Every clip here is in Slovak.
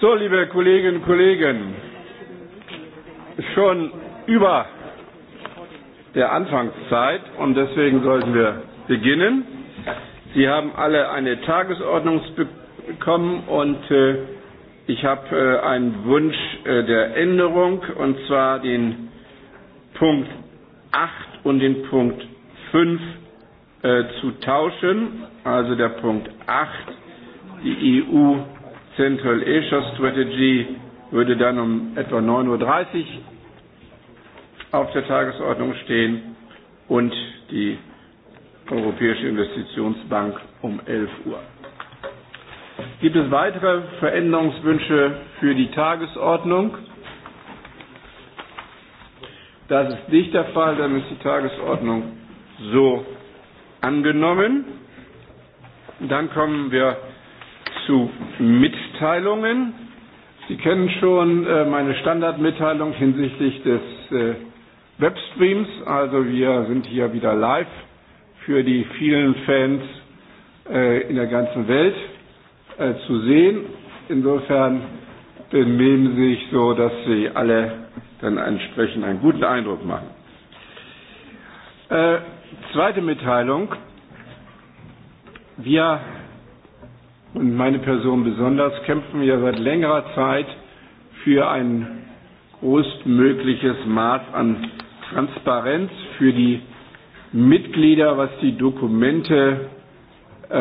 So, liebe Kolleginnen und Kollegen, schon über der Anfangszeit und deswegen sollten wir beginnen. Sie haben alle eine Tagesordnung bekommen und äh, ich habe äh, einen Wunsch äh, der Änderung und zwar den Punkt 8 und den Punkt 5 äh, zu tauschen. Also der Punkt 8, die EU Central Asia Strategy würde dann um etwa 9.30 Uhr auf der Tagesordnung stehen und die Europäische Investitionsbank um 11 Uhr. Gibt es weitere Veränderungswünsche für die Tagesordnung? Das ist nicht der Fall, dann ist die Tagesordnung so angenommen. Dann kommen wir zu Mitteilungen. Sie kennen schon äh, meine Standardmitteilung hinsichtlich des äh, Webstreams. Also wir sind hier wieder live für die vielen Fans äh, in der ganzen Welt zu sehen. Insofern benehmen Sie sich so, dass Sie alle dann entsprechend einen guten Eindruck machen. Äh, zweite Mitteilung. Wir und meine Person besonders kämpfen ja seit längerer Zeit für ein größtmögliches Maß an Transparenz für die Mitglieder, was die Dokumente äh,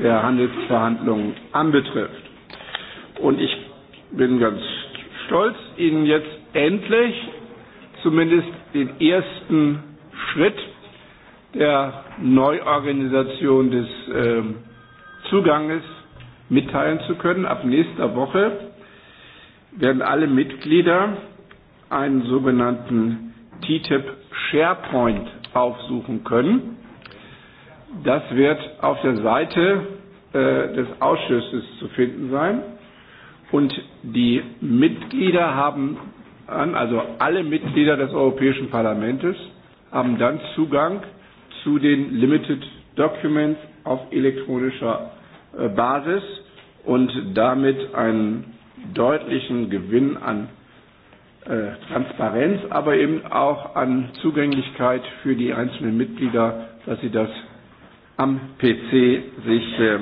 der Handelsverhandlungen anbetrifft. Und ich bin ganz stolz, Ihnen jetzt endlich zumindest den ersten Schritt der Neuorganisation des äh, Zuganges mitteilen zu können. Ab nächster Woche werden alle Mitglieder einen sogenannten TTIP e SharePoint aufsuchen können. Das wird auf der Seite äh, des Ausschusses zu finden sein. Und die Mitglieder haben an, also alle Mitglieder des Europäischen Parlaments haben dann Zugang zu den Limited Documents auf elektronischer Äh, Basis und damit einen deutlichen Gewinn an äh, Transparenz, aber eben auch an Zugänglichkeit für die einzelnen Mitglieder, dass sie das am PC sich äh,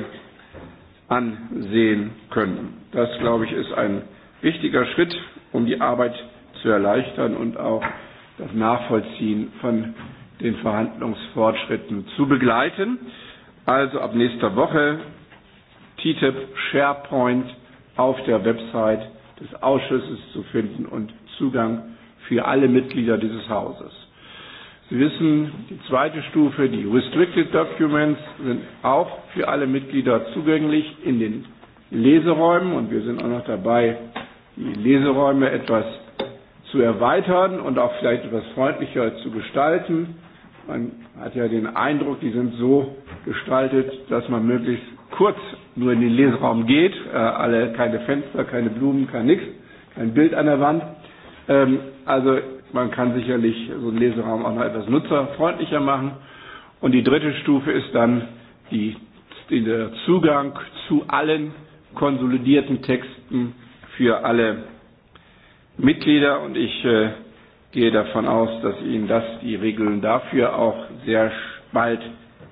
ansehen können. Das, glaube ich, ist ein wichtiger Schritt, um die Arbeit zu erleichtern und auch das Nachvollziehen von den Verhandlungsfortschritten zu begleiten. Also ab nächster Woche TTIP SharePoint auf der Website des Ausschusses zu finden und Zugang für alle Mitglieder dieses Hauses. Sie wissen, die zweite Stufe, die Restricted Documents, sind auch für alle Mitglieder zugänglich in den Leseräumen und wir sind auch noch dabei, die Leseräume etwas zu erweitern und auch vielleicht etwas freundlicher zu gestalten. Man hat ja den Eindruck, die sind so gestaltet, dass man möglichst kurz nur in den Leseraum geht, äh, alle keine Fenster, keine Blumen, kein nix, kein Bild an der Wand. Ähm, also man kann sicherlich so einen Leseraum auch noch etwas nutzerfreundlicher machen. Und die dritte Stufe ist dann die, die, der Zugang zu allen konsolidierten Texten für alle Mitglieder. Und ich äh, gehe davon aus, dass Ihnen das die Regeln dafür auch sehr bald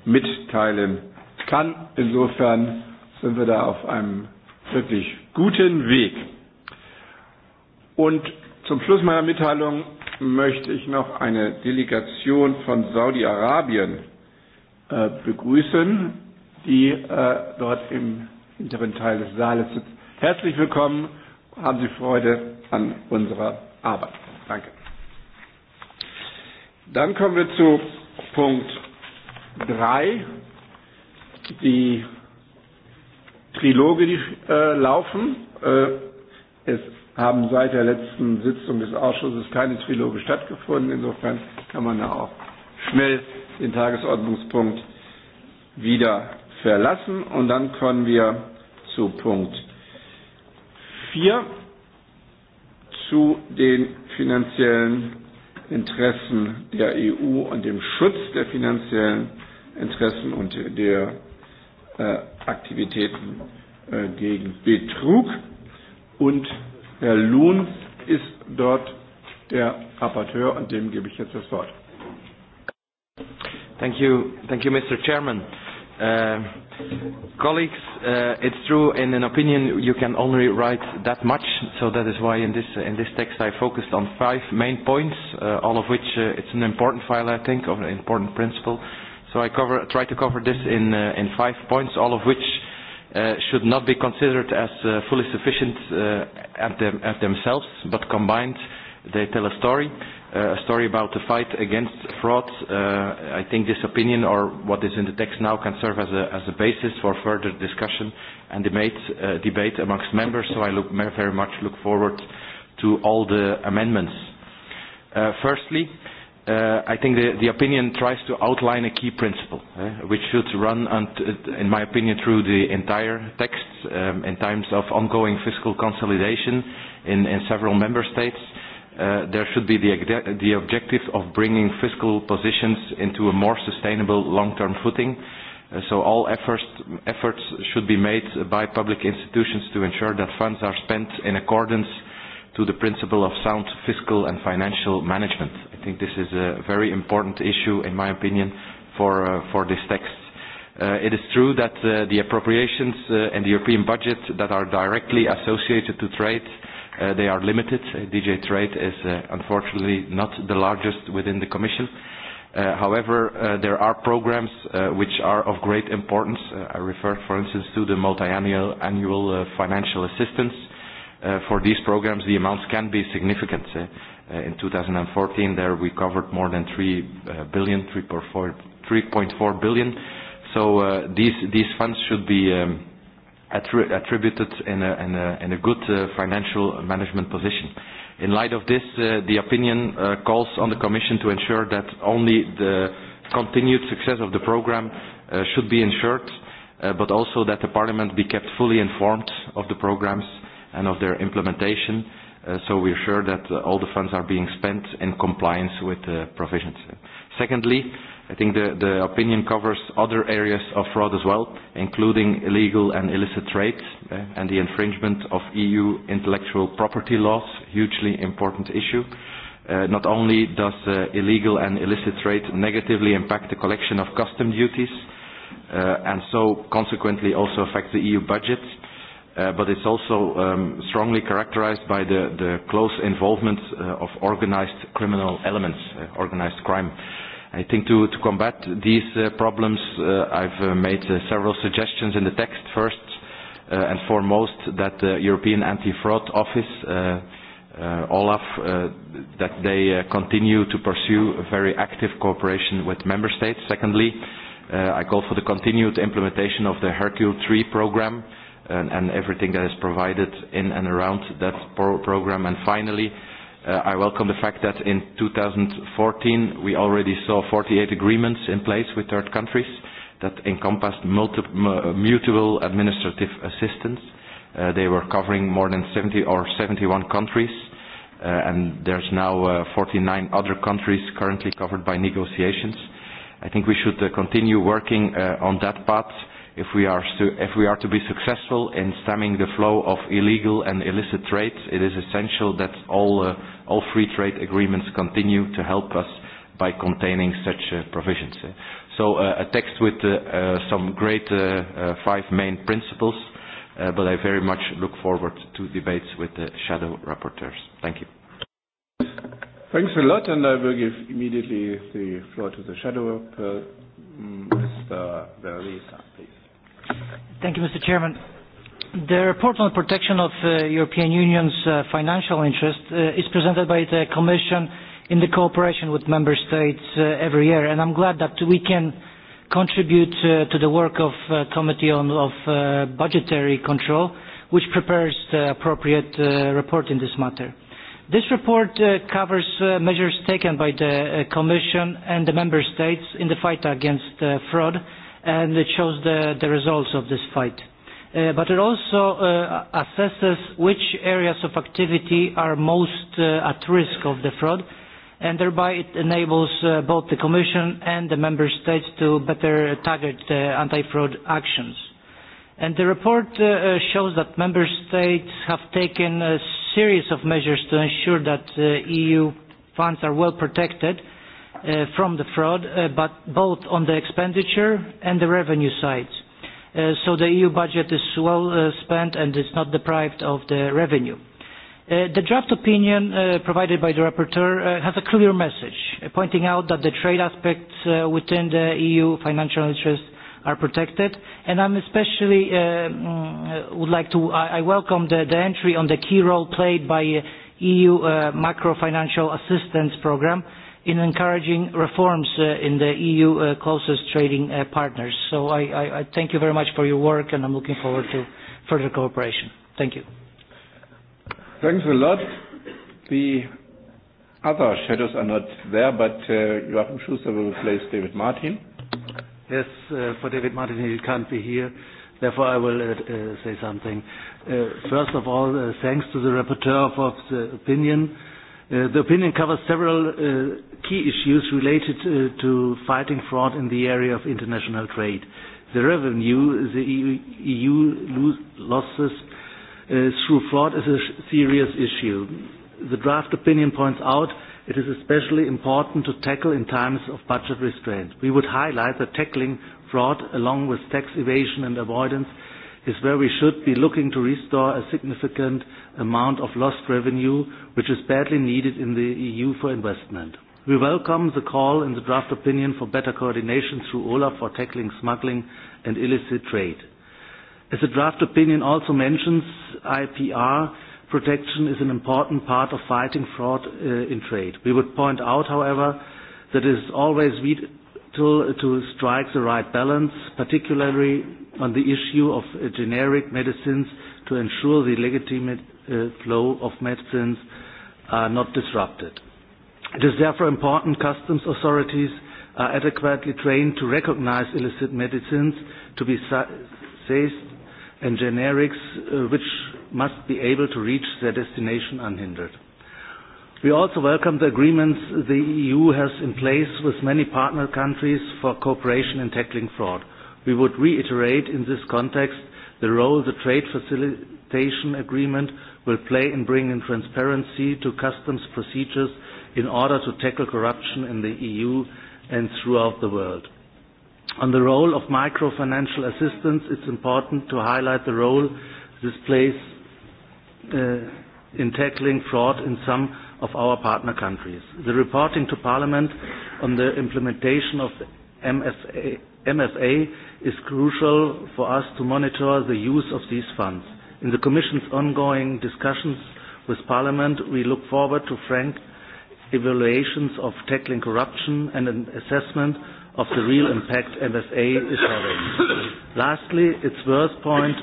mitteilen kann. Insofern sind wir da auf einem wirklich guten Weg. Und zum Schluss meiner Mitteilung möchte ich noch eine Delegation von Saudi-Arabien äh, begrüßen, die äh, dort im hinteren Teil des Saales sitzt. Herzlich willkommen, haben Sie Freude an unserer Arbeit. Danke. Dann kommen wir zu Punkt 3 die Triloge, die äh, laufen. Äh, es haben seit der letzten Sitzung des Ausschusses keine Triloge stattgefunden. Insofern kann man da auch schnell den Tagesordnungspunkt wieder verlassen. Und dann kommen wir zu Punkt 4, zu den finanziellen Interessen der EU und dem Schutz der finanziellen Interessen und der Äh, Aktivitäten äh, gegen Betrug. Und Herr Luhn ist dort der Rapporteur und dem gebe ich jetzt das Wort. Thank you, thank you Mr. Chairman. Uh, colleagues, uh, it's true in an opinion you can only write that much, so that is why in this, in this text I focused on five main points, uh, all of which uh, it's an important file I think, of an important principle. Uh, so I cover, try to cover this in, uh, in five points, all of which uh, should not be considered as uh, fully sufficient uh, at, them, at themselves, but combined they tell a story, uh, a story about the fight against fraud. Uh, I think this opinion or what is in the text now can serve as a, as a basis for further discussion and debate, uh, debate amongst members, so I look, very much look forward to all the amendments. Uh, firstly, uh, I think the, the opinion tries to outline a key principle, uh, which should run, unt- uh, in my opinion, through the entire text um, in times of ongoing fiscal consolidation in, in several member states. Uh, there should be the, the objective of bringing fiscal positions into a more sustainable long-term footing. Uh, so all efforts, efforts should be made by public institutions to ensure that funds are spent in accordance to the principle of sound fiscal and financial management. I think this is a very important issue, in my opinion, for, uh, for this text. Uh, it is true that uh, the appropriations uh, and the European budget that are directly associated to trade, uh, they are limited. Uh, DJ Trade is uh, unfortunately not the largest within the Commission. Uh, however, uh, there are programs uh, which are of great importance. Uh, I refer, for instance, to the multi-annual annual, uh, financial assistance, uh, uh, for these programs, the amounts can be significant. Eh? Uh, in 2014, there we covered more than 3 uh, billion, 3.4 billion. So uh, these these funds should be um, attri attributed in a, in a, in a good uh, financial management position. In light of this, uh, the opinion uh, calls on the Commission to ensure that only the continued success of the program uh, should be ensured, uh, but also that the Parliament be kept fully informed of the programs and of their implementation. Uh, so we're sure that uh, all the funds are being spent in compliance with the provisions. Secondly, I think the, the opinion covers other areas of fraud as well, including illegal and illicit trade uh, and the infringement of EU intellectual property laws, hugely important issue. Uh, not only does uh, illegal and illicit trade negatively impact the collection of custom duties, uh, and so consequently also affect the EU budget, uh, uh, but it's also um, strongly characterized by the, the close involvement uh, of organized criminal elements, uh, organized crime. I think to, to combat these uh, problems, uh, I've uh, made uh, several suggestions in the text. First uh, and foremost, that the European Anti-Fraud Office, uh, uh, OLAF, uh, that they uh, continue to pursue a very active cooperation with member states. Secondly, uh, I call for the continued implementation of the Hercule 3 program, uh, and, and everything that is provided in and around that pro program. And finally, uh, I welcome the fact that in 2014 we already saw 48 agreements in place with third countries that encompassed multi mutual administrative assistance. Uh, they were covering more than 70 or 71 countries, uh, and there's now uh, 49 other countries currently covered by negotiations. I think we should uh, continue working uh, on that path if we are to, if we are to be successful in stemming the flow of illegal and illicit trade, it is essential that all, uh, all free trade agreements continue to help us by containing such uh, provisions. So uh, a text with uh, uh, some great uh, uh, five main principles, uh, but I very much look forward to debates with the shadow rapporteurs. Thank you. Thanks a lot, and I will give immediately the floor to the shadow of uh, Mr. Mm, Verisa, please. Thank you, Mr. Chairman. The report on the protection of uh, European Union's uh, financial interest uh, is presented by the Commission in the cooperation with Member States uh, every year, and I'm glad that we can contribute uh, to the work of uh, Committee on of uh, Budgetary Control, which prepares the appropriate uh, report in this matter. This report uh, covers uh, measures taken by the uh, Commission and the Member States in the fight against uh, fraud, and it shows the, the results of this fight. Uh, but it also uh, assesses which areas of activity are most uh, at risk of the fraud, and thereby it enables uh, both the Commission and the Member States to better target uh, anti-fraud actions. And the report uh, uh, shows that Member States have taken a series of measures to ensure that uh, EU funds are well protected – Uh, from the fraud, uh, but both on the expenditure and the revenue side. Uh, so the EU budget is well uh, spent and is not deprived of the revenue. Uh, the draft opinion uh, provided by the rapporteur uh, has a clear message, uh, pointing out that the trade aspects uh, within the EU financial interests are protected. And I'm especially uh, mm, would like to I, I welcome the, the entry on the key role played by EU uh, macro financial assistance program in encouraging reforms uh, in the EU uh, closest trading uh, partners. So I, I, I thank you very much for your work and I'm looking forward to further cooperation. Thank you. Thanks a lot. The other shadows are not there, but uh, Joachim Schuster will replace David Martin. Yes, uh, for David Martin, he can't be here. Therefore, I will uh, uh, say something. Uh, first of all, uh, thanks to the rapporteur for the opinion. Uh, Uh, the opinion covers several uh, key issues related uh, to fighting fraud in the area of international trade. The revenue the EU, EU lose, losses uh, through fraud is a sh serious issue. The draft opinion points out it is especially important to tackle in times of budget restraint. We would highlight that tackling fraud along with tax evasion and avoidance is where we should be looking to restore a significant amount of lost revenue, which is badly needed in the EU for investment. We welcome the call in the draft opinion for better coordination through OLAF for tackling smuggling and illicit trade. As the draft opinion also mentions, IPR protection is an important part of fighting fraud uh, in trade. We would point out, however, that it is always vital to strike the right balance, particularly on the issue of uh, generic medicines to ensure the legitimate uh, flow of medicines are not disrupted. It is therefore important customs authorities are adequately trained to recognize illicit medicines to be seized and generics uh, which must be able to reach their destination unhindered. We also welcome the agreements the EU has in place with many partner countries for cooperation in tackling fraud. We would reiterate in this context the role the trade facilitation agreement will play in bringing transparency to customs procedures in order to tackle corruption in the EU and throughout the world. On the role of microfinancial assistance, it's important to highlight the role this plays uh, in tackling fraud in some of our partner countries. The reporting to Parliament on the implementation of the MSA, is crucial for us to monitor the use of these funds. In the Commission's ongoing discussions with Parliament, we look forward to frank evaluations of tackling corruption and an assessment of the real impact MSA is having. Lastly, it's worth point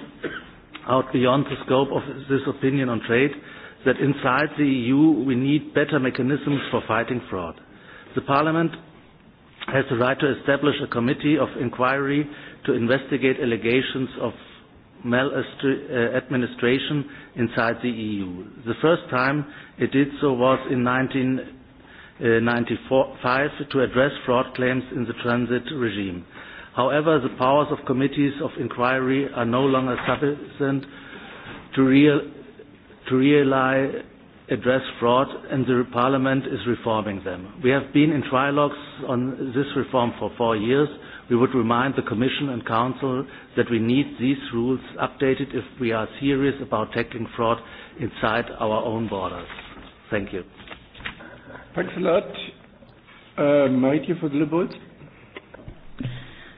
out beyond the scope of this opinion on trade that inside the EU we need better mechanisms for fighting fraud. The Parliament has the right to establish a committee of inquiry to investigate allegations of maladministration inside the EU. The first time it did so was in 1995 to address fraud claims in the transit regime. However, the powers of committees of inquiry are no longer sufficient to, real, to, reali, address fraud, and the Parliament is reforming them. We have been in trilogues on this reform for four years. We would remind the Commission and Council that we need these rules updated if we are serious about tackling fraud inside our own borders. Thank you. Thanks a lot. Uh, for the Liberals.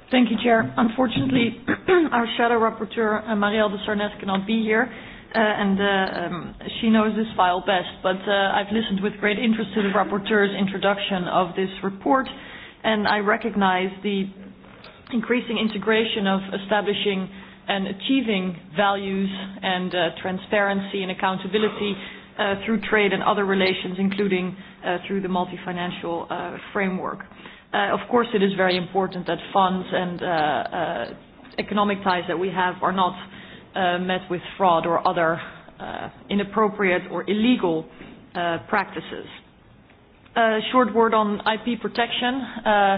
Thank you, Chair. Unfortunately, our shadow rapporteur, uh, Marielle de Sarnes, cannot be here uh, and uh, um, she knows this file best, but uh, I've listened with great interest to the rapporteur's introduction of this report, and I recognize the increasing integration of establishing and achieving values and uh, transparency and accountability uh, through trade and other relations, including uh, through the multi-financial uh, framework. Uh, of course, it is very important that funds and uh, uh, economic ties that we have are not uh, met with fraud or other uh, inappropriate or illegal uh, practices. A short word on IP protection. Uh,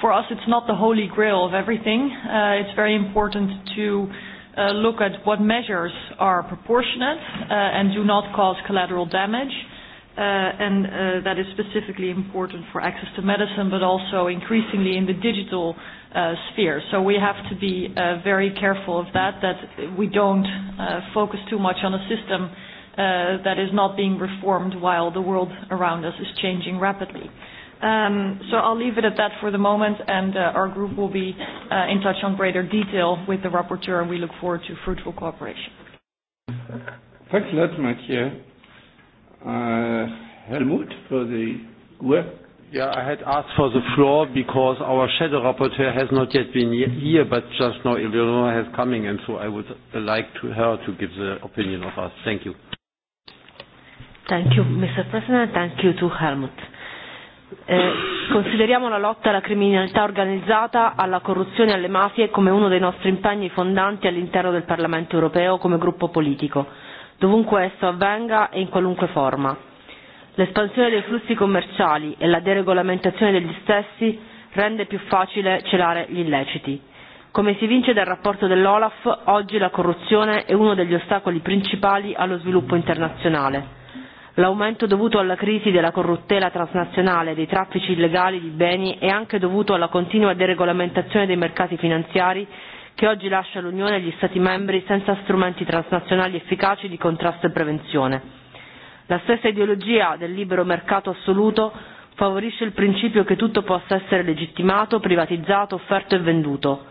for us, it's not the holy grail of everything. Uh, it's very important to uh, look at what measures are proportionate uh, and do not cause collateral damage. Uh, and uh, that is specifically important for access to medicine, but also increasingly in the digital uh, uh, sphere. So we have to be uh, very careful of that, that we don't uh, focus too much on a system uh, that is not being reformed while the world around us is changing rapidly. Um, so I'll leave it at that for the moment, and uh, our group will be uh, in touch on greater detail with the rapporteur, and we look forward to fruitful cooperation. Thanks a lot, Mathieu. Uh, Helmut, for the work. Yeah, I had asked for the floor because our shadow rapporteur has not yet been here, but just now Eleonora has coming, and so I would like to her to give the opinion of us. Thank you. Thank you, Mr. President. Thank you to Helmut. Eh, consideriamo la lotta alla criminalità organizzata, alla corruzione e alle mafie come uno dei nostri impegni fondanti all'interno del Parlamento europeo come gruppo politico, dovunque esso avvenga e in qualunque forma L'espansione dei flussi commerciali e la deregolamentazione degli stessi rende più facile celare gli illeciti. Come si vince dal rapporto dell'Olaf, oggi la corruzione è uno degli ostacoli principali allo sviluppo internazionale. L'aumento dovuto alla crisi della corruttela transnazionale e dei traffici illegali di beni è e anche dovuto alla continua deregolamentazione dei mercati finanziari che oggi lascia l'Unione e gli Stati membri senza strumenti transnazionali efficaci di contrasto e prevenzione La stessa ideologia del libero mercato assoluto favorisce il principio che tutto possa essere legittimato, privatizzato, offerto e venduto.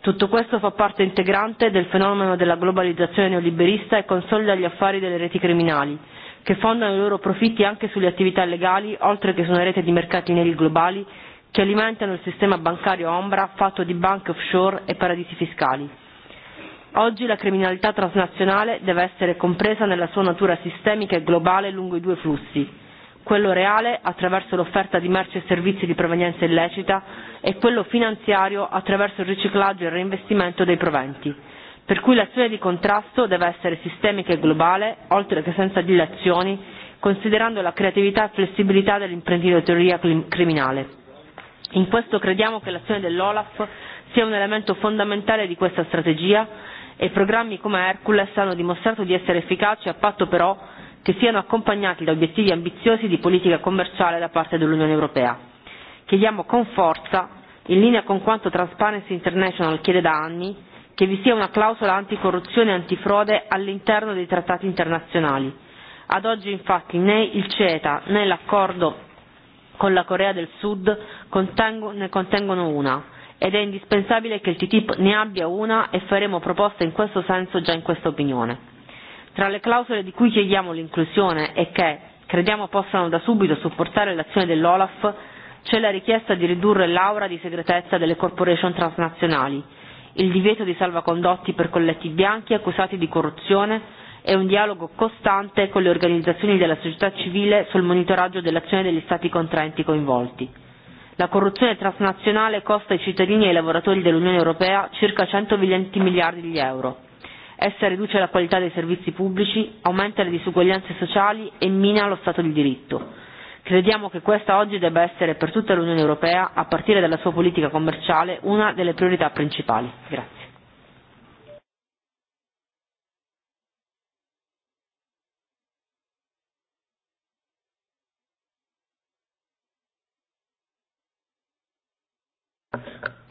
Tutto questo fa parte integrante del fenomeno della globalizzazione neoliberista e consolida gli affari delle reti criminali, che fondano i loro profitti anche sulle attività illegali, oltre che su una rete di mercati neri globali che alimentano il sistema bancario ombra fatto di banche offshore e paradisi fiscali. Oggi la criminalità transnazionale deve essere compresa nella sua natura sistemica e globale lungo i due flussi, quello reale attraverso l'offerta di merci e servizi di provenienza illecita e quello finanziario attraverso il riciclaggio e il reinvestimento dei proventi, per cui l'azione di contrasto deve essere sistemica e globale, oltre che senza dilazioni, considerando la creatività e flessibilità dell'imprenditoria criminale. In questo crediamo che l'azione dell'Olaf sia un elemento fondamentale di questa strategia e programmi come Hercules hanno dimostrato di essere efficaci a patto però che siano accompagnati da obiettivi ambiziosi di politica commerciale da parte dell'Unione Europea. Chiediamo con forza, in linea con quanto Transparency International chiede da anni, che vi sia una clausola anticorruzione e antifrode all'interno dei trattati internazionali. Ad oggi infatti né il CETA né l'accordo con la Corea del Sud ne contengono una ed è indispensabile che il TTIP ne abbia una e faremo proposte in questo senso già in questa opinione. Tra le clausole di cui chiediamo l'inclusione e che crediamo possano da subito supportare l'azione dell'Olaf c'è la richiesta di ridurre l'aura di segretezza delle corporation transnazionali, il divieto di salvacondotti per colletti bianchi accusati di corruzione e un dialogo costante con le organizzazioni della società civile sul monitoraggio dell'azione degli Stati contraenti coinvolti. La corruzione transnazionale costa ai cittadini e ai lavoratori dell'Unione Europea circa 120 miliardi di euro. Essa riduce la qualità dei servizi pubblici, aumenta le disuguaglianze sociali e mina lo Stato di diritto. Crediamo che questa oggi debba essere per tutta l'Unione Europea, a partire dalla sua politica commerciale, una delle priorità principali. Grazie.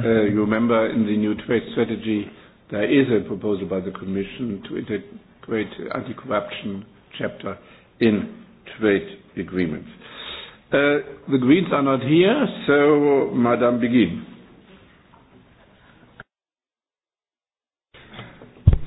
Uh, you remember in the new trade strategy, there is a proposal by the Commission to integrate anti-corruption chapter in trade agreements. Uh, the Greens are not here, so Madame Begin.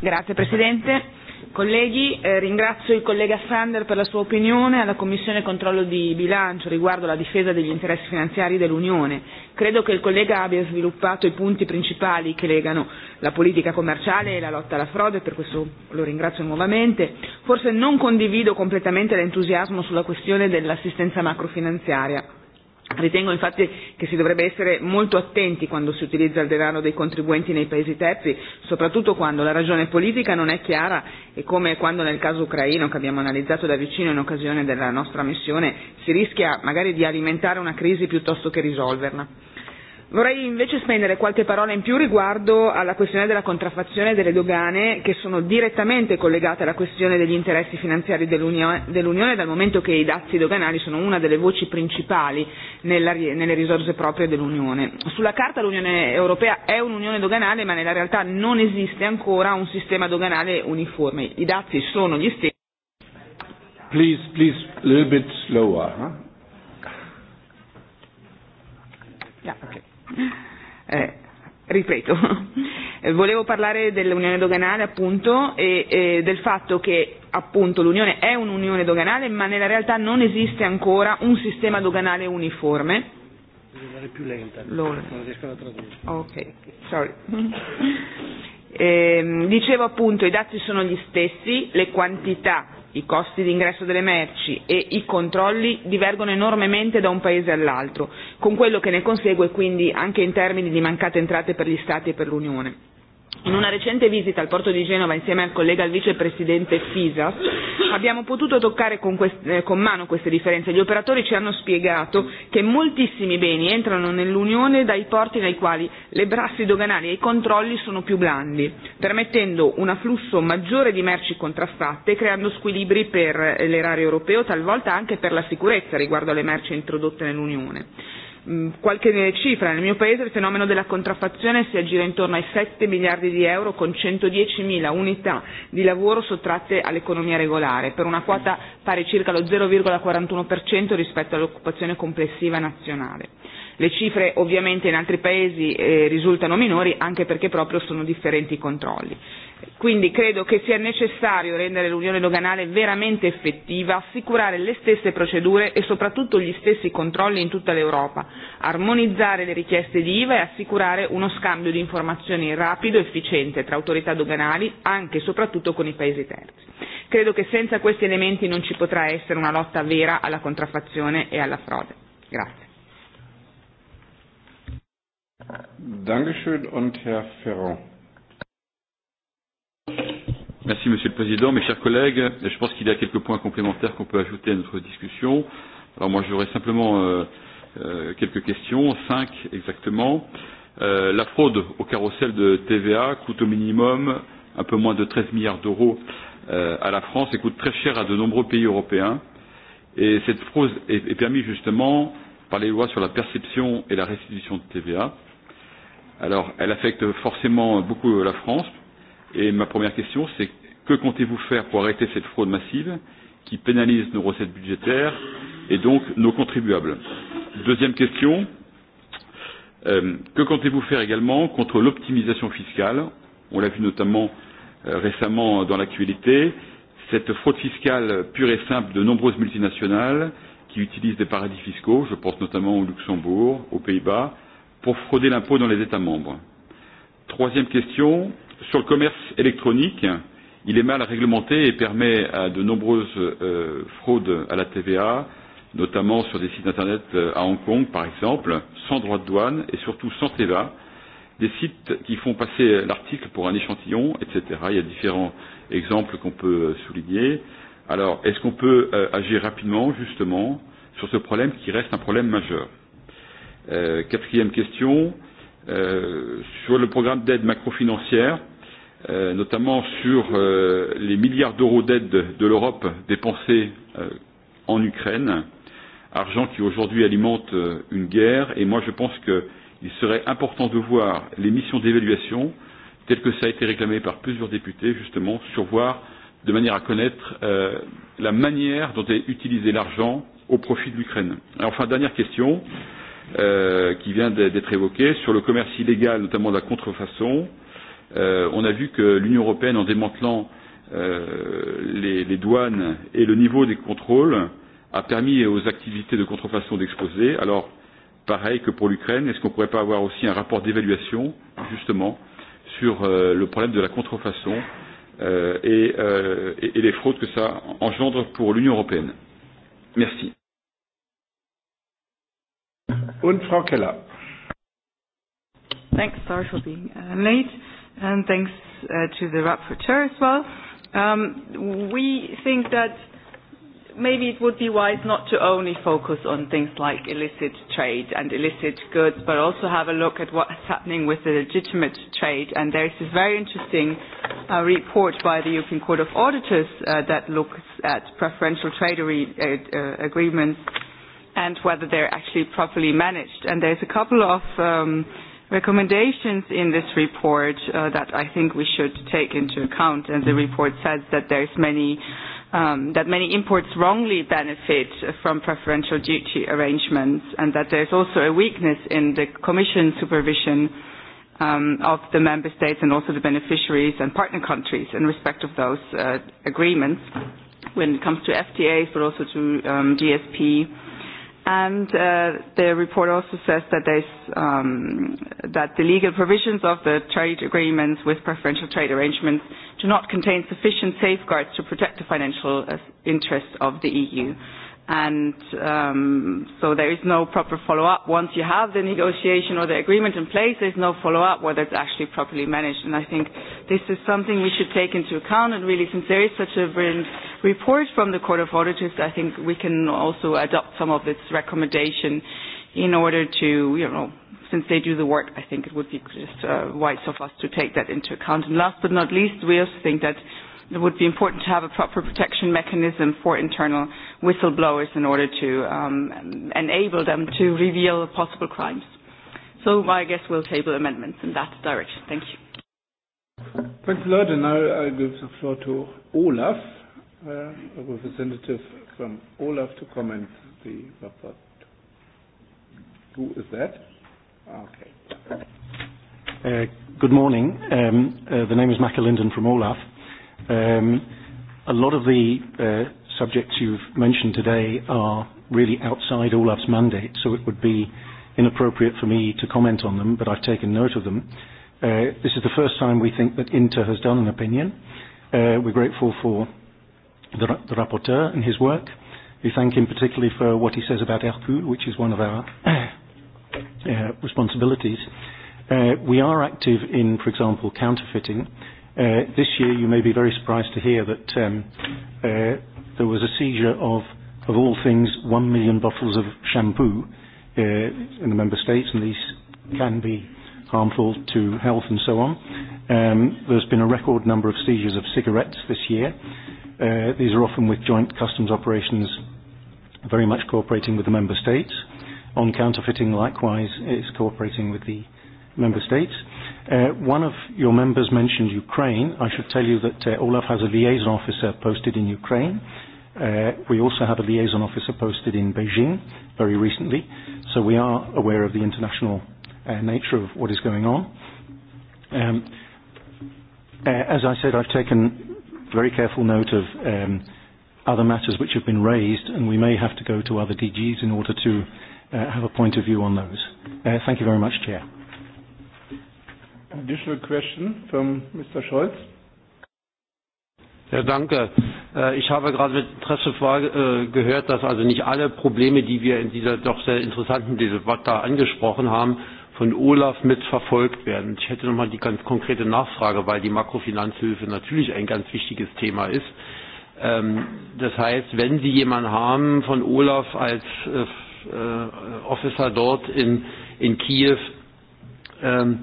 Grazie Presidente. Colleghi, eh, ringrazio il collega Sander per la sua opinione alla Commissione Controllo di Bilancio riguardo la difesa degli interessi finanziari dell'Unione. Credo che il collega abbia sviluppato i punti principali che legano la politica commerciale e la lotta alla frode, per questo lo ringrazio nuovamente. Forse non condivido completamente l'entusiasmo sulla questione dell'assistenza macrofinanziaria Ritengo infatti che si dovrebbe essere molto attenti quando si utilizza il denaro dei contribuenti nei paesi terzi, soprattutto quando la ragione politica non è chiara e come quando nel caso ucraino che abbiamo analizzato da vicino in occasione della nostra missione si rischia magari di alimentare una crisi piuttosto che risolverla Vorrei invece spendere qualche parola in più riguardo alla questione della contraffazione delle dogane che sono direttamente collegate alla questione degli interessi finanziari dell'Unione dal momento che i dazi doganali sono una delle voci principali nella, nelle risorse proprie dell'Unione. Sulla carta l'Unione Europea è un'unione doganale ma nella realtà non esiste ancora un sistema doganale uniforme. I dazi sono gli stessi. Please, please, a little bit slower. Huh? Yeah, okay eh, ripeto, volevo parlare dell'unione doganale appunto e, e del fatto che appunto l'unione è un'unione doganale ma nella realtà non esiste ancora un sistema doganale uniforme. Più lenta, non riescono a tradurre. Ok, sorry. Eh, dicevo appunto i dati sono gli stessi, le quantità i costi di ingresso delle merci e i controlli divergono enormemente da un paese all'altro, con quello che ne consegue quindi anche in termini di mancate entrate per gli Stati e per l'Unione In una recente visita al porto di Genova insieme al collega al vicepresidente Fisas abbiamo potuto toccare con, quest- eh, con mano queste differenze. Gli operatori ci hanno spiegato che moltissimi beni entrano nell'Unione dai porti nei quali le brassi doganali e i controlli sono più blandi, permettendo un afflusso maggiore di merci contraffatte e creando squilibri per l'erario europeo, talvolta anche per la sicurezza riguardo alle merci introdotte nell'Unione. Mm, qualche cifra, nel mio paese il fenomeno della contraffazione si aggira intorno ai 7 miliardi di euro con 110 mila unità di lavoro sottratte all'economia regolare, per una quota pari circa lo 0,41% rispetto all'occupazione complessiva nazionale. Le cifre ovviamente in altri paesi eh, risultano minori anche perché proprio sono differenti i controlli. Quindi credo che sia necessario rendere l'unione doganale veramente effettiva, assicurare le stesse procedure e soprattutto gli stessi controlli in tutta l'Europa, armonizzare le richieste di IVA e assicurare uno scambio di informazioni rapido e efficiente tra autorità doganali, anche e soprattutto con i paesi terzi. Credo che senza questi elementi non ci potrà essere una lotta vera alla contraffazione e alla frode. Grazie. Dankeschön und Herr Ferrand. Merci Monsieur le Président, mes chers collègues. Je pense qu'il y a quelques points complémentaires qu'on peut ajouter à notre discussion. Alors moi j'aurais simplement euh, euh, quelques questions, cinq exactement. Euh, la fraude au carrousel de TVA coûte au minimum un peu moins de 13 milliards d'euros euh, à la France et coûte très cher à de nombreux pays européens. Et cette fraude est, est permise justement par les lois sur la perception et la restitution de TVA. Alors, elle affecte forcément beaucoup euh, la France. Et ma première question, c'est que comptez-vous faire pour arrêter cette fraude massive qui pénalise nos recettes budgétaires et donc nos contribuables Deuxième question, euh, que comptez-vous faire également contre l'optimisation fiscale On l'a vu notamment euh, récemment dans l'actualité, cette fraude fiscale pure et simple de nombreuses multinationales qui utilisent des paradis fiscaux, je pense notamment au Luxembourg, aux Pays-Bas, pour frauder l'impôt dans les États membres. Troisième question, sur le commerce électronique, il est mal réglementé et permet à de nombreuses euh, fraudes à la TVA, notamment sur des sites Internet euh, à Hong Kong, par exemple, sans droit de douane et surtout sans TVA, des sites qui font passer l'article pour un échantillon, etc. Il y a différents exemples qu'on peut euh, souligner. Alors, est-ce qu'on peut euh, agir rapidement, justement, sur ce problème qui reste un problème majeur Euh, quatrième question, euh, sur le programme d'aide macrofinancière, euh, notamment sur euh, les milliards d'euros d'aide de, de l'Europe dépensés euh, en Ukraine, argent qui aujourd'hui alimente euh, une guerre, et moi je pense qu'il serait important de voir les missions d'évaluation, telles que ça a été réclamé par plusieurs députés, justement, sur voir de manière à connaître euh, la manière dont est utilisé l'argent au profit de l'Ukraine. Enfin, dernière question. Euh, euh, qui vient d'être évoqué sur le commerce illégal, notamment de la contrefaçon. Euh, on a vu que l'Union européenne, en démantelant euh, les, les douanes et le niveau des contrôles, a permis aux activités de contrefaçon d'exposer. Alors, pareil que pour l'Ukraine, est-ce qu'on ne pourrait pas avoir aussi un rapport d'évaluation, justement, sur euh, le problème de la contrefaçon euh, et, euh, et, et les fraudes que ça engendre pour l'Union européenne Merci. Und Frau Keller. Thanks, sorry for being uh, late, and thanks uh, to the rapporteur as well. Um, we think that maybe it would be wise not to only focus on things like illicit trade and illicit goods, but also have a look at what's happening with the legitimate trade. And there's this very interesting uh, report by the European Court of Auditors uh, that looks at preferential trade uh, uh, agreements and whether they're actually properly managed. And there's a couple of um, recommendations in this report uh, that I think we should take into account. And the report says that there's many um, that many imports wrongly benefit from preferential duty arrangements, and that there's also a weakness in the Commission supervision um, of the member states and also the beneficiaries and partner countries in respect of those uh, agreements when it comes to FTAs, but also to um, DSP. And uh, the report also says that, there's, um, that the legal provisions of the trade agreements with preferential trade arrangements do not contain sufficient safeguards to protect the financial uh, interests of the EU. Mm-hmm and um, so there is no proper follow-up. Once you have the negotiation or the agreement in place, there's no follow-up whether it's actually properly managed. And I think this is something we should take into account. And really, since there is such a brilliant report from the Court of Auditors, I think we can also adopt some of its recommendation in order to, you know, since they do the work, I think it would be just uh, wise of us to take that into account. And last but not least, we also think that it would be important to have a proper protection mechanism for internal whistleblowers in order to um, enable them to reveal possible crimes. So I guess we'll table amendments in that direction. Thank you. Thanks a lot. And now I give the floor to Olaf, uh, a representative from Olaf to comment the report. Who is that? Okay. Uh, good morning. Um, uh, the name is Maca Linden from Olaf. Um, a lot of the uh, subjects you've mentioned today are really outside Olaf's mandate, so it would be inappropriate for me to comment on them, but I've taken note of them. Uh, this is the first time we think that Inter has done an opinion. Uh, we're grateful for the, the rapporteur and his work. We thank him particularly for what he says about Hercule, which is one of our uh, responsibilities. Uh, we are active in, for example, counterfeiting. Uh, this year, you may be very surprised to hear that um, uh, there was a seizure of, of all things, one million bottles of shampoo uh, in the member states, and these can be harmful to health and so on. Um, there's been a record number of seizures of cigarettes this year. Uh, these are often with joint customs operations very much cooperating with the member states. On counterfeiting, likewise, it's cooperating with the member states. Uh, one of your members mentioned Ukraine. I should tell you that uh, Olaf has a liaison officer posted in Ukraine Uh, we also have a liaison officer posted in Beijing very recently, so we are aware of the international uh, nature of what is going on. Um, uh, as I said, I've taken very careful note of um, other matters which have been raised, and we may have to go to other DGs in order to uh, have a point of view on those. Uh, thank you very much, Chair. Additional question from Mr. Scholz. Ja, danke. Äh, ich habe gerade mit Interesse äh, gehört, dass also nicht alle Probleme, die wir in dieser doch sehr interessanten Debatte angesprochen haben, von Olaf mitverfolgt werden. Ich hätte nochmal die ganz konkrete Nachfrage, weil die Makrofinanzhilfe natürlich ein ganz wichtiges Thema ist. Ähm, das heißt, wenn Sie jemanden haben von Olaf als äh, Officer dort in, in Kiew, ähm,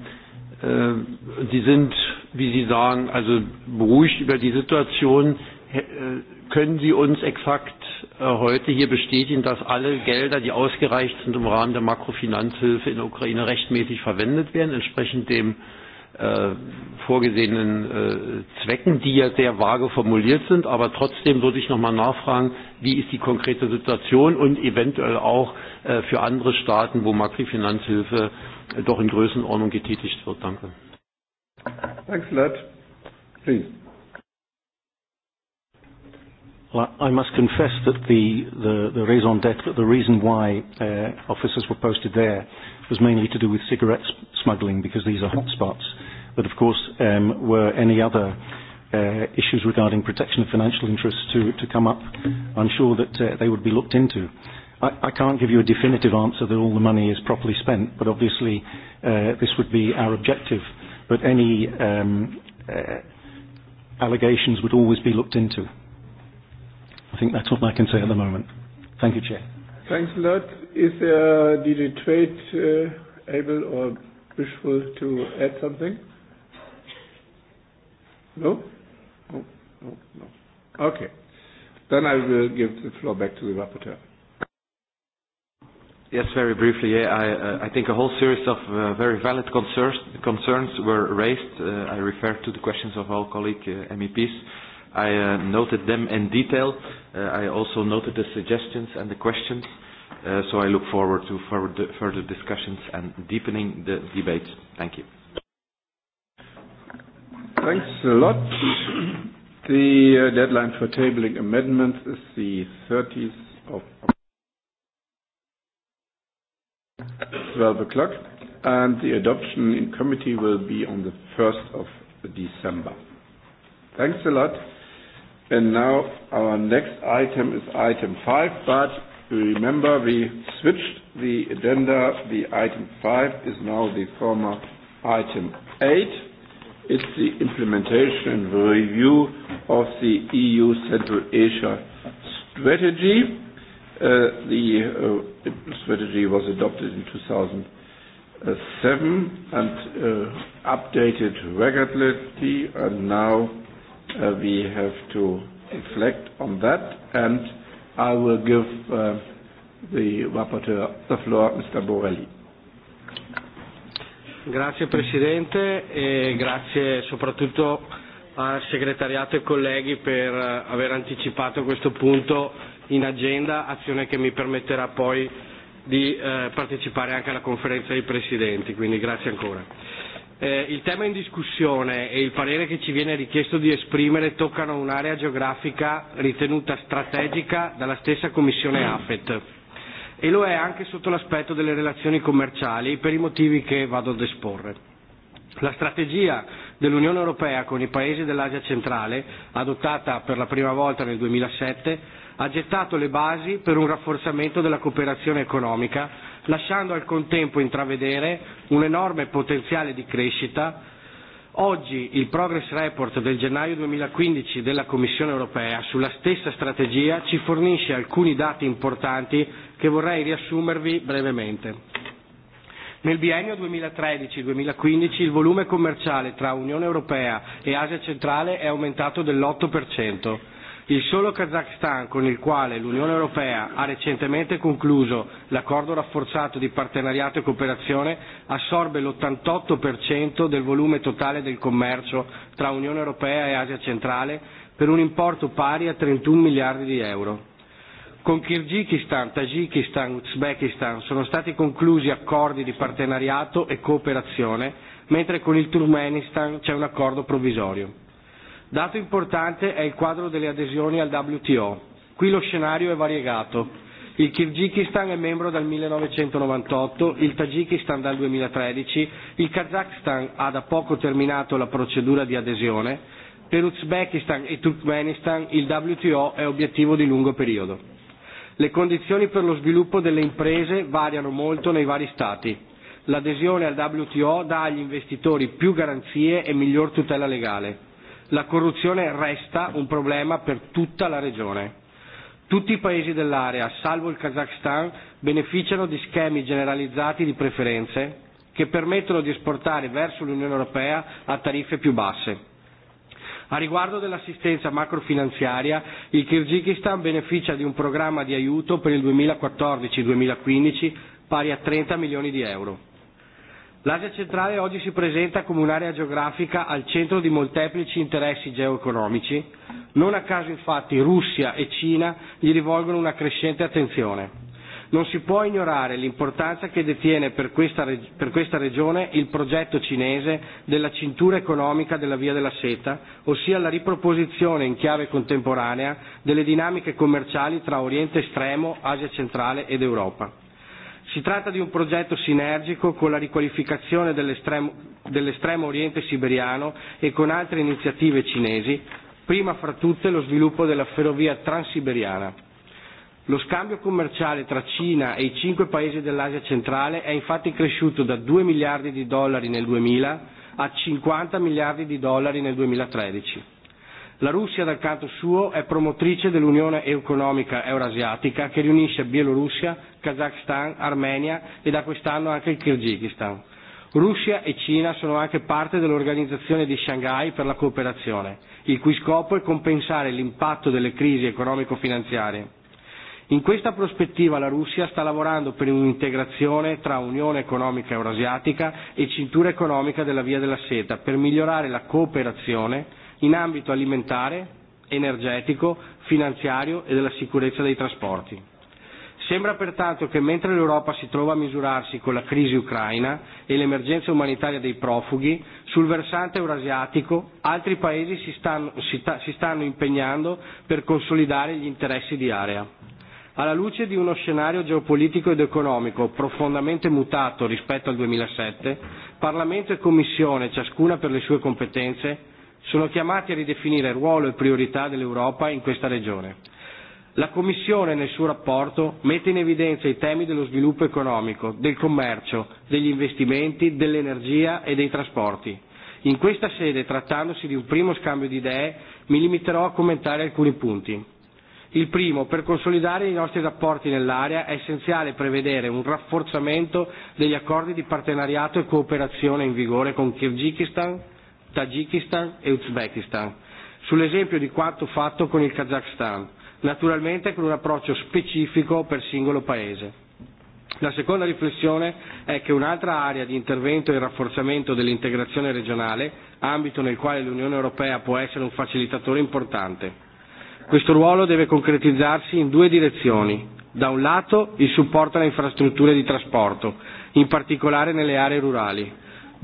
Sie sind wie Sie sagen, also beruhigt über die Situation. Äh, können Sie uns exakt äh, heute hier bestätigen, dass alle Gelder, die ausgereicht sind im Rahmen der Makrofinanzhilfe in der Ukraine, rechtmäßig verwendet werden, entsprechend dem äh, vorgesehenen äh, Zwecken, die ja sehr vage formuliert sind. Aber trotzdem würde ich nochmal nachfragen, wie ist die konkrete Situation und eventuell auch äh, für andere Staaten, wo Makrofinanzhilfe äh, doch in Größenordnung getätigt wird. Danke. Thanks a lot. Please. Well, I must confess that the, the, the raison d'etre, the reason why uh, officers were posted there was mainly to do with cigarette smuggling because these are hotspots. But of course, um, were any other uh, issues regarding protection of financial interests to, to come up, I'm sure that uh, they would be looked into. I, I can't give you a definitive answer that all the money is properly spent, but obviously uh, this would be our objective but any um, uh, allegations would always be looked into. I think that's what I can say at the moment. Thank you, Chair. Thanks a lot. Is uh, DG Trade uh, able or wishful to add something? No? No, no, no. Okay. Then I will give the floor back to the rapporteur. Yes, very briefly. Yeah, I, uh, I think a whole series of uh, very valid concerns, concerns were raised. Uh, I refer to the questions of all colleague uh, MEPs. I uh, noted them in detail. Uh, I also noted the suggestions and the questions. Uh, so I look forward to further discussions and deepening the debate. Thank you. Thanks a lot. The uh, deadline for tabling amendments is the 30th of 12 o'clock, and the adoption in committee will be on the 1st of December. Thanks a lot. And now our next item is item 5, but remember we switched the agenda. The item 5 is now the former item 8. It's the implementation and review of the EU Central Asia strategy. Uh, the uh, strategy was adopted in 2007 and uh, updated regularly, and now uh, we have to reflect on that. And I will give uh, the rapporteur the floor, Mr. Borelli. Grazie Presidente e grazie soprattutto al segretariato e colleghi per uh, aver anticipato questo punto in agenda, azione che mi permetterà poi di eh, partecipare anche alla conferenza dei presidenti, quindi grazie ancora. Eh, il tema in discussione e il parere che ci viene richiesto di esprimere toccano un'area geografica ritenuta strategica dalla stessa Commissione AFET e lo è anche sotto l'aspetto delle relazioni commerciali per i motivi che vado ad esporre. La strategia dell'Unione Europea con i paesi dell'Asia centrale, adottata per la prima volta nel 2007, ha gettato le basi per un rafforzamento della cooperazione economica, lasciando al contempo intravedere un enorme potenziale di crescita Oggi il Progress Report del gennaio 2015 della Commissione europea sulla stessa strategia ci fornisce alcuni dati importanti che vorrei riassumervi brevemente. Nel biennio 2013-2015 il volume commerciale tra Unione Europea e Asia centrale è aumentato dell'8%. Il solo Kazakhstan, con il quale l'Unione Europea ha recentemente concluso l'accordo rafforzato di partenariato e cooperazione, assorbe l'88% del volume totale del commercio tra Unione Europea e Asia centrale per un importo pari a 31 miliardi di euro. Con Kirghizistan, Tagikistan, Uzbekistan sono stati conclusi accordi di partenariato e cooperazione, mentre con il Turkmenistan c'è un accordo provvisorio. Dato importante è il quadro delle adesioni al WTO. Qui lo scenario è variegato. Il Kirghizistan è membro dal 1998, il Tagikistan dal 2013, il Kazakhstan ha da poco terminato la procedura di adesione, per Uzbekistan e Turkmenistan il WTO è obiettivo di lungo periodo. Le condizioni per lo sviluppo delle imprese variano molto nei vari Stati. L'adesione al WTO dà agli investitori più garanzie e miglior tutela legale la corruzione resta un problema per tutta la regione. Tutti i paesi dell'area, salvo il Kazakhstan, beneficiano di schemi generalizzati di preferenze che permettono di esportare verso l'Unione Europea a tariffe più basse. A riguardo dell'assistenza macrofinanziaria, il Kyrgyzstan beneficia di un programma di aiuto per il 2014-2015 pari a 30 milioni di euro. L'Asia centrale oggi si presenta come un'area geografica al centro di molteplici interessi geoeconomici, non a caso infatti Russia e Cina gli rivolgono una crescente attenzione. Non si può ignorare l'importanza che detiene per questa, per questa regione il progetto cinese della cintura economica della Via della Seta, ossia la riproposizione in chiave contemporanea delle dinamiche commerciali tra Oriente estremo, Asia centrale ed Europa. Si tratta di un progetto sinergico con la riqualificazione dell'estremo, dell'estremo oriente siberiano e con altre iniziative cinesi, prima fra tutte lo sviluppo della ferrovia transiberiana. Lo scambio commerciale tra Cina e i cinque paesi dell'Asia centrale è infatti cresciuto da 2 miliardi di dollari nel 2000 a 50 miliardi di dollari nel 2013. La Russia, dal canto suo, è promotrice dell'Unione economica eurasiatica che riunisce Bielorussia, Kazakhstan, Armenia e da quest'anno anche il Kyrgyzstan. Russia e Cina sono anche parte dell'Organizzazione di Shanghai per la cooperazione, il cui scopo è compensare l'impatto delle crisi economico-finanziarie. In questa prospettiva la Russia sta lavorando per un'integrazione tra Unione economica eurasiatica e cintura economica della Via della Seta per migliorare la cooperazione in ambito alimentare, energetico, finanziario e della sicurezza dei trasporti. Sembra pertanto che mentre l'Europa si trova a misurarsi con la crisi ucraina e l'emergenza umanitaria dei profughi, sul versante eurasiatico altri paesi si stanno, si, ta, si stanno impegnando per consolidare gli interessi di area. Alla luce di uno scenario geopolitico ed economico profondamente mutato rispetto al 2007, Parlamento e Commissione, ciascuna per le sue competenze, sono chiamati a ridefinire ruolo e priorità dell'Europa in questa regione. La Commissione nel suo rapporto mette in evidenza i temi dello sviluppo economico, del commercio, degli investimenti, dell'energia e dei trasporti. In questa sede, trattandosi di un primo scambio di idee, mi limiterò a commentare alcuni punti. Il primo, per consolidare i nostri rapporti nell'area è essenziale prevedere un rafforzamento degli accordi di partenariato e cooperazione in vigore con Kirghizistan, Tagikistan e Uzbekistan, sull'esempio di quanto fatto con il Kazakhstan, naturalmente con un approccio specifico per singolo Paese. La seconda riflessione è che un'altra area di intervento e il rafforzamento dell'integrazione regionale, ambito nel quale l'Unione Europea può essere un facilitatore importante. Questo ruolo deve concretizzarsi in due direzioni. Da un lato il supporto alle infrastrutture di trasporto, in particolare nelle aree rurali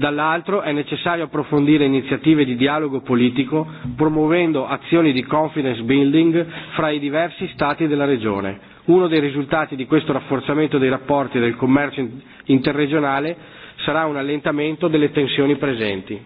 dall'altro è necessario approfondire iniziative di dialogo politico promuovendo azioni di confidence building fra i diversi Stati della regione. Uno dei risultati di questo rafforzamento dei rapporti del commercio interregionale sarà un allentamento delle tensioni presenti.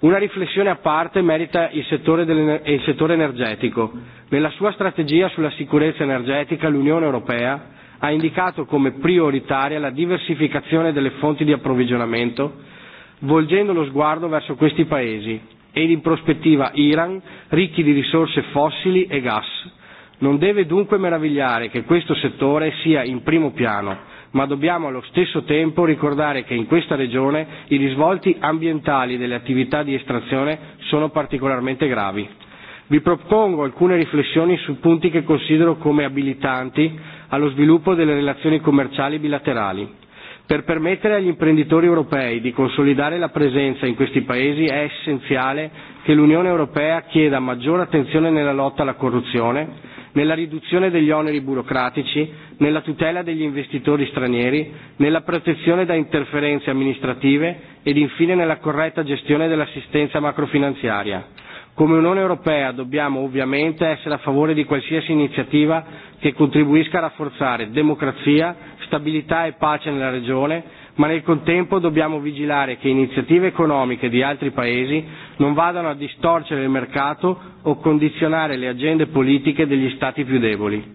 Una riflessione a parte merita il settore, del, il settore energetico. Nella sua strategia sulla sicurezza energetica l'Unione Europea ha indicato come prioritaria la diversificazione delle fonti di approvvigionamento volgendo lo sguardo verso questi paesi ed in prospettiva Iran, ricchi di risorse fossili e gas. Non deve dunque meravigliare che questo settore sia in primo piano, ma dobbiamo allo stesso tempo ricordare che in questa regione i risvolti ambientali delle attività di estrazione sono particolarmente gravi. Vi propongo alcune riflessioni su punti che considero come abilitanti allo sviluppo delle relazioni commerciali bilaterali Per permettere agli imprenditori europei di consolidare la presenza in questi paesi è essenziale che l'Unione Europea chieda maggiore attenzione nella lotta alla corruzione, nella riduzione degli oneri burocratici, nella tutela degli investitori stranieri, nella protezione da interferenze amministrative ed infine nella corretta gestione dell'assistenza macrofinanziaria. Come Unione Europea dobbiamo ovviamente essere a favore di qualsiasi iniziativa che contribuisca a rafforzare democrazia, stabilità e pace nella regione, ma nel contempo dobbiamo vigilare che iniziative economiche di altri paesi non vadano a distorcere il mercato o condizionare le agende politiche degli Stati più deboli.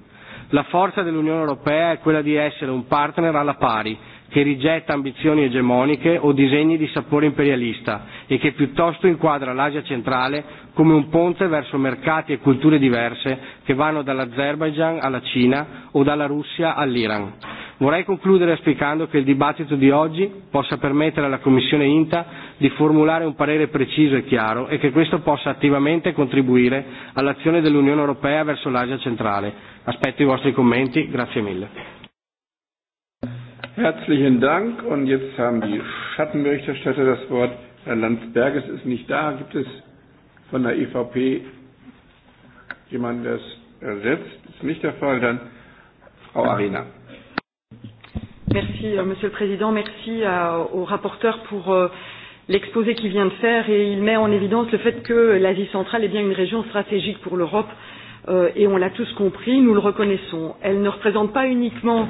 La forza dell'Unione Europea è quella di essere un partner alla pari che rigetta ambizioni egemoniche o disegni di sapore imperialista e che piuttosto inquadra l'Asia centrale come un ponte verso mercati e culture diverse che vanno dall'Azerbaigian alla Cina o dalla Russia all'Iran. Vorrei concludere spiegando che il dibattito di oggi possa permettere alla Commissione INTA di formulare un parere preciso e chiaro e che questo possa attivamente contribuire all'azione dell'Unione Europea verso l'Asia centrale. Aspetto i vostri commenti, grazie mille. Herzlichen Dank. Und jetzt haben die Schattenberichterstatter das Wort. Herr Landsberges ist nicht da. Gibt es von der EVP jemanden, der es ersetzt? Das Ist nicht der Fall. Dann Frau Arena. Merci, euh, Monsieur le Président. Merci à, euh, au rapporteur pour euh, l'exposé qu'il vient de faire et il met en évidence le fait que l'Asie centrale est bien une région stratégique pour l'Europe euh, et on l'a tous compris, nous le reconnaissons. Elle ne représente pas uniquement euh,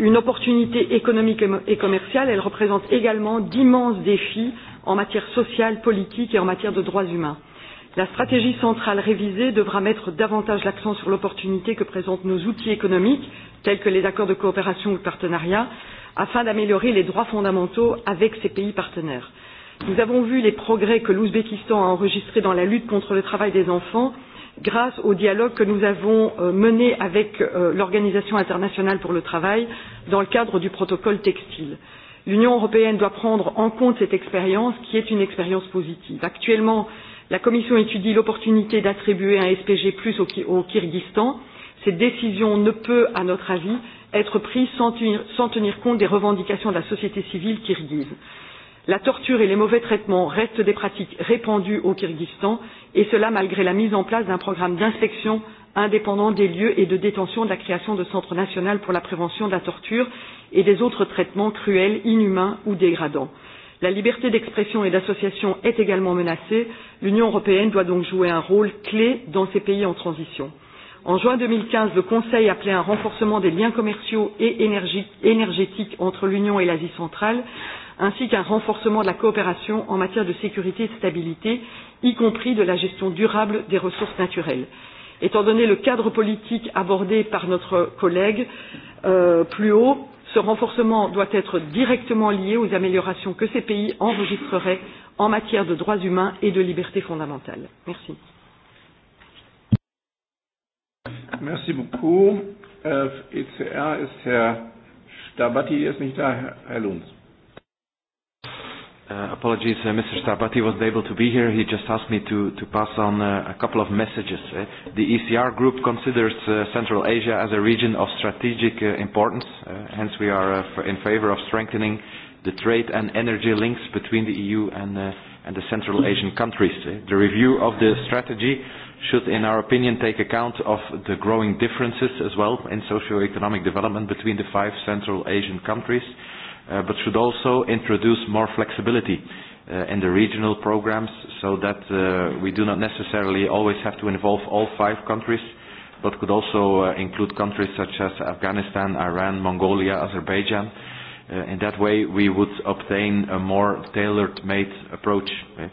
une opportunité économique et commerciale, elle représente également d'immenses défis en matière sociale, politique et en matière de droits humains. La stratégie centrale révisée devra mettre davantage l'accent sur l'opportunité que présentent nos outils économiques, tels que les accords de coopération ou de partenariat, afin d'améliorer les droits fondamentaux avec ces pays partenaires. Nous avons vu les progrès que l'Ouzbékistan a enregistrés dans la lutte contre le travail des enfants grâce au dialogue que nous avons euh, mené avec euh, l'Organisation internationale pour le travail dans le cadre du protocole textile. L'Union européenne doit prendre en compte cette expérience qui est une expérience positive. Actuellement, la Commission étudie l'opportunité d'attribuer un SPG plus au, au Kyrgyzstan. Cette décision ne peut, à notre avis, être prise sans tenir, sans tenir compte des revendications de la société civile kirghize la torture et les mauvais traitements restent des pratiques répandues au Kyrgyzstan, et cela malgré la mise en place d'un programme d'inspection indépendant des lieux et de détention de la création de centres nationaux pour la prévention de la torture et des autres traitements cruels, inhumains ou dégradants. La liberté d'expression et d'association est également menacée. L'Union européenne doit donc jouer un rôle clé dans ces pays en transition. En juin 2015, le Conseil appelait un renforcement des liens commerciaux et énergétiques entre l'Union et l'Asie centrale ainsi qu'un renforcement de la coopération en matière de sécurité et de stabilité, y compris de la gestion durable des ressources naturelles. Étant donné le cadre politique abordé par notre collègue euh, plus haut, ce renforcement doit être directement lié aux améliorations que ces pays enregistreraient en matière de droits humains et de libertés fondamentales. Merci. Merci beaucoup. Äh, ECR ist Herr Stabatti, er ist nicht da, Herr Lunds. Uh, apologies, uh, Mr. Stabati wasn't able to be here. He just asked me to, to pass on uh, a couple of messages. Uh, The ECR group considers uh, Central Asia as a region of strategic uh, importance. Uh, hence, we are uh, f in favor of strengthening the trade and energy links between the EU and, uh, and the Central Asian countries. Uh, The review of the strategy should, in our opinion, take account of the growing differences as well in socio-economic development between the five Central Asian countries uh, but should also introduce more flexibility uh, in the regional programs so that uh, we do not necessarily always have to involve all five countries, but could also uh, include countries such as Afghanistan, Iran, Mongolia, Azerbaijan. Uh, in that way, we would obtain a more tailored-made approach. Okay? Uh,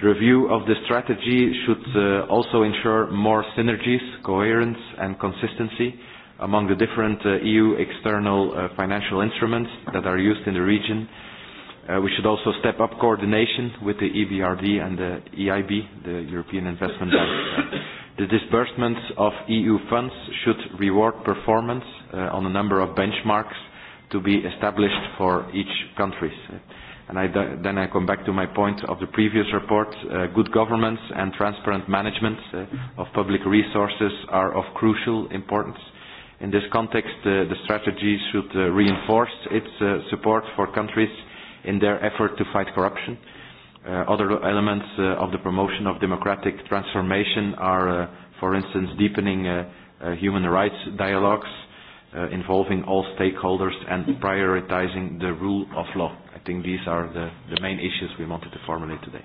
the review of the strategy should uh, also ensure more synergies, coherence, and consistency among the different uh, EU external uh, financial instruments that are used in the region. Uh, we should also step up coordination with the EBRD and the EIB, the European Investment Bank. Uh, the disbursements of EU funds should reward performance uh, on a number of benchmarks to be established for each country. And I, then I come back to my point of the previous report. Uh, good governance and transparent management uh, of public resources are of crucial importance. In this context, uh, the strategy should uh, reinforce its uh, support for countries in their effort to fight corruption. Uh, other elements uh, of the promotion of democratic transformation are, uh, for instance, deepening uh, uh, human rights dialogues uh, involving all stakeholders and prioritizing the rule of law. I think these are the, the main issues we wanted to formulate today.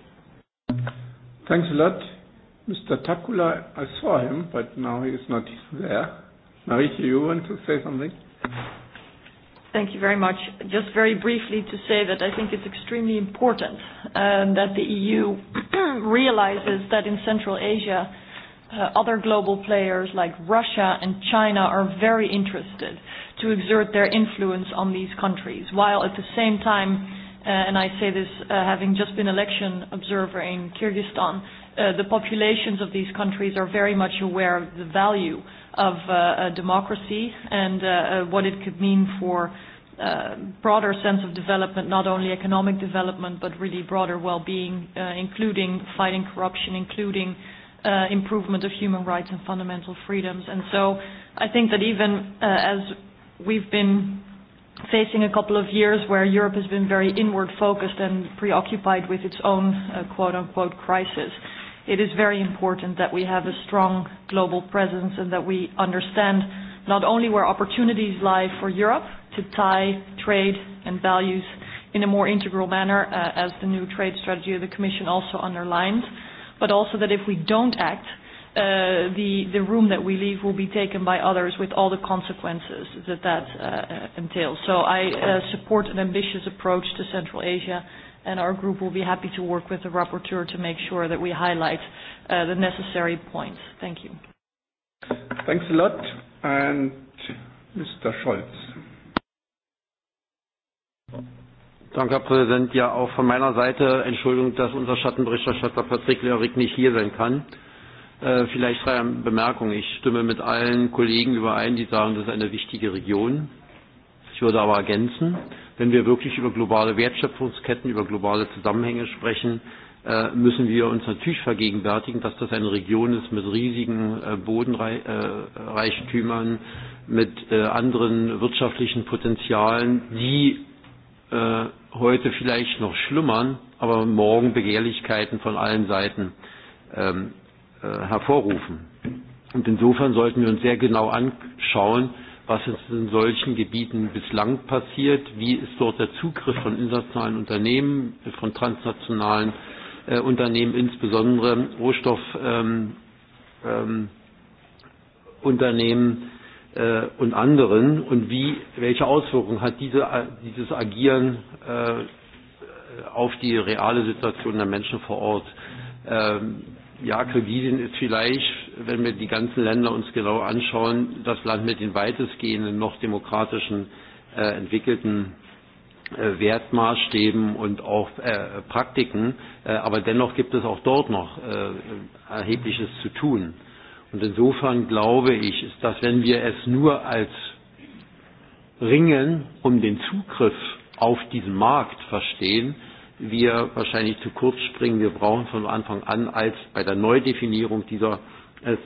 Thanks a lot. Mr. Takula, I saw him, but now he is not there. Marike, you want to say something? Thank you very much. Just very briefly to say that I think it's extremely important um, that the EU realizes that in Central Asia, uh, other global players like Russia and China are very interested to exert their influence on these countries, while at the same time, uh, and I say this uh, having just been election observer in Kyrgyzstan, uh, the populations of these countries are very much aware of the value of uh, uh, democracy and uh, uh, what it could mean for uh, broader sense of development, not only economic development, but really broader well-being, uh, including fighting corruption, including uh, improvement of human rights and fundamental freedoms. And so I think that even uh, as we've been facing a couple of years where Europe has been very inward focused and preoccupied with its own uh, quote unquote crisis it is very important that we have a strong global presence and that we understand not only where opportunities lie for Europe to tie trade and values in a more integral manner, uh, as the new trade strategy of the Commission also underlines, but also that if we don't act, uh, the, the room that we leave will be taken by others with all the consequences that that uh, uh entails. So I uh, support an ambitious approach to Central Asia and our group will be happy to work with the rapporteur to make sure that we highlight uh, the necessary points. Thank you. Thanks a lot. And Mr. Scholz. Danke, Herr Präsident. Ja, auch von meiner Seite Entschuldigung, dass unser Schattenberichterstatter Patrick Lerik nicht hier sein kann. Äh, vielleicht drei Bemerkungen. Ich stimme mit allen Kollegen überein, die sagen, das ist eine wichtige Region. Ich würde aber ergänzen, äh, Wenn wir wirklich über globale Wertschöpfungsketten, über globale Zusammenhänge sprechen, äh, müssen wir uns natürlich vergegenwärtigen, dass das eine Region ist mit riesigen äh, Bodenreichtümern, äh, mit anderen wirtschaftlichen Potenzialen, die heute vielleicht noch schlummern, aber morgen Begehrlichkeiten von allen Seiten ähm, hervorrufen. Und insofern sollten wir uns sehr genau anschauen, was ist in solchen Gebieten bislang passiert, wie ist dort der Zugriff von internationalen Unternehmen, von transnationalen äh, Unternehmen, insbesondere Rohstoffunternehmen ähm, ähm, äh, und anderen und wie, welche Auswirkungen hat diese, dieses Agieren äh, auf die reale Situation der Menschen vor Ort. Ähm, ja, Kirgisien ist vielleicht wenn wir die ganzen Länder uns genau anschauen, das Land mit den weitestgehenden noch demokratischen äh, entwickelten äh, Wertmaßstäben und auch äh, Praktiken. Äh, aber dennoch gibt es auch dort noch äh, erhebliches zu tun. Und insofern glaube ich, ist, dass wenn wir es nur als Ringen um den Zugriff auf diesen Markt verstehen, wir wahrscheinlich zu kurz springen. Wir brauchen von Anfang an als bei der Neudefinierung dieser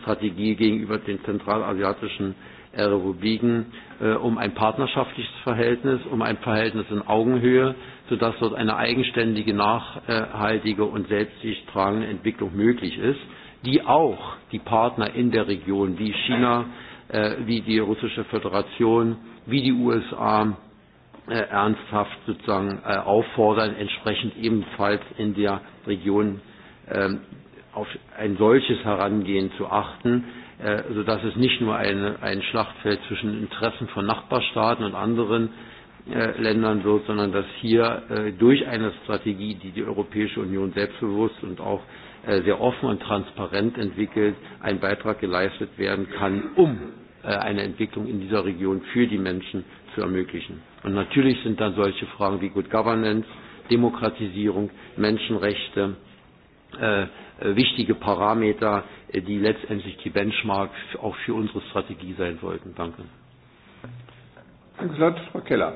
Strategie gegenüber den zentralasiatischen äh, Republiken äh, um ein partnerschaftliches Verhältnis, um ein Verhältnis in Augenhöhe, sodass dort eine eigenständige, nachhaltige und selbst sich tragende Entwicklung möglich ist, die auch die Partner in der Region wie China, äh, wie die Russische Föderation, wie die USA äh, ernsthaft sozusagen äh, auffordern, entsprechend ebenfalls in der Region ähm, auf ein solches Herangehen zu achten, äh, sodass es nicht nur eine, ein Schlachtfeld zwischen Interessen von Nachbarstaaten und anderen äh, Ländern wird, sondern dass hier äh, durch eine Strategie, die die Europäische Union selbstbewusst und auch sehr offen und transparent entwickelt, ein Beitrag geleistet werden kann, um eine Entwicklung in dieser Region für die Menschen zu ermöglichen. Und natürlich sind dann solche Fragen wie Good Governance, Demokratisierung, Menschenrechte, äh, Äh, wichtige Parameter, äh, die letztendlich die Benchmark auch für unsere Strategie sein sollten. Danke. Danke, Frau Keller.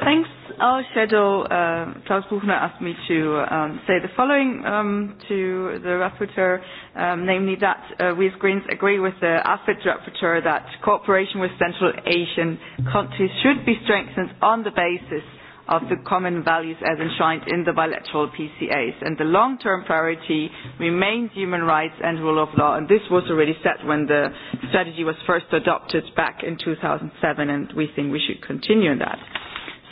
Thanks. Our shadow, uh, Klaus Buchner, asked me to um, say the following um, to the rapporteur, um, namely that uh, we as Greens agree with the AFID rapporteur that cooperation with Central Asian countries should be strengthened on the basis of the common values as enshrined in the bilateral PCAs. And the long-term priority remains human rights and rule of law. And this was already set when the strategy was first adopted back in 2007, and we think we should continue in that.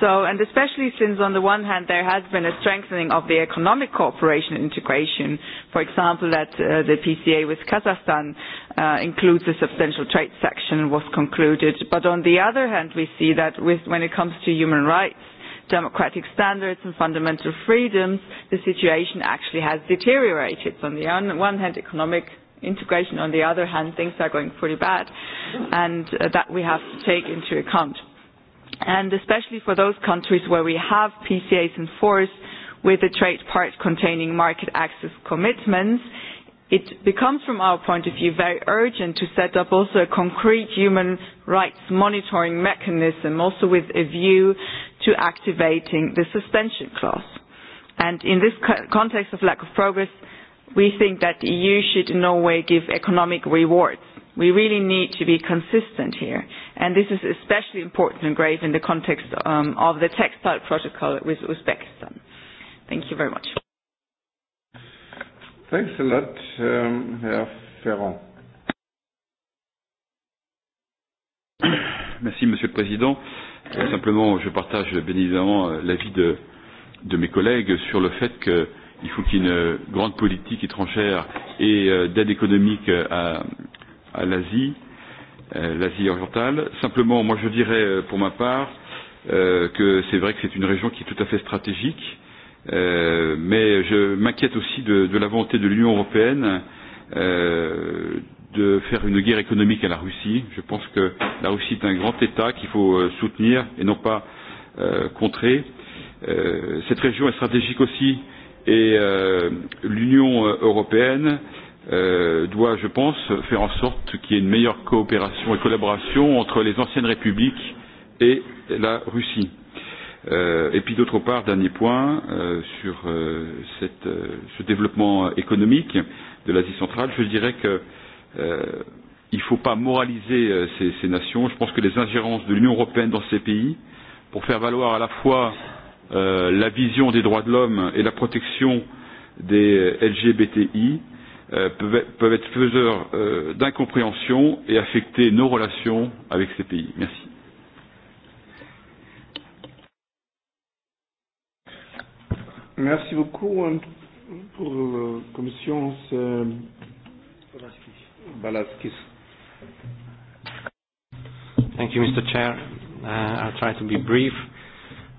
So, and especially since on the one hand there has been a strengthening of the economic cooperation and integration, for example that uh, the PCA with Kazakhstan uh, includes a substantial trade section was concluded, but on the other hand we see that with, when it comes to human rights, democratic standards and fundamental freedoms, the situation actually has deteriorated. So on the one hand, economic integration, on the other hand, things are going pretty bad, and uh, that we have to take into account. And especially for those countries where we have PCAs in force with a trade part containing market access commitments, it becomes, from our point of view, very urgent to set up also a concrete human rights monitoring mechanism, also with a view to activating the suspension clause. And in this co context of lack of progress, we think that the EU should in no way give economic rewards. We really need to be consistent here. And this is especially important and grave in the context um, of the textile protocol with Uzbekistan. Thank you very much. Thanks a lot, um, Herr Ferrand. Merci, Monsieur le Président. Euh, Euh, simplement, je partage bien évidemment euh, l'avis de, de mes collègues sur le fait qu'il faut qu'il y ait une grande politique étrangère et euh, d'aide économique euh, à, à l'Asie, euh, l'Asie orientale. Simplement, moi je dirais pour ma part euh, que c'est vrai que c'est une région qui est tout à fait stratégique, euh, mais je m'inquiète aussi de, de la volonté de l'Union européenne euh, de faire une guerre économique à la Russie. Je pense que la Russie est un grand État qu'il faut euh, soutenir et non pas euh, contrer. Euh, cette région est stratégique aussi et euh, l'Union euh, européenne euh, doit, je pense, faire en sorte qu'il y ait une meilleure coopération et collaboration entre les anciennes républiques et la Russie. Euh, et puis d'autre part, dernier point euh, sur euh, cette, euh, ce développement euh, économique de l'Asie centrale, je dirais que euh, Euh, il ne faut pas moraliser euh, ces, ces nations. Je pense que les ingérences de l'Union européenne dans ces pays, pour faire valoir à la fois euh, la vision des droits de l'homme et la protection des euh, LGBTI, euh, peuvent, peuvent être faiseurs euh, d'incompréhension et affecter nos relations avec ces pays. Merci. Merci beaucoup. Euh, pour la euh, Commission, Balaskis. Thank you, Mr. Chair. Uh, I'll try to be brief.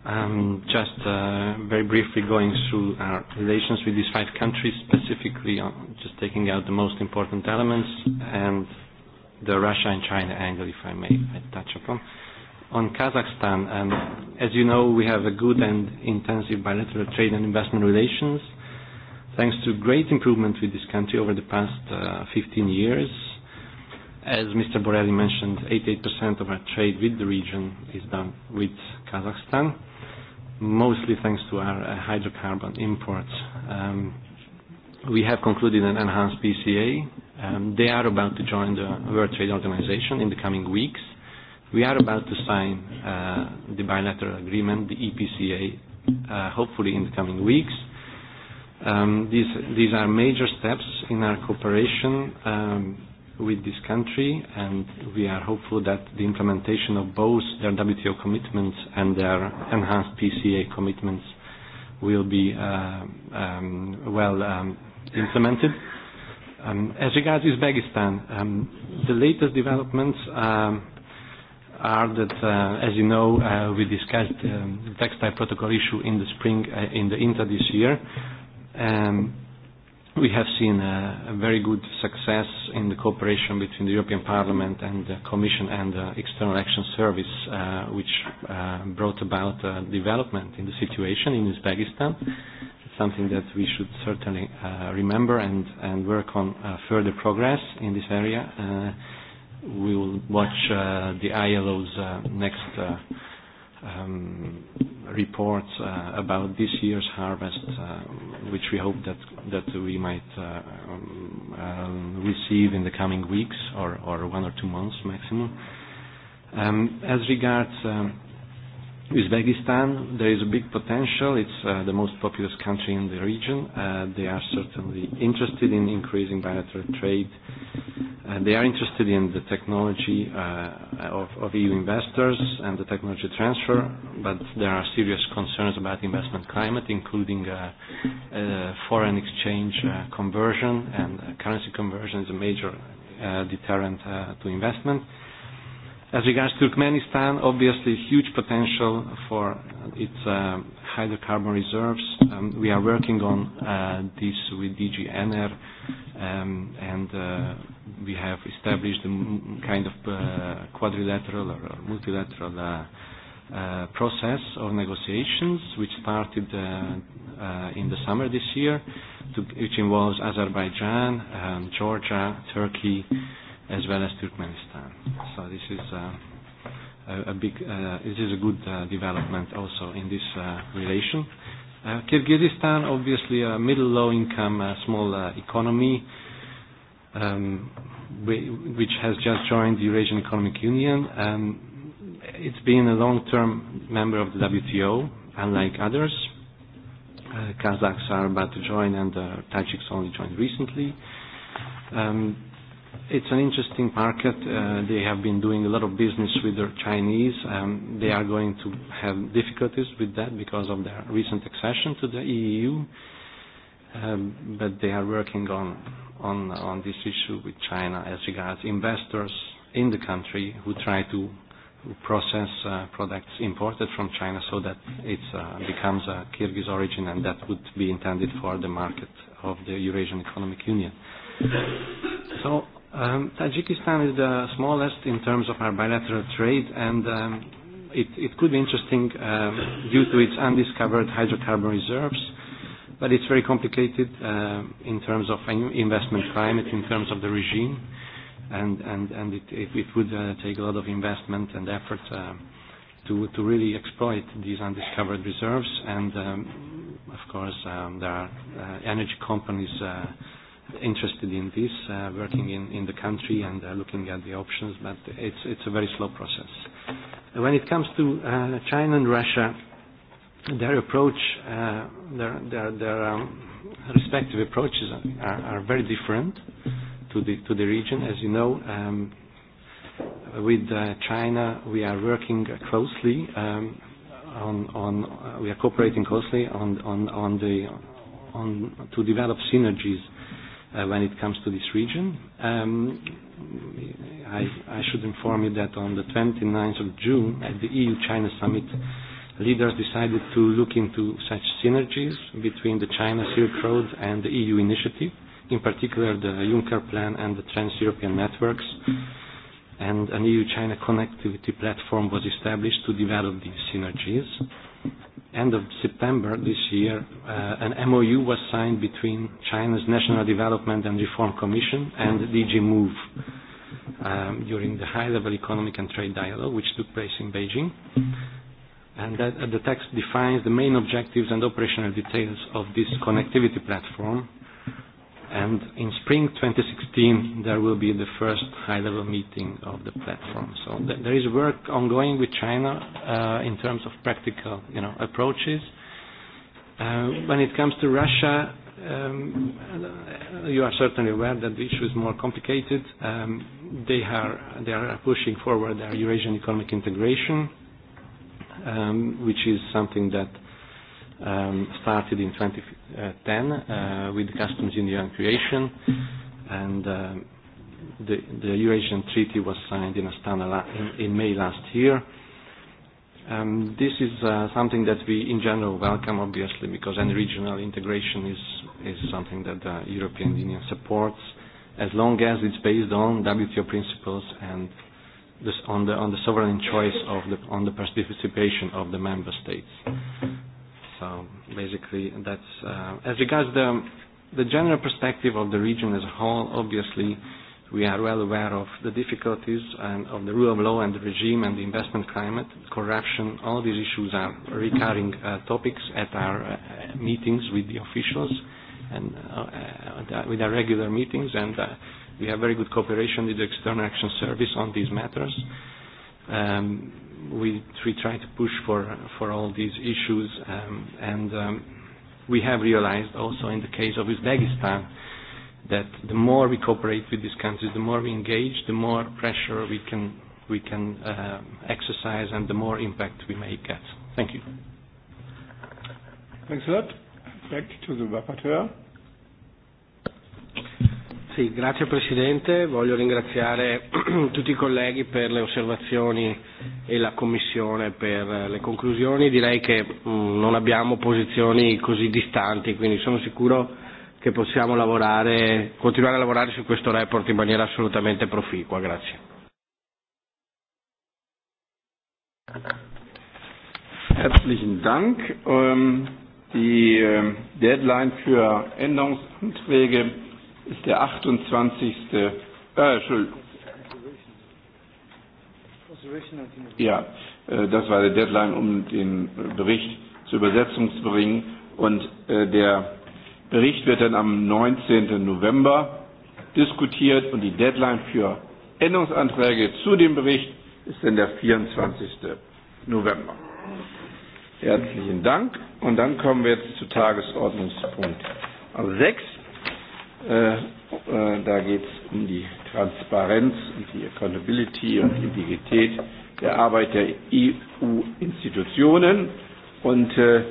Um, just uh, very briefly going through our relations with these five countries, specifically on uh, just taking out the most important elements and the Russia and China angle, if I may I touch upon. On Kazakhstan, um, as you know, we have a good and intensive bilateral trade and investment relations Thanks to great improvement with this country over the past uh, 15 years, as Mr. Borelli mentioned, 88% of our trade with the region is done with Kazakhstan, mostly thanks to our uh, hydrocarbon imports. Um, we have concluded an enhanced PCA. Um, they are about to join the World Trade Organization in the coming weeks. We are about to sign uh, the bilateral agreement, the EPCA, uh, hopefully in the coming weeks. Um, these, these are major steps in our cooperation um, with this country, and we are hopeful that the implementation of both their WTO commitments and their enhanced PCA commitments will be uh, um, well um, implemented. Um, as regards Uzbekistan, um, the latest developments um, are that, uh, as you know, uh, we discussed um, the textile protocol issue in the spring uh, in the INTA this year Um, we have seen a, a very good success in the cooperation between the European Parliament and the Commission and the External Action Service, uh, which uh, brought about uh, development in the situation in Uzbekistan. It's something that we should certainly uh, remember and, and work on uh, further progress in this area. Uh, we will watch uh, the ILO's uh, next uh, um, reports uh, about this year's harvest, uh, which we hope that that we might uh, um, uh receive in the coming weeks or, or one or two months maximum. Um, as regards um, Uzbekistan, there is a big potential. It's uh, the most populous country in the region. Uh, they are certainly interested in increasing bilateral trade. Uh, they are interested in the technology uh, of, of EU investors and the technology transfer, but there are serious concerns about investment climate, including uh, uh, foreign exchange uh, conversion and uh, currency conversion is a major uh, deterrent uh, to investment. Uh, As regards Turkmenistan, obviously huge potential for its uh, hydrocarbon reserves. Um, we are working on uh, this with DG ENER, um, and uh, we have established a m kind of uh, quadrilateral or, or multilateral uh, uh, process of negotiations, which started uh, uh, in the summer this year, to, which involves Azerbaijan, um, Georgia, Turkey, as well as Turkmenistan. So this is uh, a, a big, uh, this is a good uh, development also in this uh, relation. Uh, Kyrgyzstan, obviously a middle-low income, uh, small uh, economy, um, which has just joined the Eurasian Economic Union. Um, it's been a long-term member of the WTO, unlike others. Uh, Kazakhs are about to join, and uh, Tajiks only joined recently. Um, It's an interesting market. Uh, they have been doing a lot of business with the Chinese. Um, they are going to have difficulties with that because of their recent accession to the EU. Um, but they are working on, on, on this issue with China as regards investors in the country who try to process uh, products imported from China so that it uh, becomes a Kyrgyz origin and that would be intended for the market of the Eurasian Economic Union. So Um, Tajikistan is the smallest in terms of our bilateral trade, and um, it, it could be interesting uh due to its undiscovered hydrocarbon reserves, but it's very complicated uh, in terms of investment climate, in terms of the regime, and, and, and it, it, it would uh, take a lot of investment and effort uh, to, to really exploit these undiscovered reserves. And um, of course, um, there are uh, energy companies. Uh, interested in this, uh, working in, in the country and uh, looking at the options, but it's, it's a very slow process. When it comes to uh, China and Russia, their approach, uh, their, their, their um, respective approaches are, are very different to the, to the region. As you know, um, with uh, China, we are working closely um, on, on uh, we are cooperating closely on, on, on the, on, to develop synergies uh, when it comes to this region. Um, I, I should inform you that on the 29th of June at the EU-China summit, leaders decided to look into such synergies between the China Silk Road and the EU initiative, in particular the Juncker Plan and the Trans-European Networks, and an EU-China connectivity platform was established to develop these synergies end of September this year, uh, an MOU was signed between China's National Development and Reform Commission and DG MOVE um, during the high-level economic and trade dialogue, which took place in Beijing. And that, uh, the text defines the main objectives and operational details of this connectivity platform And in spring 2016, there will be the first high-level meeting of the platform. So th there is work ongoing with China uh, in terms of practical, you know, approaches. Uh, when it comes to Russia, um, uh, you are certainly aware that the issue is more complicated. Um, they are they are pushing forward their Eurasian economic integration, um, which is something that um, started in 2010 uh, with customs union creation, and um, the, the Eurasian Treaty was signed in Astana la in, in May last year. Um, this is uh, something that we, in general, welcome, obviously, because any regional integration is, is something that the European Union supports, as long as it's based on WTO principles and this, on, the, on the sovereign choice of the, on the participation of the member states. So basically, that's uh, as regards the the general perspective of the region as a whole. Obviously, we are well aware of the difficulties and of the rule of law and the regime and the investment climate, corruption. All these issues are recurring uh, topics at our uh, meetings with the officials and uh, uh, with our regular meetings, and uh, we have very good cooperation with the External Action Service on these matters. Um, we, we try to push for, for all these issues, um, and um, we have realized also in the case of Uzbekistan that the more we cooperate with these countries, the more we engage, the more pressure we can, we can uh, exercise, and the more impact we may get. Thank you. Thanks a lot. Back to the rapporteur. Sì, grazie Presidente, voglio ringraziare tutti i colleghi per le osservazioni e la Commissione per le conclusioni. Direi che mm, non abbiamo posizioni così distanti, quindi sono sicuro che possiamo lavorare, continuare a lavorare su questo report in maniera assolutamente proficua. Grazie. Herzlichen Dank. Ähm, die ähm, Deadline für Änderungsanträge ist der 28. Äh, Entschuldigung. Ja, äh, das war der Deadline, um den Bericht zur Übersetzung zu bringen. Und äh, der Bericht wird dann am 19. November diskutiert und die Deadline für Änderungsanträge zu dem Bericht ist dann der 24. November. Herzlichen Dank. Und dann kommen wir jetzt zu Tagesordnungspunkt 6. Äh, äh, da geht es um die Transparenz und die Accountability und Integrität der Arbeit der EU-Institutionen. Und äh,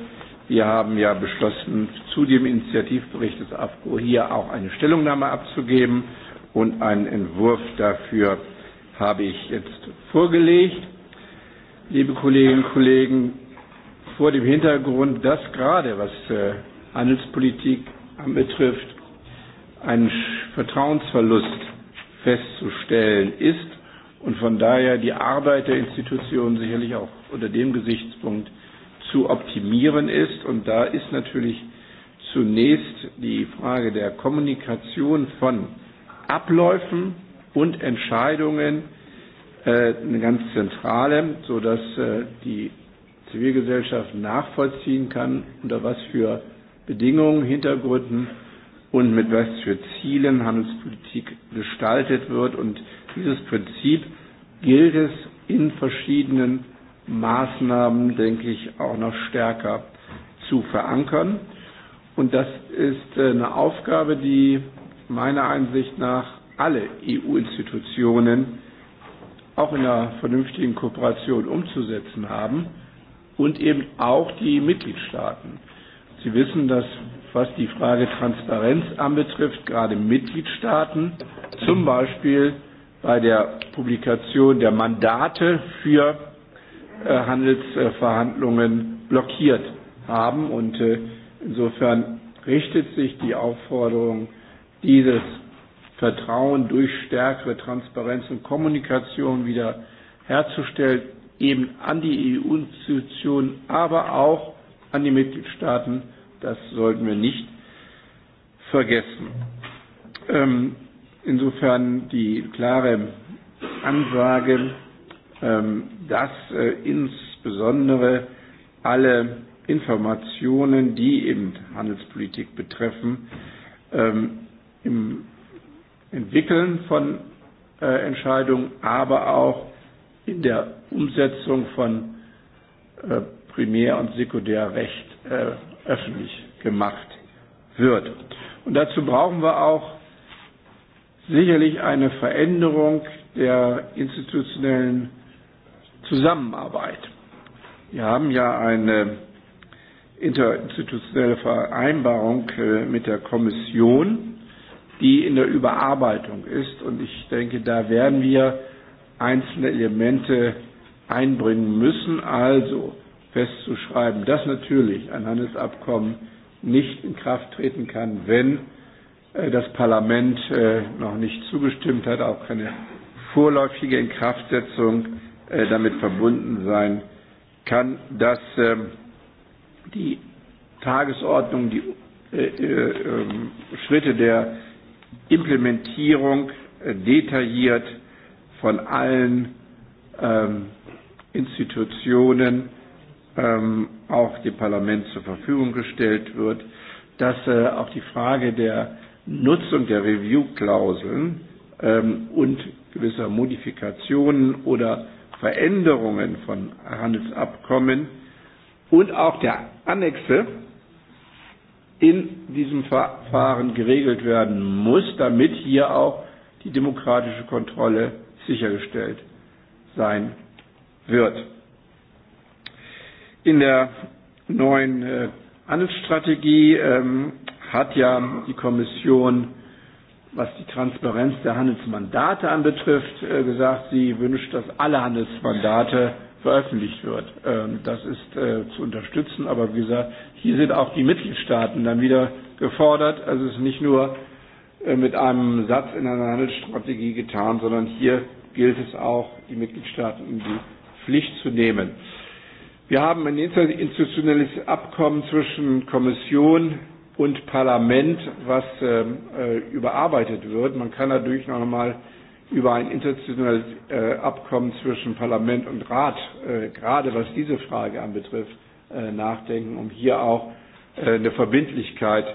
wir haben ja beschlossen, zu dem Initiativbericht des AFGO hier auch eine Stellungnahme abzugeben. Und einen Entwurf dafür habe ich jetzt vorgelegt. Liebe Kolleginnen und Kollegen, vor dem Hintergrund, dass gerade was äh, Handelspolitik anbetrifft, ein Vertrauensverlust festzustellen ist und von daher die Arbeit der Institutionen sicherlich auch unter dem Gesichtspunkt zu optimieren ist. Und da ist natürlich zunächst die Frage der Kommunikation von Abläufen und Entscheidungen äh, eine ganz zentrale, sodass äh, die Zivilgesellschaft nachvollziehen kann, unter was für Bedingungen, Hintergründen und mit was für Zielen Handelspolitik gestaltet wird. Und dieses Prinzip gilt es in verschiedenen Maßnahmen, denke ich, auch noch stärker zu verankern. Und das ist äh, eine Aufgabe, die meiner Ansicht nach alle EU-Institutionen auch in einer vernünftigen Kooperation umzusetzen haben und eben auch die Mitgliedstaaten. Sie wissen, dass was die Frage Transparenz anbetrifft, gerade Mitgliedstaaten, zum Beispiel bei der Publikation der Mandate für äh, Handelsverhandlungen blockiert haben. Und äh, insofern richtet sich die Aufforderung, dieses Vertrauen durch stärkere Transparenz und Kommunikation wieder herzustellen, eben an die EU-Institutionen, aber auch an die Mitgliedstaaten Das sollten wir nicht vergessen. Ähm, insofern die klare Ansage, ähm, dass äh, insbesondere alle Informationen, die eben Handelspolitik betreffen, ähm, im Entwickeln von äh, Entscheidungen, aber auch in der Umsetzung von äh, Primär- und Sekundärrecht äh, öffentlich gemacht wird. Und dazu brauchen wir auch sicherlich eine Veränderung der institutionellen Zusammenarbeit. Wir haben ja eine interinstitutionelle Vereinbarung äh, mit der Kommission, die in der Überarbeitung ist. Und ich denke, da werden wir einzelne Elemente einbringen müssen. Also festzuschreiben, dass natürlich ein Handelsabkommen nicht in Kraft treten kann, wenn äh, das Parlament äh, noch nicht zugestimmt hat, auch keine vorläufige Inkraftsetzung äh, damit verbunden sein kann, dass ähm, die Tagesordnung, die Schritte der Implementierung detailliert von allen ähm, Institutionen ähm, auch dem Parlament zur Verfügung gestellt wird, dass äh, auch die Frage der Nutzung der Review-Klauseln ähm, und gewisser Modifikationen oder Veränderungen von Handelsabkommen und auch der Annexe in diesem Verfahren geregelt werden muss, damit hier auch die demokratische Kontrolle sichergestellt sein wird. In der neuen äh, Handelsstrategie ähm, hat ja die Kommission, was die Transparenz der Handelsmandate anbetrifft, äh, gesagt, sie wünscht, dass alle Handelsmandate veröffentlicht wird. Ähm, das ist äh, zu unterstützen, aber wie gesagt, hier sind auch die Mitgliedstaaten dann wieder gefordert. Also es ist nicht nur mit einem Satz in einer Handelsstrategie getan, sondern hier gilt es auch, die Mitgliedstaaten in die Pflicht zu nehmen. Wir haben ein institutionelles Abkommen zwischen Kommission und Parlament, was ähm, äh, überarbeitet wird. Man kann natürlich noch einmal über ein internationales äh, Abkommen zwischen Parlament und Rat, äh, gerade was diese Frage anbetrifft, äh, nachdenken, um hier auch äh, eine Verbindlichkeit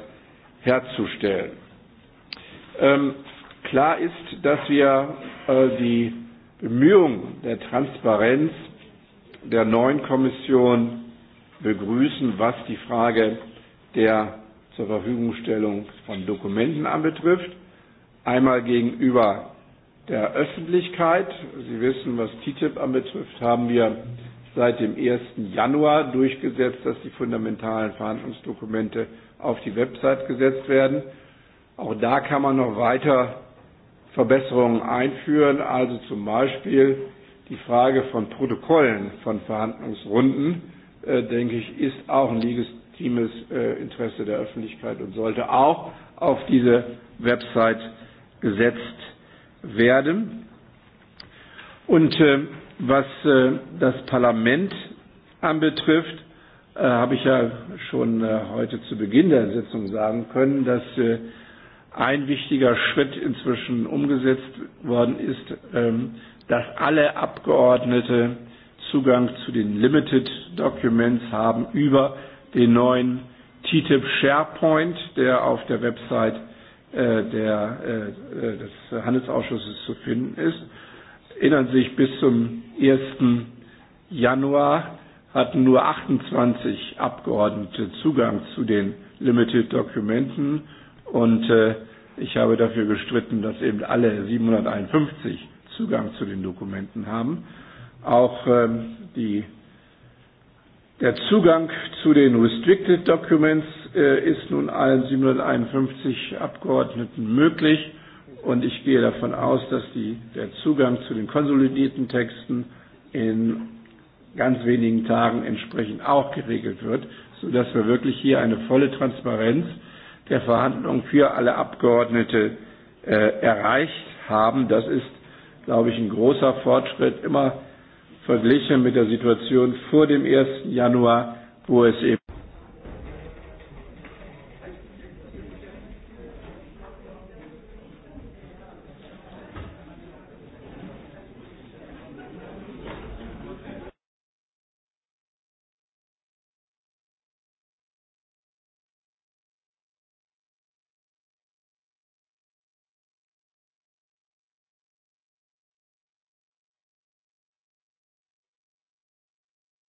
herzustellen. Ähm, klar ist, dass wir äh, die Bemühungen der Transparenz der neuen Kommission begrüßen, was die Frage der zur Verfügungstellung von Dokumenten anbetrifft. Einmal gegenüber der Öffentlichkeit. Sie wissen, was TTIP anbetrifft, haben wir seit dem 1. Januar durchgesetzt, dass die fundamentalen Verhandlungsdokumente auf die Website gesetzt werden. Auch da kann man noch weiter Verbesserungen einführen, also zum Beispiel die Frage von Protokollen von Verhandlungsrunden, äh, denke ich, ist auch ein legitimes äh, Interesse der Öffentlichkeit und sollte auch auf diese Website gesetzt werden. Und äh, was äh, das Parlament anbetrifft, äh, habe ich ja schon äh, heute zu Beginn der Sitzung sagen können, dass äh, ein wichtiger Schritt inzwischen umgesetzt worden ist, äh, dass alle Abgeordnete Zugang zu den Limited Documents haben über den neuen TTIP SharePoint, der auf der Website äh, der, äh, äh des Handelsausschusses zu finden ist. Erinnern Sie sich, bis zum 1. Januar hatten nur 28 Abgeordnete Zugang zu den Limited Dokumenten und äh, ich habe dafür gestritten, dass eben alle 751 Zugang zu den Dokumenten haben. Auch ähm, die, der Zugang zu den Restricted Documents äh, ist nun allen 751 Abgeordneten möglich. Und ich gehe davon aus, dass die, der Zugang zu den konsolidierten Texten in ganz wenigen Tagen entsprechend auch geregelt wird, sodass wir wirklich hier eine volle Transparenz der Verhandlungen für alle Abgeordnete äh, erreicht haben. Das ist glaube ich, ein großer Fortschritt, immer verglichen mit der Situation vor dem 1. Januar, wo es eben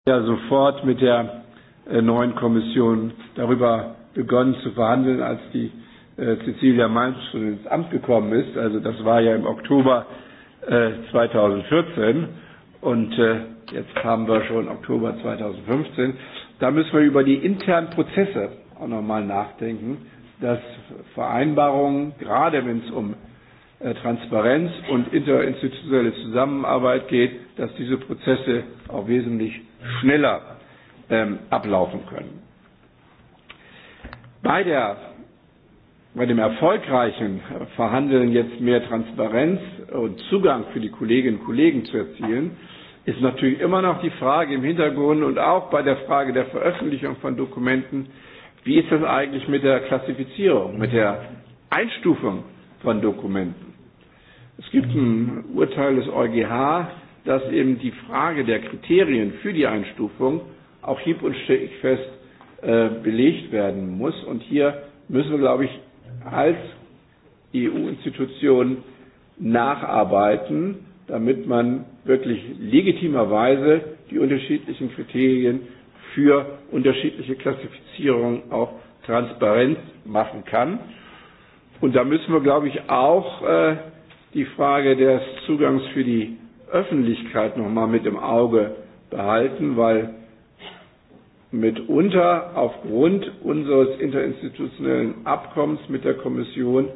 ja sofort mit der äh, neuen Kommission darüber begonnen zu verhandeln, als die äh, Cecilia Malmström ins Amt gekommen ist. Also das war ja im Oktober äh, 2014 und äh, jetzt haben wir schon Oktober 2015. Da müssen wir über die internen Prozesse auch nochmal nachdenken, dass Vereinbarungen, gerade wenn es um äh, Transparenz und interinstitutionelle Zusammenarbeit geht, dass diese Prozesse auch wesentlich schneller ähm, ablaufen können. Bei, der, bei dem erfolgreichen Verhandeln jetzt mehr Transparenz und Zugang für die Kolleginnen und Kollegen zu erzielen, ist natürlich immer noch die Frage im Hintergrund und auch bei der Frage der Veröffentlichung von Dokumenten, wie ist das eigentlich mit der Klassifizierung, mit der Einstufung von Dokumenten? Es gibt ein Urteil des EuGH dass eben die Frage der Kriterien für die Einstufung auch hieb- und stichfest äh, belegt werden muss. Und hier müssen wir, glaube ich, als EU-Institution nacharbeiten, damit man wirklich legitimerweise die unterschiedlichen Kriterien für unterschiedliche Klassifizierungen auch transparent machen kann. Und da müssen wir, glaube ich, auch äh, die Frage des Zugangs für die Öffentlichkeit nochmal mit im Auge behalten, weil mitunter aufgrund unseres interinstitutionellen Abkommens mit der Kommission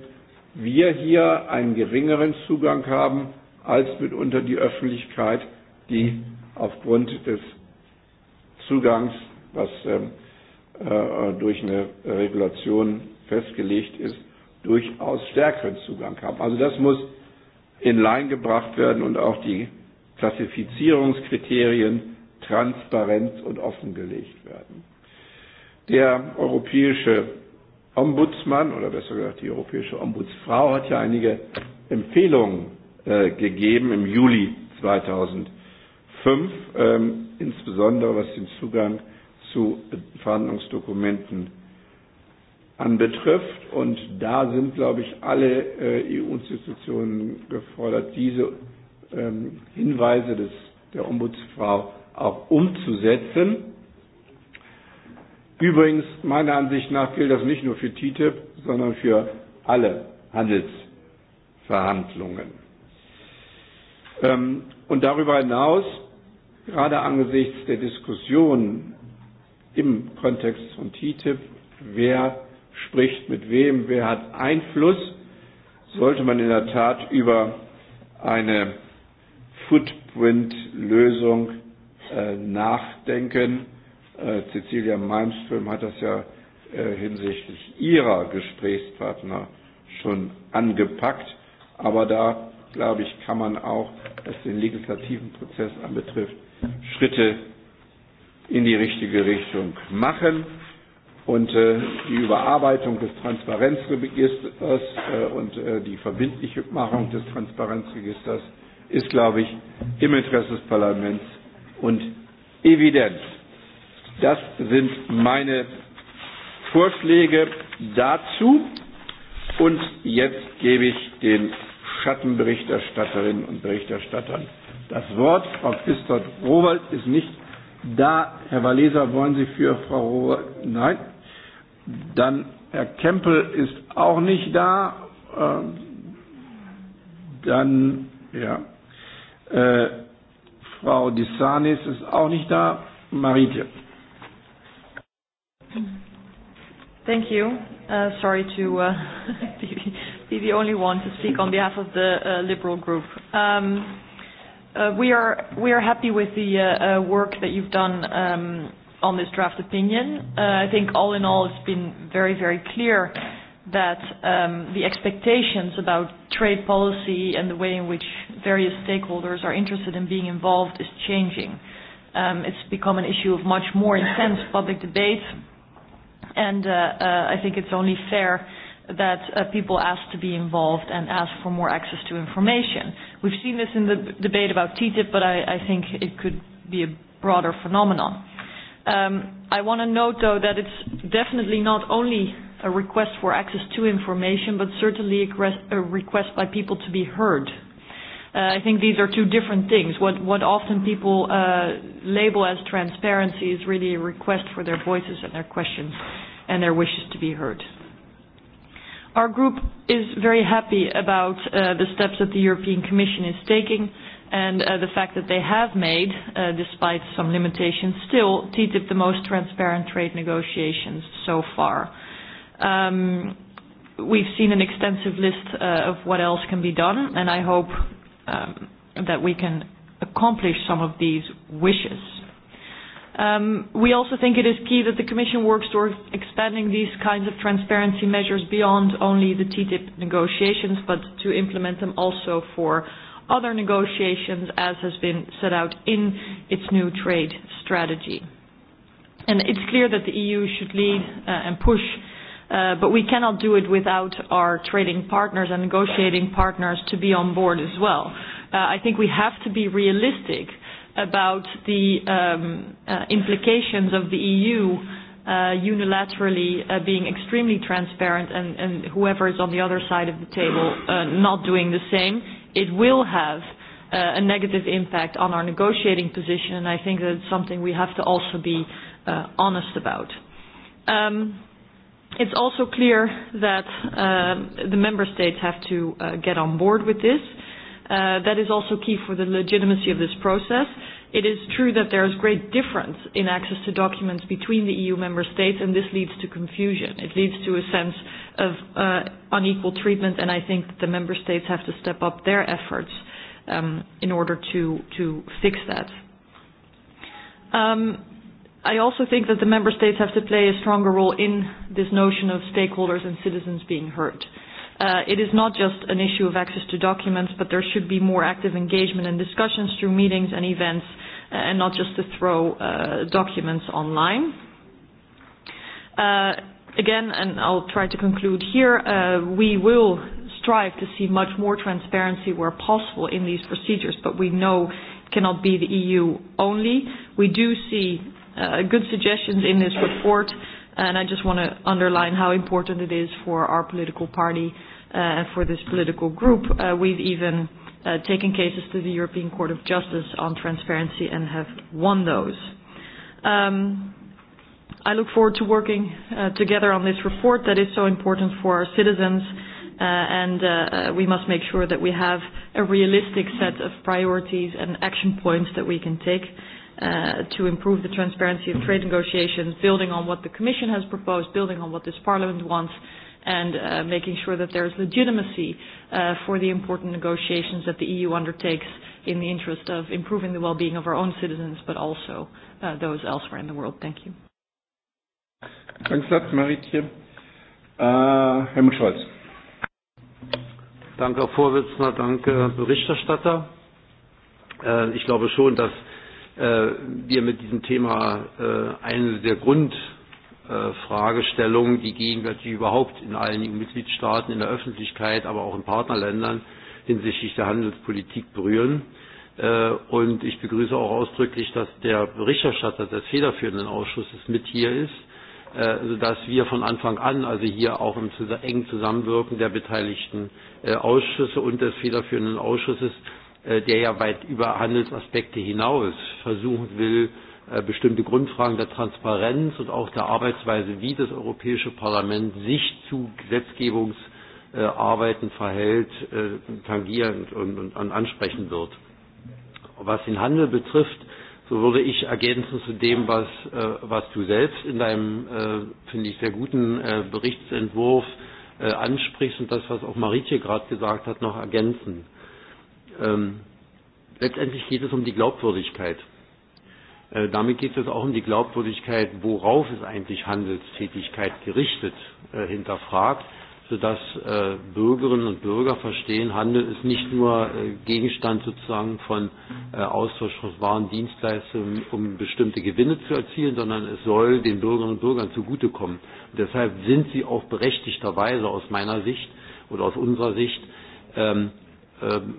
wir hier einen geringeren Zugang haben als mitunter die Öffentlichkeit, die aufgrund des Zugangs, was ähm, äh, durch eine Regulation festgelegt ist, durchaus stärkeren Zugang haben. Also das muss in Line gebracht werden und auch die Klassifizierungskriterien transparent und offengelegt werden. Der europäische Ombudsmann oder besser gesagt die europäische Ombudsfrau hat ja einige Empfehlungen äh, gegeben im Juli 2005, äh, insbesondere was den Zugang zu Verhandlungsdokumenten anbetrifft. Und da sind, glaube ich, alle äh, EU-Institutionen gefordert, diese ähm, Hinweise des, der Ombudsfrau auch umzusetzen. Übrigens, meiner Ansicht nach gilt das nicht nur für TTIP, sondern für alle Handelsverhandlungen. Ähm, und darüber hinaus, gerade angesichts der Diskussion im Kontext von TTIP, wer spricht mit wem, wer hat Einfluss, sollte man in der Tat über eine Footprint-Lösung äh, nachdenken. Äh, Cecilia Malmström hat das ja äh, hinsichtlich ihrer Gesprächspartner schon angepackt. Aber da, glaube ich, kann man auch, was den legislativen Prozess anbetrifft, Schritte in die richtige Richtung machen und äh, die Überarbeitung des Transparenzregisters äh, und äh, die verbindliche Machung des Transparenzregisters ist, glaube ich, im Interesse des Parlaments und evident. Das sind meine Vorschläge dazu. Und jetzt gebe ich den Schattenberichterstatterinnen und Berichterstattern das Wort. Frau Christoph Rowald ist nicht da. Herr Waleser, wollen Sie für Frau Rowald? Nein. Dann Herr Kempel ist auch nicht da. Ähm, dann, ja, äh, Frau Dissanis ist auch nicht da. Maritje. Thank you. Uh, sorry to uh, be the only one to speak on behalf of the uh, Liberal Group. Um, uh, we are we are happy with the uh, uh, work that you've done um, on this draft opinion. Uh, I think all in all, it's been very, very clear that um, the expectations about trade policy and the way in which various stakeholders are interested in being involved is changing. Um, it's become an issue of much more intense public debate, and uh, uh, I think it's only fair that uh, people ask to be involved and ask for more access to information. We've seen this in the debate about TTIP, but I, I think it could be a broader phenomenon. Um, I want to note, though, that it's definitely not only a request for access to information, but certainly a request by people to be heard. Uh, I think these are two different things. What, what often people uh, label as transparency is really a request for their voices and their questions and their wishes to be heard. Our group is very happy about uh, the steps that the European Commission is taking and uh, the fact that they have made, uh, despite some limitations, still TTIP the most transparent trade negotiations so far. Um, we've seen an extensive list uh, of what else can be done, and I hope um, that we can accomplish some of these wishes. Um, we also think it is key that the Commission works towards expanding these kinds of transparency measures beyond only the TTIP negotiations, but to implement them also for other negotiations as has been set out in its new trade strategy. And it's clear that the EU should lead uh, and push, uh, but we cannot do it without our trading partners and negotiating partners to be on board as well. Uh, I think we have to be realistic about the um, uh, implications of the EU uh, unilaterally uh, being extremely transparent and, and whoever is on the other side of the table uh, not doing the same it will have uh, a negative impact on our negotiating position, and I think that it's something we have to also be uh, honest about. Um, it's also clear that um, the member states have to uh, get on board with this. Uh, that is also key for the legitimacy of this process. It is true that there is great difference in access to documents between the EU member states, and this leads to confusion. It leads to a sense of uh, unequal treatment, and I think that the member states have to step up their efforts um, in order to, to fix that. Um, I also think that the member states have to play a stronger role in this notion of stakeholders and citizens being heard. Uh, it is not just an issue of access to documents, but there should be more active engagement and discussions through meetings and events, uh, and not just to throw uh, documents online. Uh, again, and I'll try to conclude here, uh, we will strive to see much more transparency where possible in these procedures, but we know it cannot be the EU only. We do see uh, good suggestions in this report, and I just want to underline how important it is for our political party uh, and for this political group. Uh, we've even uh, taken cases to the European Court of Justice on transparency and have won those. Um, i look forward to working uh, together on this report that is so important for our citizens, uh, and uh, uh, we must make sure that we have a realistic set of priorities and action points that we can take uh, to improve the transparency of trade negotiations, building on what the Commission has proposed, building on what this Parliament wants, and uh, making sure that there is legitimacy uh, for the important negotiations that the EU undertakes in the interest of improving the well-being of our own citizens, but also uh, those elsewhere in the world. Thank you. Kanzler Maritje. Helmut Scholz. Danke, Herr Vorsitzender. Danke, Herr Berichterstatter. Äh, ich glaube schon, dass äh, wir mit diesem Thema äh, eine der Grundfragestellungen, die gegenwärtig überhaupt in allen EU-Mitgliedstaaten, in der Öffentlichkeit, aber auch in Partnerländern hinsichtlich der Handelspolitik berühren. Und ich begrüße auch ausdrücklich, dass der Berichterstatter des federführenden Ausschusses mit hier ist sodass äh, wir von Anfang an, also hier auch im engen Zusammenwirken der beteiligten äh, Ausschüsse und des federführenden Ausschusses, äh, der ja weit über Handelsaspekte hinaus versuchen will, bestimmte Grundfragen der Transparenz und auch der Arbeitsweise, wie das Europäische Parlament sich zu Gesetzgebungsarbeiten verhält, tangierend und ansprechen wird. Was den Handel betrifft, so würde ich ergänzen zu dem, was, äh, was du selbst in deinem, äh, finde ich, sehr guten äh, Berichtsentwurf äh, ansprichst und das, was auch Maritje gerade gesagt hat, noch ergänzen. Ähm, letztendlich geht es um die Glaubwürdigkeit. Äh, damit geht es auch um die Glaubwürdigkeit, worauf ist eigentlich Handelstätigkeit gerichtet, äh, hinterfragt sodass äh, Bürgerinnen und Bürger verstehen, Handel ist nicht nur äh, Gegenstand sozusagen von äh, Austausch von Waren, Dienstleistungen, um bestimmte Gewinne zu erzielen, sondern es soll den Bürgerinnen und Bürgern zugutekommen. Und deshalb sind sie auch berechtigterweise aus meiner Sicht oder aus unserer Sicht ähm, ähm,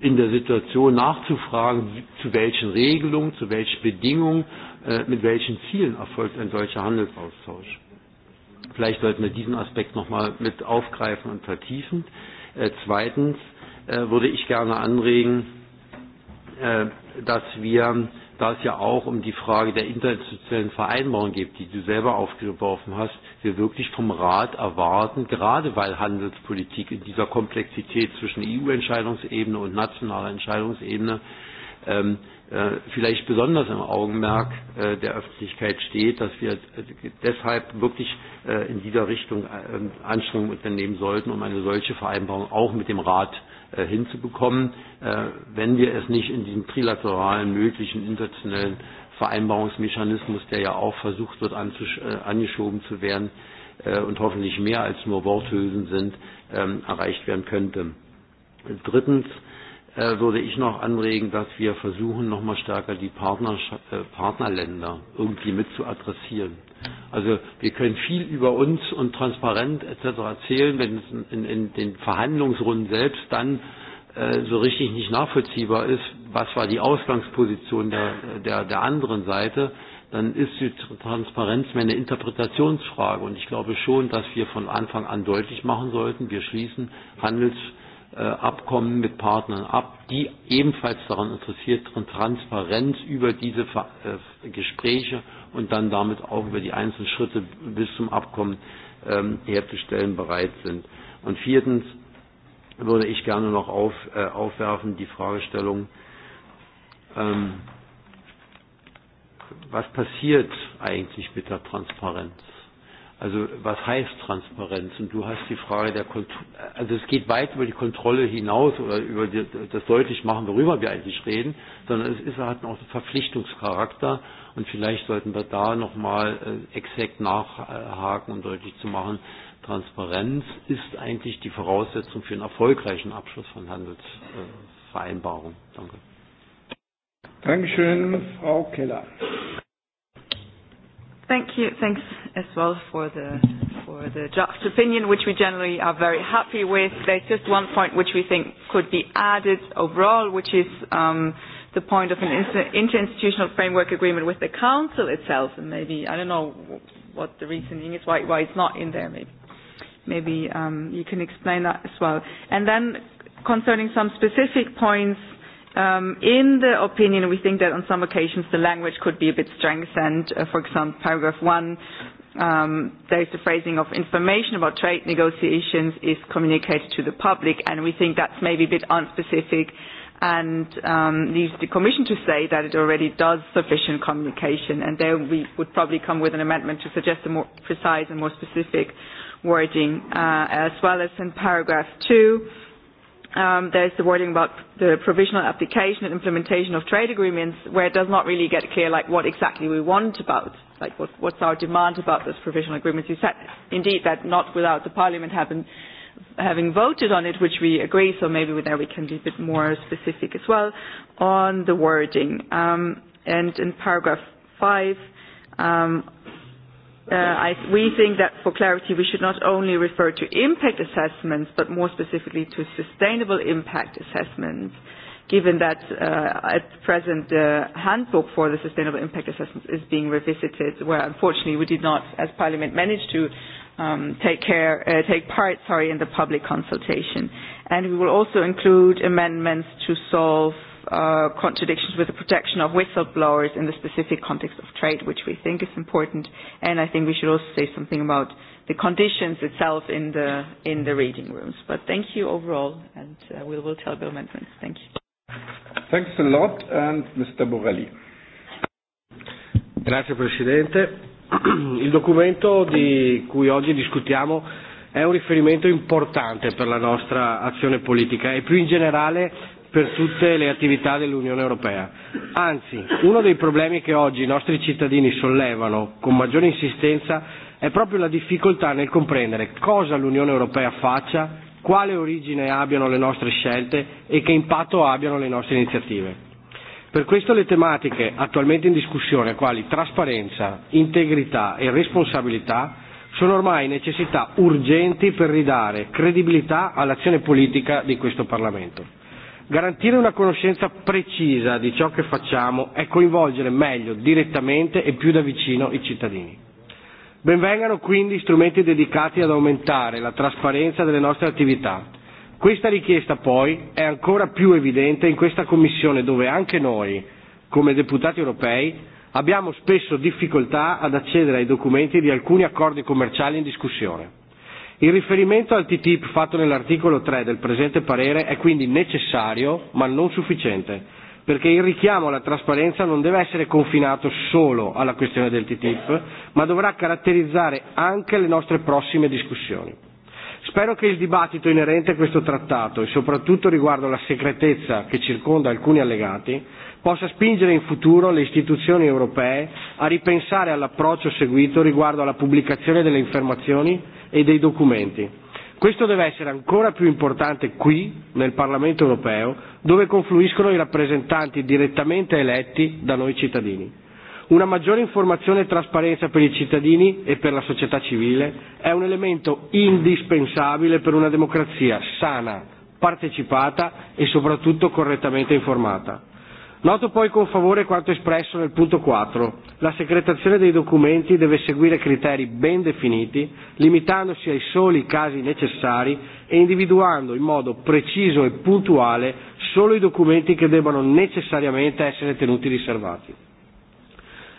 in der Situation nachzufragen, zu welchen Regelungen, zu welchen Bedingungen, äh, mit welchen Zielen erfolgt ein solcher Handelsaustausch. Vielleicht sollten wir diesen Aspekt nochmal mit aufgreifen und vertiefen. Äh, zweitens äh, würde ich gerne anregen, äh, dass wir, da es ja auch um die Frage der interinstitutionellen Vereinbarung geht, die du selber aufgeworfen hast, wir wirklich vom Rat erwarten, gerade weil Handelspolitik in dieser Komplexität zwischen EU-Entscheidungsebene und nationaler Entscheidungsebene ähm, Äh, vielleicht besonders im Augenmerk äh, der Öffentlichkeit steht, dass wir äh, deshalb wirklich in dieser Richtung Anstrengungen unternehmen sollten, um eine solche Vereinbarung auch mit dem Rat hinzubekommen. Wenn wir es nicht in diesem trilateralen möglichen internationalen Vereinbarungsmechanismus, der ja auch versucht wird angeschoben zu werden und hoffentlich mehr als nur Worthülsen sind, ähm, erreicht werden könnte. Drittens Äh, würde ich noch anregen, dass wir versuchen, noch mal stärker die Partner, äh, Partnerländer irgendwie mit zu adressieren. Also wir können viel über uns und transparent etc. erzählen, wenn es in, in den Verhandlungsrunden selbst dann äh, so richtig nicht nachvollziehbar ist, was war die Ausgangsposition der, der, der anderen Seite, dann ist die Transparenz mehr eine Interpretationsfrage. Und ich glaube schon, dass wir von Anfang an deutlich machen sollten, wir schließen Handels- Äh, Abkommen mit Partnern ab, die ebenfalls daran interessiert sind, Transparenz über diese äh, Gespräche und dann damit auch über die einzelnen Schritte bis zum Abkommen ähm, herzustellen bereit sind. Und viertens würde ich gerne noch auf, äh, aufwerfen die Fragestellung, ähm, was passiert eigentlich mit der Transparenz? Also was heißt Transparenz? Und du hast die Frage der Kontrolle, also es geht weit über die Kontrolle hinaus oder über die, das deutlich machen, worüber wir eigentlich reden, sondern es ist, hat auch einen Verpflichtungscharakter und vielleicht sollten wir da nochmal äh, exakt nachhaken, um deutlich zu machen, Transparenz ist eigentlich die Voraussetzung für einen erfolgreichen Abschluss von Handelsvereinbarungen. Äh, Danke. Dankeschön, Frau Keller. Thank you. Thanks as well for the for the draft opinion, which we generally are very happy with. There's just one point which we think could be added overall, which is um, the point of an interinstitutional framework agreement with the council itself, and maybe I don't know what the reasoning is why why it's not in there. Maybe maybe um, you can explain that as well. And then concerning some specific points Um, in the opinion, we think that on some occasions the language could be a bit strengthened. Uh, for example, paragraph one, um, there is the phrasing of information about trade negotiations is communicated to the public, and we think that's maybe a bit unspecific and um, needs the Commission to say that it already does sufficient communication, and there we would probably come with an amendment to suggest a more precise and more specific wording, uh, as well as in paragraph two um, there's the wording about the provisional application and implementation of trade agreements where it does not really get clear like what exactly we want about like what, what's our demand about those provisional agreements. You said indeed that not without the parliament having, having voted on it, which we agree, so maybe there we can be a bit more specific as well on the wording. Um, and in paragraph five, um, Uh, I, we think that for clarity, we should not only refer to impact assessments, but more specifically to sustainable impact assessments, given that uh, at present the handbook for the sustainable impact assessments is being revisited, where unfortunately we did not, as Parliament, manage to um, take, care, uh, take part sorry, in the public consultation. And we will also include amendments to solve uh, contradictions with the protection of whistleblowers in the specific context of trade, which we think is important. And I think we should also say something about the conditions itself in the, in the reading rooms. But thank you overall, and uh, we will tell the amendments. Thank you. Thanks a lot, and Mr. Borelli. Grazie Presidente. Il documento di cui oggi discutiamo è un riferimento importante per la nostra azione politica e più in generale per tutte le attività dell'Unione Europea. Anzi, uno dei problemi che oggi i nostri cittadini sollevano con maggiore insistenza è proprio la difficoltà nel comprendere cosa l'Unione Europea faccia, quale origine abbiano le nostre scelte e che impatto abbiano le nostre iniziative. Per questo le tematiche attualmente in discussione, quali trasparenza, integrità e responsabilità, sono ormai necessità urgenti per ridare credibilità all'azione politica di questo Parlamento. Garantire una conoscenza precisa di ciò che facciamo è e coinvolgere meglio, direttamente e più da vicino i cittadini. Benvengano quindi strumenti dedicati ad aumentare la trasparenza delle nostre attività. Questa richiesta poi è ancora più evidente in questa Commissione dove anche noi, come deputati europei, abbiamo spesso difficoltà ad accedere ai documenti di alcuni accordi commerciali in discussione Il riferimento al TTIP fatto nell'articolo 3 del presente parere è quindi necessario ma non sufficiente, perché il richiamo alla trasparenza non deve essere confinato solo alla questione del TTIP, ma dovrà caratterizzare anche le nostre prossime discussioni. Spero che il dibattito inerente a questo trattato e soprattutto riguardo alla segretezza che circonda alcuni allegati possa spingere in futuro le istituzioni europee a ripensare all'approccio seguito riguardo alla pubblicazione delle informazioni e dei documenti. Questo deve essere ancora più importante qui, nel Parlamento europeo, dove confluiscono i rappresentanti direttamente eletti da noi cittadini. Una maggiore informazione e trasparenza per i cittadini e per la società civile è un elemento indispensabile per una democrazia sana, partecipata e soprattutto correttamente informata. Noto poi con favore quanto espresso nel punto 4. La secretazione dei documenti deve seguire criteri ben definiti, limitandosi ai soli casi necessari e individuando in modo preciso e puntuale solo i documenti che debbano necessariamente essere tenuti riservati.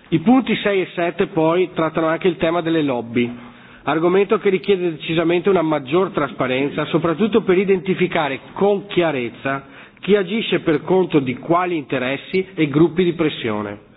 I punti 6 e 7 poi trattano anche il tema delle lobby, argomento che richiede decisamente una maggior trasparenza, soprattutto per identificare con chiarezza chi agisce per conto di quali interessi e gruppi di pressione.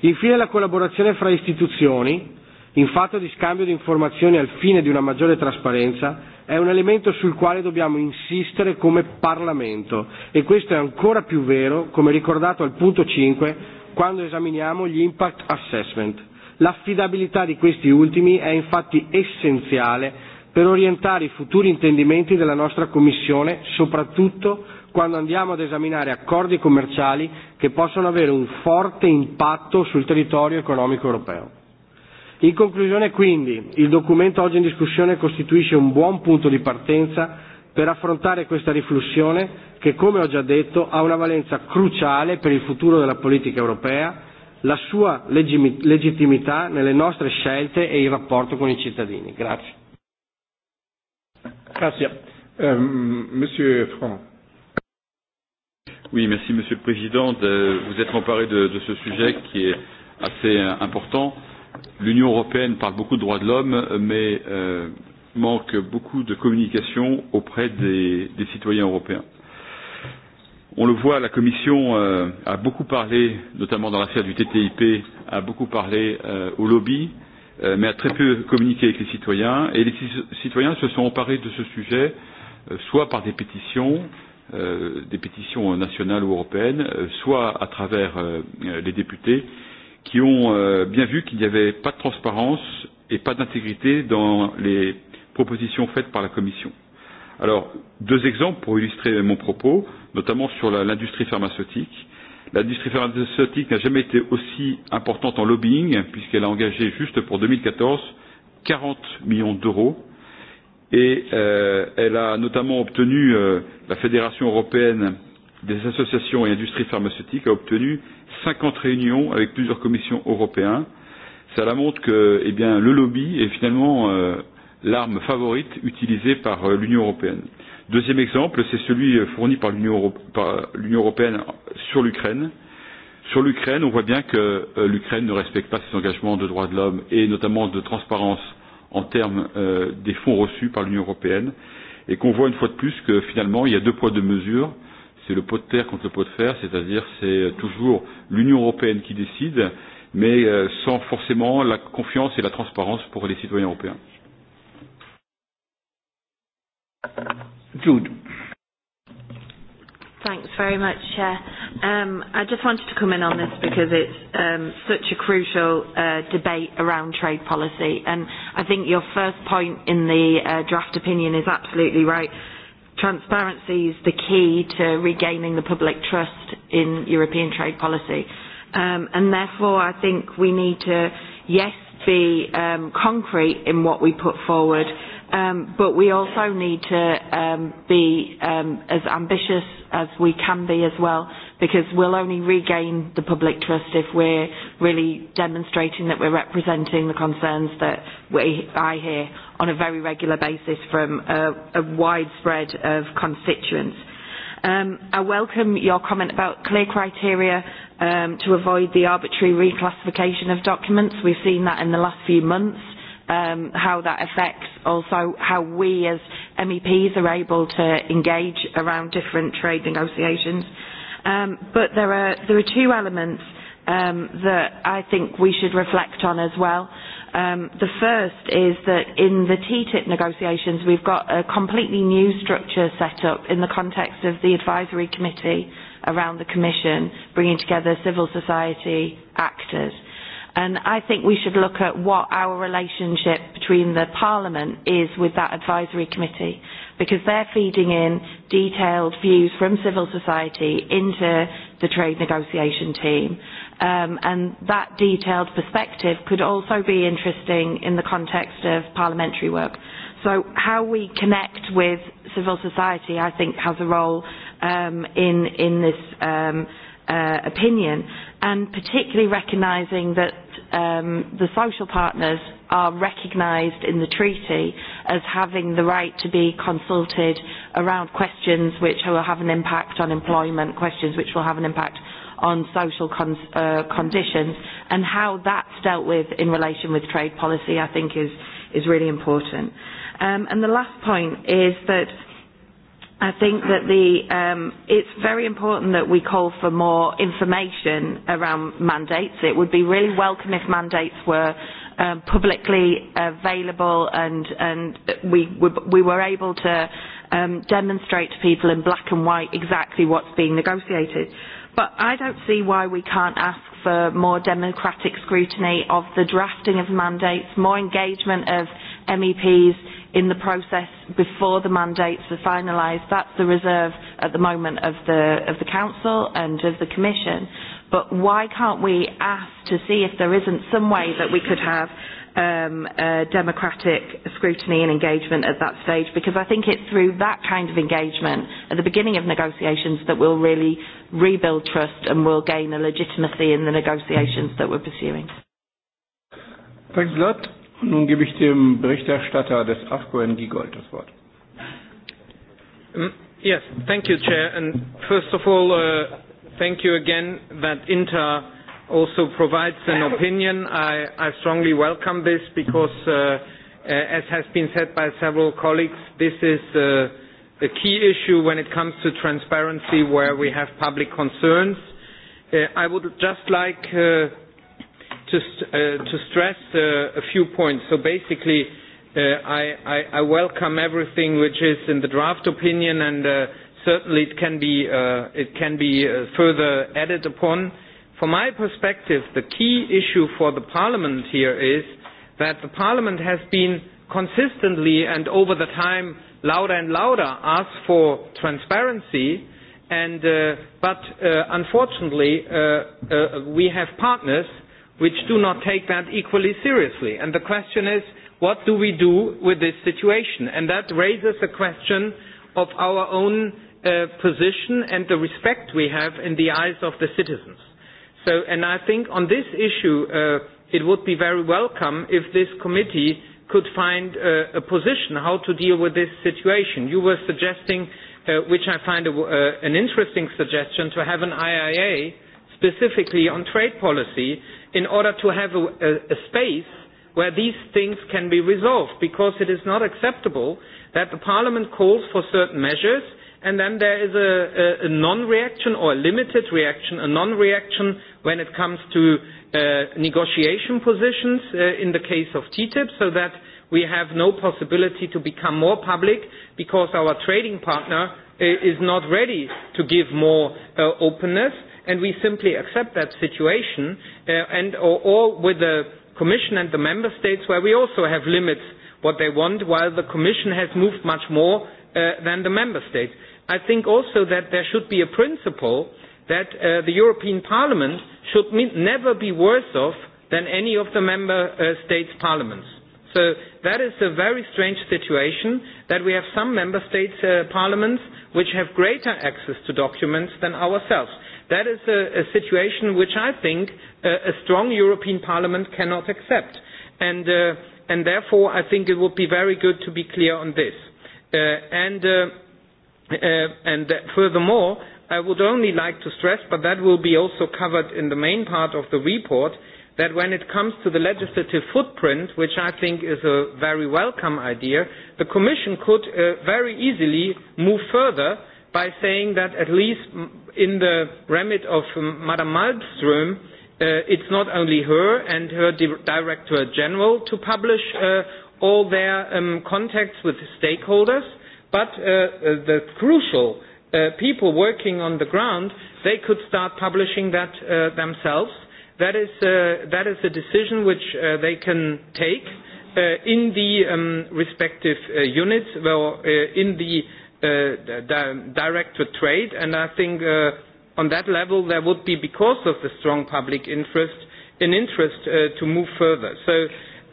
Infine la collaborazione fra istituzioni, in fatto di scambio di informazioni al fine di una maggiore trasparenza, è un elemento sul quale dobbiamo insistere come Parlamento e questo è ancora più vero, come ricordato al punto 5, quando esaminiamo gli impact assessment. L'affidabilità di questi ultimi è infatti essenziale per orientare i futuri intendimenti della nostra Commissione, soprattutto quando andiamo ad esaminare accordi commerciali che possono avere un forte impatto sul territorio economico europeo. In conclusione quindi, il documento oggi in discussione costituisce un buon punto di partenza per affrontare questa riflessione che, come ho già detto, ha una valenza cruciale per il futuro della politica europea, la sua legittimità nelle nostre scelte e il rapporto con i cittadini. Grazie. Grazie. Um, Monsieur Franck. Oui, merci Monsieur le Président. De, euh, vous êtes emparé de, de ce sujet qui est assez euh, important. L'Union européenne parle beaucoup de droits de l'homme, mais euh, manque beaucoup de communication auprès des, des citoyens européens. On le voit, la Commission euh, a beaucoup parlé, notamment dans l'affaire du TTIP, a beaucoup parlé euh, au lobby, euh, mais a très peu communiqué avec les citoyens. Et les citoyens se sont emparés de ce sujet, euh, soit par des pétitions, euh, des pétitions nationales ou européennes, euh, soit à travers euh, euh, les députés, qui ont euh, bien vu qu'il n'y avait pas de transparence et pas d'intégrité dans les propositions faites par la Commission. Alors, deux exemples pour illustrer mon propos, notamment sur l'industrie pharmaceutique. L'industrie pharmaceutique n'a jamais été aussi importante en lobbying, puisqu'elle a engagé juste pour 2014 40 millions d'euros et euh, elle a notamment obtenu euh, la Fédération européenne des associations et industries pharmaceutiques a obtenu cinquante réunions avec plusieurs commissions européennes. Cela montre que eh bien, le lobby est finalement euh, l'arme favorite utilisée par euh, l'Union européenne. Deuxième exemple, c'est celui euh, fourni par l'Union Europé européenne sur l'Ukraine. Sur l'Ukraine, on voit bien que euh, l'Ukraine ne respecte pas ses engagements de droits de l'homme et notamment de transparence en termes euh, des fonds reçus par l'Union européenne et qu'on voit une fois de plus que finalement il y a deux poids deux mesures. C'est le pot de terre contre le pot de fer, c'est-à-dire c'est euh, toujours l'Union européenne qui décide, mais euh, sans forcément la confiance et la transparence pour les citoyens européens. Jude. Thanks very much, Chair. Um, I just wanted to come in on this because it's um, such a crucial uh, debate around trade policy. And I think your first point in the uh, draft opinion is absolutely right. Transparency is the key to regaining the public trust in European trade policy. Um, and therefore, I think we need to, yes, be um, concrete in what we put forward Um, but we also need to um, be um, as ambitious as we can be as well, because we'll only regain the public trust if we're really demonstrating that we're representing the concerns that we, I hear on a very regular basis from a, a widespread of constituents. Um, I welcome your comment about clear criteria um, to avoid the arbitrary reclassification of documents. We've seen that in the last few months um, how that affects also how we as MEPs are able to engage around different trade negotiations. Um, but there are, there are two elements um, that I think we should reflect on as well. Um, the first is that in the TTIP negotiations, we've got a completely new structure set up in the context of the advisory committee around the Commission, bringing together civil society actors. And I think we should look at what our relationship between the Parliament is with that advisory committee because they're feeding in detailed views from civil society into the trade negotiation team. Um, and that detailed perspective could also be interesting in the context of parliamentary work. So how we connect with civil society, I think, has a role um, in, in this um, uh, opinion, and particularly recognising that um, the social partners are recognised in the treaty as having the right to be consulted around questions which will have an impact on employment, questions which will have an impact on social con uh, conditions, and how that's dealt with in relation with trade policy, I think, is, is really important. Um, and the last point is that i think that the um, it's very important that we call for more information around mandates. It would be really welcome if mandates were um, publicly available and and we we were able to um, demonstrate to people in black and white exactly what's being negotiated. But I don't see why we can't ask for more democratic scrutiny of the drafting of mandates, more engagement of MEPs in the process before the mandates were finalised. That's the reserve at the moment of the, of the Council and of the Commission. But why can't we ask to see if there isn't some way that we could have um, uh, democratic scrutiny and engagement at that stage? Because I think it's through that kind of engagement at the beginning of negotiations that we'll really rebuild trust and we'll gain a legitimacy in the negotiations that we're pursuing. Thanks a lot. Und nun gebe ich dem Berichterstatter des AFCO, Herrn Giegold, das Wort. Um, yes, thank you, Chair. And first of all, uh, thank you again that INTA also provides an opinion. I, I strongly welcome this because, uh, uh as has been said by several colleagues, this is uh, a key issue when it comes to transparency where we have public concerns. Uh, I would just like uh, to, st- uh, to stress uh, a few points. So basically, uh, I, I, I welcome everything which is in the draft opinion, and uh, certainly it can be, uh, it can be uh, further added upon. From my perspective, the key issue for the Parliament here is that the Parliament has been consistently and over the time louder and louder asked for transparency and uh, but uh, unfortunately uh, uh, we have partners which do not take that equally seriously. And the question is, what do we do with this situation? And that raises the question of our own uh, position and the respect we have in the eyes of the citizens. So, and I think on this issue, uh, it would be very welcome if this committee could find uh, a position how to deal with this situation. You were suggesting, uh, which I find a, uh, an interesting suggestion, to have an IIA specifically on trade policy in order to have a, a, a space where these things can be resolved because it is not acceptable that the parliament calls for certain measures and then there is a, a, a non-reaction or a limited reaction, a non-reaction when it comes to uh, negotiation positions uh, in the case of TTIP so that we have no possibility to become more public because our trading partner uh, is not ready to give more uh, openness and we simply accept that situation, uh, and or, or with the Commission and the Member States, where we also have limits what they want, while the Commission has moved much more uh, than the Member States. I think also that there should be a principle that uh, the European Parliament should meet, never be worse off than any of the Member uh, States' parliaments. So that is a very strange situation that we have some member states' uh, parliaments which have greater access to documents than ourselves. That is a, a situation which I think a, a strong European Parliament cannot accept. And, uh, and therefore, I think it would be very good to be clear on this. Uh, and, uh, uh, and that furthermore, I would only like to stress, but that will be also covered in the main part of the report, that when it comes to the legislative footprint, which I think is a very welcome idea, the Commission could uh, very easily move further by saying that at least in the remit of um, Madame Malmström, uh, it's not only her and her di Director General to publish uh, all their um, contacts with stakeholders, but uh, uh, the crucial uh, people working on the ground, they could start publishing that uh, themselves. That is, uh, that is a decision which uh, they can take uh, in the um, respective uh, units, well, uh, in the Uh, direct to trade. And I think uh, on that level there would be, because of the strong public interest, an interest uh, to move further. So,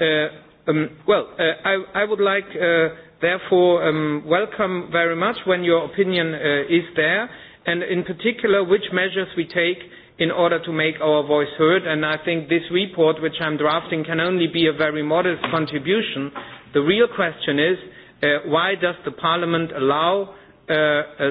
uh, um, well, uh, I, I would like, uh, therefore, um, welcome very much when your opinion uh, is there, and in particular which measures we take in order to make our voice heard. And I think this report, which I'm drafting, can only be a very modest contribution. The real question is, uh, why does the parliament allow uh, uh,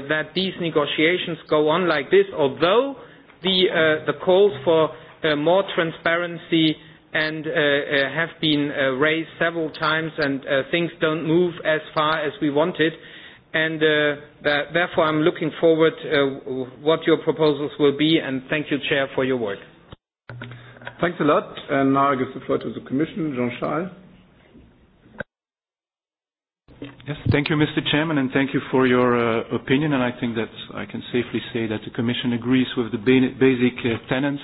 that these negotiations go on like this, although the, uh, the calls for uh, more transparency and uh, uh, have been uh, raised several times and uh, things don't move as far as we wanted. And uh, that, therefore, I'm looking forward uh, what your proposals will be. And thank you, Chair, for your work. Thanks a lot. And now I give the floor to the Commission, Jean-Charles. Yes, thank you, Mr. Chairman, and thank you for your uh, opinion. And I think that I can safely say that the Commission agrees with the basic uh, tenets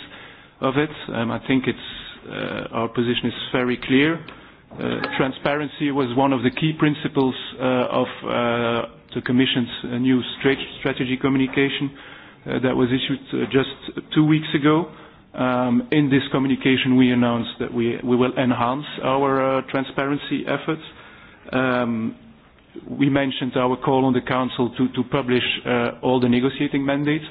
of it. Um, I think it's, uh, our position is very clear. Uh, transparency was one of the key principles uh, of uh, the Commission's uh, new strategy communication uh, that was issued uh, just two weeks ago. Um, in this communication, we announced that we, we will enhance our uh, transparency efforts. Um, we mentioned our call on the Council to, to publish uh, all the negotiating mandates,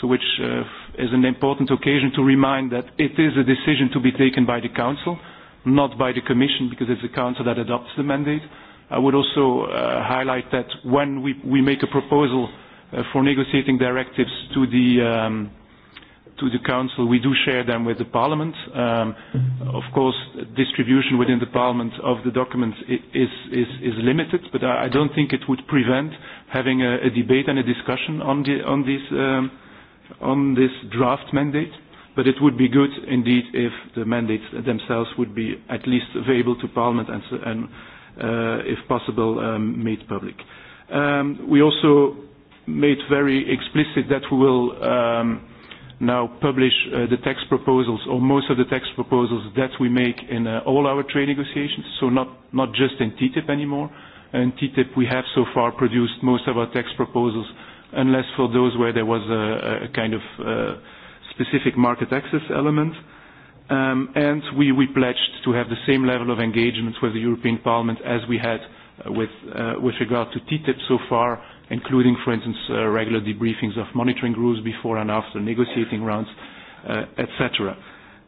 so which uh, is an important occasion to remind that it is a decision to be taken by the Council, not by the Commission, because it's the Council that adopts the mandate. I would also uh, highlight that when we, we make a proposal uh, for negotiating directives to the um, to the Council. We do share them with the Parliament. Um, of course, distribution within the Parliament of the documents is, is, is limited, but I, I don't think it would prevent having a, a debate and a discussion on, the, on, this, um, on this draft mandate. But it would be good indeed if the mandates themselves would be at least available to Parliament and, and uh, if possible, um, made public. Um, we also made very explicit that we will um, now publish uh, the tax proposals or most of the tax proposals that we make in uh, all our trade negotiations, so not, not just in TTIP anymore. In TTIP, we have so far produced most of our tax proposals, unless for those where there was a, a kind of uh, specific market access element. Um, and we, we pledged to have the same level of engagement with the European Parliament as we had uh, with, uh, with regard to TTIP so far, including, for instance, uh, regular debriefings of monitoring groups before and after negotiating rounds, uh, etc.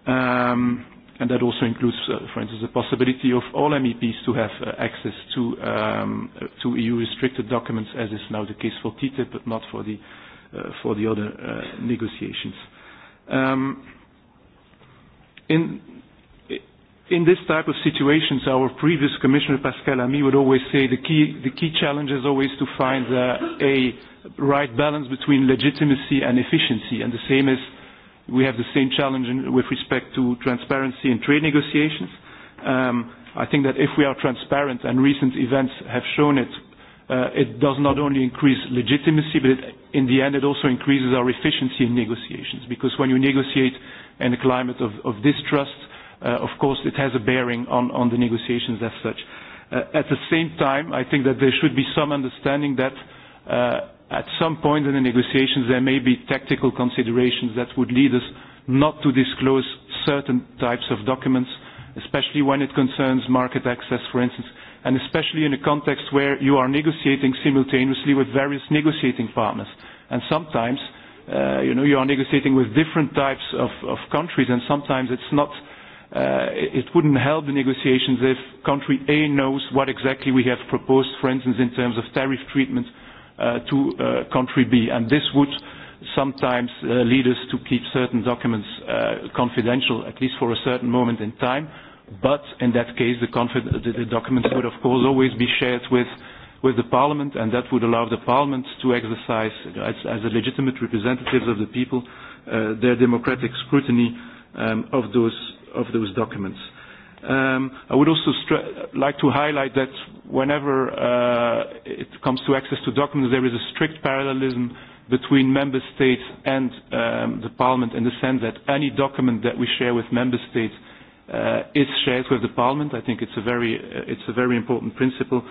Um, and that also includes, uh, for instance, the possibility of all MEPs to have uh, access to, um, uh, to EU-restricted documents, as is now the case for TTIP, but not for the, uh, for the other uh, negotiations. Um, in in this type of situations, our previous commissioner, Pascal Ami, would always say the key, the key challenge is always to find uh, a right balance between legitimacy and efficiency. And the same is, we have the same challenge in, with respect to transparency in trade negotiations. Um, I think that if we are transparent, and recent events have shown it, uh, it does not only increase legitimacy, but it, in the end it also increases our efficiency in negotiations. Because when you negotiate in a climate of, of distrust, Uh, of course, it has a bearing on, on the negotiations as such. Uh, at the same time, I think that there should be some understanding that uh, at some point in the negotiations there may be tactical considerations that would lead us not to disclose certain types of documents, especially when it concerns market access, for instance, and especially in a context where you are negotiating simultaneously with various negotiating partners. And sometimes uh, you know, you are negotiating with different types of, of countries, and sometimes it's not – uh, it wouldn't help the negotiations if country A knows what exactly we have proposed, for instance, in terms of tariff treatment uh, to uh, country B. And this would sometimes uh, lead us to keep certain documents uh, confidential, at least for a certain moment in time. But in that case, the, the, the documents would, of course, always be shared with, with the Parliament, and that would allow the Parliament to exercise, as, as the legitimate representatives of the people, uh, their democratic scrutiny um, of those of those documents. Um, I would also stra- like to highlight that whenever uh, it comes to access to documents, there is a strict parallelism between member states and um, the parliament in the sense that any document that we share with member states uh, is shared with the parliament. I think it's a very, uh, it's a very important principle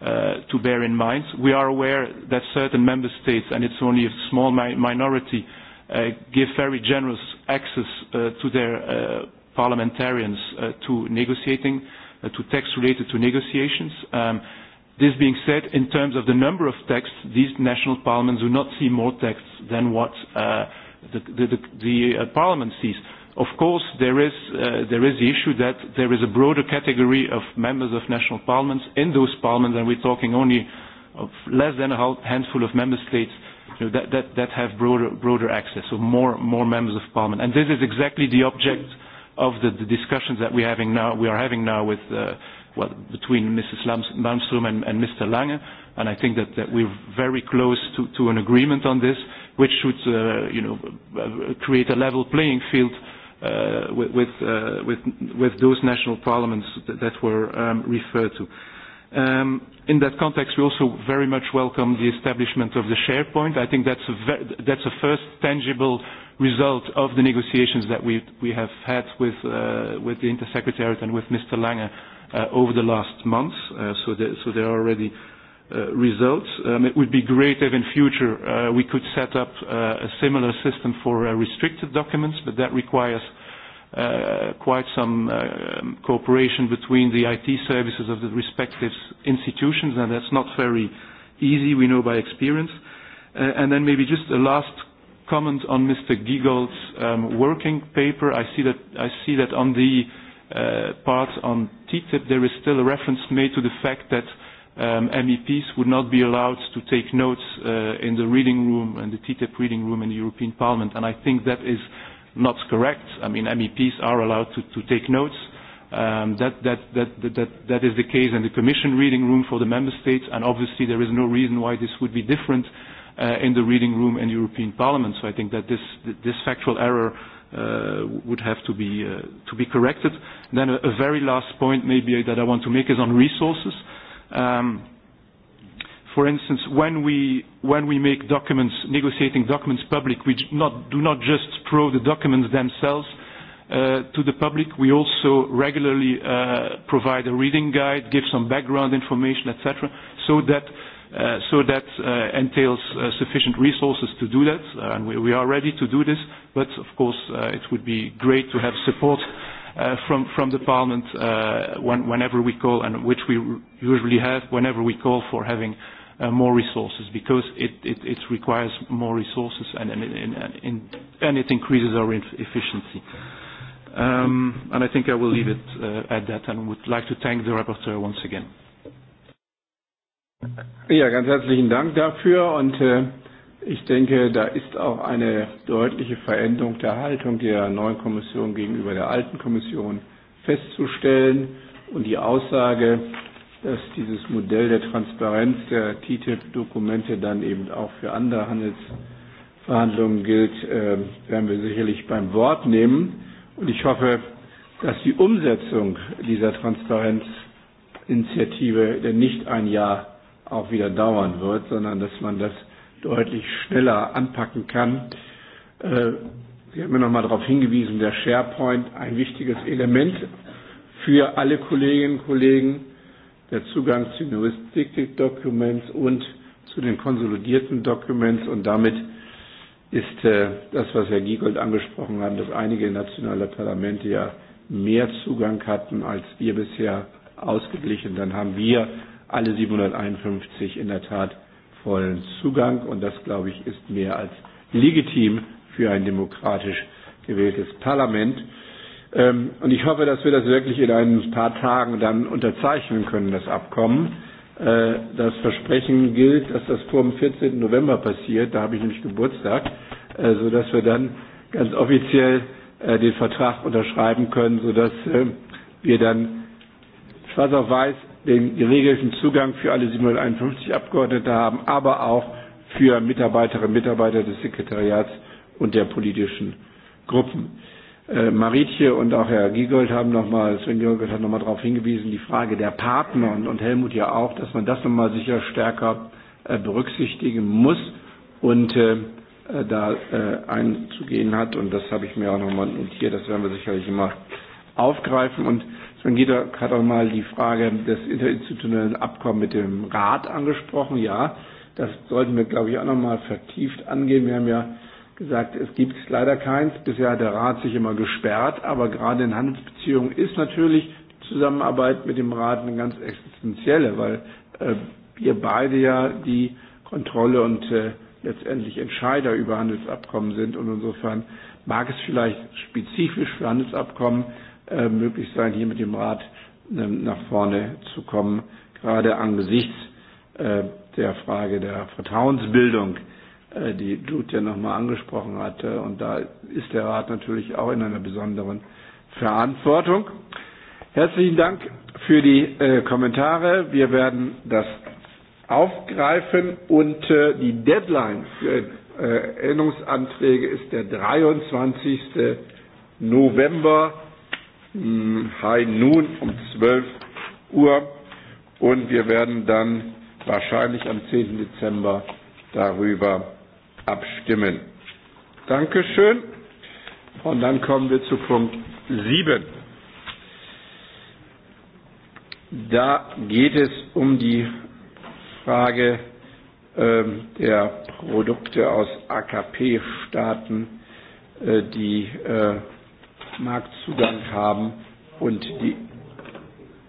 uh, to bear in mind. We are aware that certain member states, and it's only a small mi- minority, uh, give very generous access uh, to their uh, parliamentarians uh, to negotiating, uh, to texts related to negotiations. Um, this being said, in terms of the number of texts, these national parliaments do not see more texts than what uh, the, the, the, the uh, parliament sees. Of course, there is, uh, there is the issue that there is a broader category of members of national parliaments in those parliaments, and we're talking only of less than a handful of member states you know, that, that, that have broader, broader access, so more, more members of parliament. And this is exactly the object of the, the discussions that we're having now, we are having now with, uh, well, between Mrs. Malmström and, and Mr. Lange, and I think that, that we're very close to, to an agreement on this, which should, uh, you know, uh, create a level playing field uh, with, with, uh, with, with those national parliaments that, that were um, referred to. Um, in that context, we also very much welcome the establishment of the SharePoint. I think that's a, ve- that's a first tangible result of the negotiations that we, we have had with, uh, with the Intersecretariat and with Mr. Lange uh, over the last months. Uh, so, the, so there are already uh, results. Um, it would be great if in future uh, we could set up uh, a similar system for uh, restricted documents, but that requires uh, quite some uh, cooperation between the IT services of the respective institutions, and that's not very easy, we know by experience. Uh, and then maybe just a last comment on Mr. Giegold's um, working paper. I see that, I see that on the uh, part on TTIP, there is still a reference made to the fact that um, MEPs would not be allowed to take notes uh, in the reading room and the TTIP reading room in the European Parliament. And I think that is not correct. I mean, MEPs are allowed to, to take notes. Um, that, that, that, that, that that is the case in the Commission reading room for the Member States, and obviously there is no reason why this would be different uh, in the reading room in European Parliament. So I think that this, this factual error uh, would have to be, uh, to be corrected. Then a, a very last point maybe that I want to make is on resources. Um, for instance, when we, when we make documents, negotiating documents public, we do not, do not just throw the documents themselves uh, to the public. We also regularly uh, provide a reading guide, give some background information, etc., so that Uh, so that uh, entails uh, sufficient resources to do that, uh, and we, we are ready to do this, but of course uh, it would be great to have support uh, from, from the Parliament uh, when, whenever we call, and which we usually have whenever we call for having uh, more resources, because it, it, it requires more resources and, and, and, and, and it increases our efficiency. Um, and I think I will leave it uh, at that and would like to thank the rapporteur once again. Ja, ganz herzlichen Dank dafür und äh, ich denke, da ist auch eine deutliche Veränderung der Haltung der neuen Kommission gegenüber der alten Kommission festzustellen und die Aussage, dass dieses Modell der Transparenz der TTIP-Dokumente dann eben auch für andere Handelsverhandlungen gilt, äh, werden wir sicherlich beim Wort nehmen. Und ich hoffe, dass die Umsetzung dieser Transparenzinitiative denn nicht ein Jahr auch wieder dauern wird, sondern dass man das deutlich schneller anpacken kann. Äh, Sie haben mir mal darauf hingewiesen, der SharePoint, ein wichtiges Element für alle Kolleginnen und Kollegen, der Zugang zu den Heuristic Documents und zu den konsolidierten Documents und damit ist äh, das, was Herr Giegold angesprochen hat, dass einige nationale Parlamente ja mehr Zugang hatten als wir bisher ausgeglichen. Dann haben wir alle 751 in der Tat vollen Zugang. Und das, glaube ich, ist mehr als legitim für ein demokratisch gewähltes Parlament. Ähm, und ich hoffe, dass wir das wirklich in ein paar Tagen dann unterzeichnen können, das Abkommen. Äh, das Versprechen gilt, dass das vor dem 14. November passiert. Da habe ich nämlich Geburtstag, äh, sodass wir dann ganz offiziell äh, den Vertrag unterschreiben können, sodass wir dann schwarz auf weiß den geregelten Zugang für alle 751 Abgeordnete haben, aber auch für Mitarbeiterinnen und Mitarbeiter des Sekretariats und der politischen Gruppen. Äh, Maritje und auch Herr Giegold haben nochmal, Sven Giegold hat nochmal darauf hingewiesen, die Frage der Partner und, und Helmut ja auch, dass man das nochmal sicher stärker äh, berücksichtigen muss und äh, äh, da äh, einzugehen hat. Und das habe ich mir auch nochmal notiert, das werden wir sicherlich immer aufgreifen. Und Sven Giedok hat auch mal die Frage des interinstitutionellen Abkommens mit dem Rat angesprochen. Ja, das sollten wir, glaube ich, auch nochmal vertieft angehen. Wir haben ja gesagt, es gibt leider keins. Bisher hat der Rat sich immer gesperrt, aber gerade in Handelsbeziehungen ist natürlich die Zusammenarbeit mit dem Rat eine ganz existenzielle, weil äh, wir beide ja die Kontrolle und äh, letztendlich Entscheider über Handelsabkommen sind. Und insofern mag es vielleicht spezifisch für Handelsabkommen Äh, möglich sein, hier mit dem Rat ähm, nach vorne zu kommen, gerade angesichts äh, der Frage der Vertrauensbildung, äh, die Jude ja nochmal angesprochen hatte. Und da ist der Rat natürlich auch in einer besonderen Verantwortung. Herzlichen Dank für die Kommentare. Wir werden das aufgreifen und die Deadline für Änderungsanträge ist der 23. November Mm, High noon um 12 Uhr und wir werden dann wahrscheinlich am 10. Dezember darüber abstimmen. Dankeschön. Und dann kommen wir zu Punkt 7. Da geht es um die Frage äh, der Produkte aus AKP-Staaten, äh, die äh, Markt Zugang haben und die,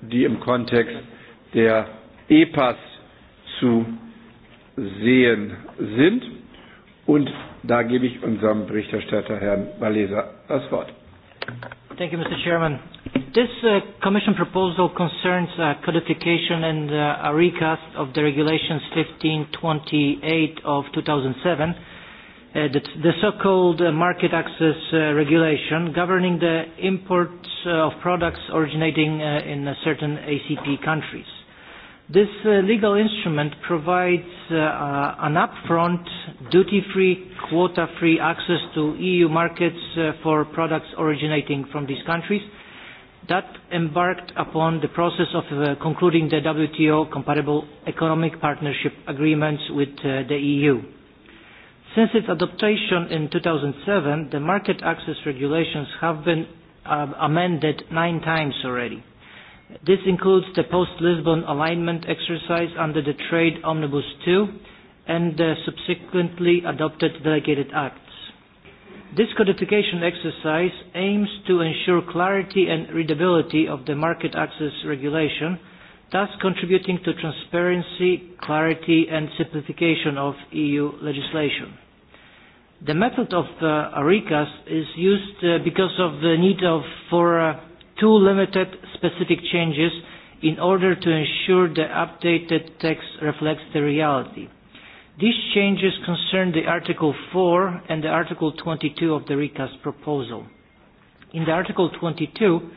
die im Kontext der EPAS zu sehen sind. Und da gebe ich unserem Berichterstatter Herrn Waleser das Wort. Thank you, Mr. Chairman. This uh, Commission proposal concerns uh, codification and uh, a recast of the regulations 1528 of 2007 Uh, the, the so-called uh, market access uh, regulation governing the imports uh, of products originating uh, in uh, certain ACP countries. This uh, legal instrument provides uh, uh, an upfront, duty-free, quota-free access to EU markets uh, for products originating from these countries that embarked upon the process of uh, concluding the WTO compatible economic partnership agreements with uh, the EU. Since its adoption in 2007, the market access regulations have been uh, amended nine times already. This includes the post-Lisbon alignment exercise under the Trade Omnibus II and the subsequently adopted delegated acts. This codification exercise aims to ensure clarity and readability of the market access regulation – thus contributing to transparency, clarity and simplification of EU legislation. The method of uh, ARICAS is used uh, because of the need of, for uh, two limited specific changes in order to ensure the updated text reflects the reality. These changes concern the Article 4 and the Article 22 of the RICAS proposal. In the Article 22,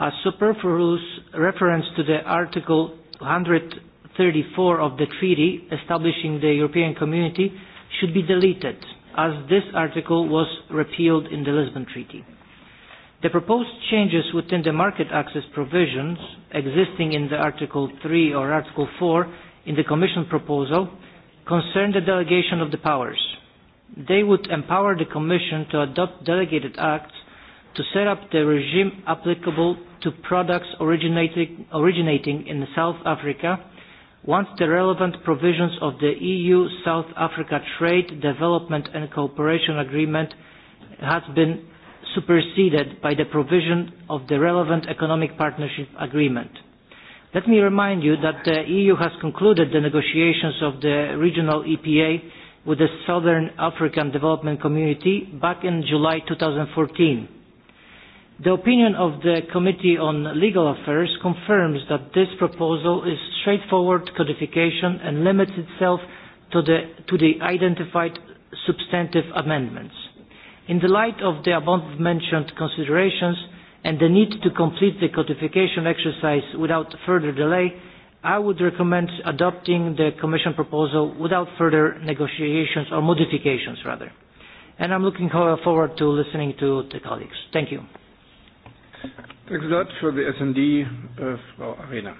a superfluous reference to the Article 134 of the treaty establishing the European Community should be deleted, as this article was repealed in the Lisbon Treaty. The proposed changes within the market access provisions existing in the Article 3 or Article 4 in the Commission proposal concern the delegation of the powers. They would empower the Commission to adopt delegated acts to set up the regime applicable to products originating, originating in South Africa once the relevant provisions of the EU-South Africa Trade, Development and Cooperation Agreement has been superseded by the provision of the relevant Economic Partnership Agreement. Let me remind you that the EU has concluded the negotiations of the regional EPA with the Southern African Development Community back in July 2014 The opinion of the Committee on Legal Affairs confirms that this proposal is straightforward codification and limits itself to the, to the identified substantive amendments. In the light of the above mentioned considerations and the need to complete the codification exercise without further delay, I would recommend adopting the Commission proposal without further negotiations or modifications, rather. And I'm looking forward to listening to the colleagues. Thank you. Thanks a lot for the S&D, uh, Frau Arena.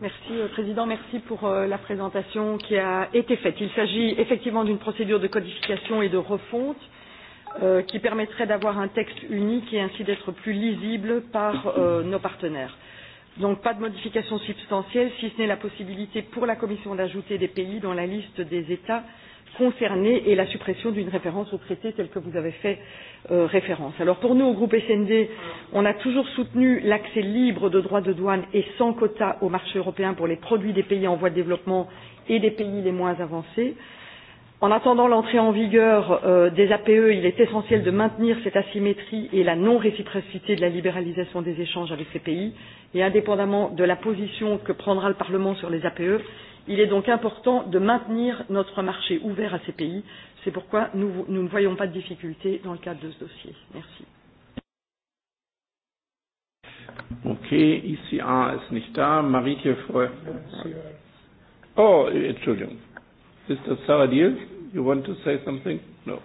Merci, euh, Président. Merci pour euh, la présentation qui a été faite. Il s'agit effectivement d'une procédure de codification et de refonte euh, qui permettrait d'avoir un texte unique et ainsi d'être plus lisible par euh, nos partenaires. Donc pas de modification substantielle, si ce n'est la possibilité pour la Commission d'ajouter des pays dans la liste des États concernés et la suppression d'une référence au traité tel que vous avez fait euh, référence. Alors pour nous, au groupe SND, on a toujours soutenu l'accès libre de droits de douane et sans quota au marché européen pour les produits des pays en voie de développement et des pays les moins avancés. En attendant l'entrée en vigueur euh, des APE, il est essentiel de maintenir cette asymétrie et la non-réciprocité de la libéralisation des échanges avec ces pays. Et indépendamment de la position que prendra le Parlement sur les APE, Il est donc important de maintenir notre marché ouvert à ces pays. C'est pourquoi nous, nous ne voyons pas de difficultés dans le cadre de ce dossier. Merci. Okay, ICA ist nicht da. Marieke Freu. Oh, Entschuldigung. Mr. Saradil, you want to say something? No.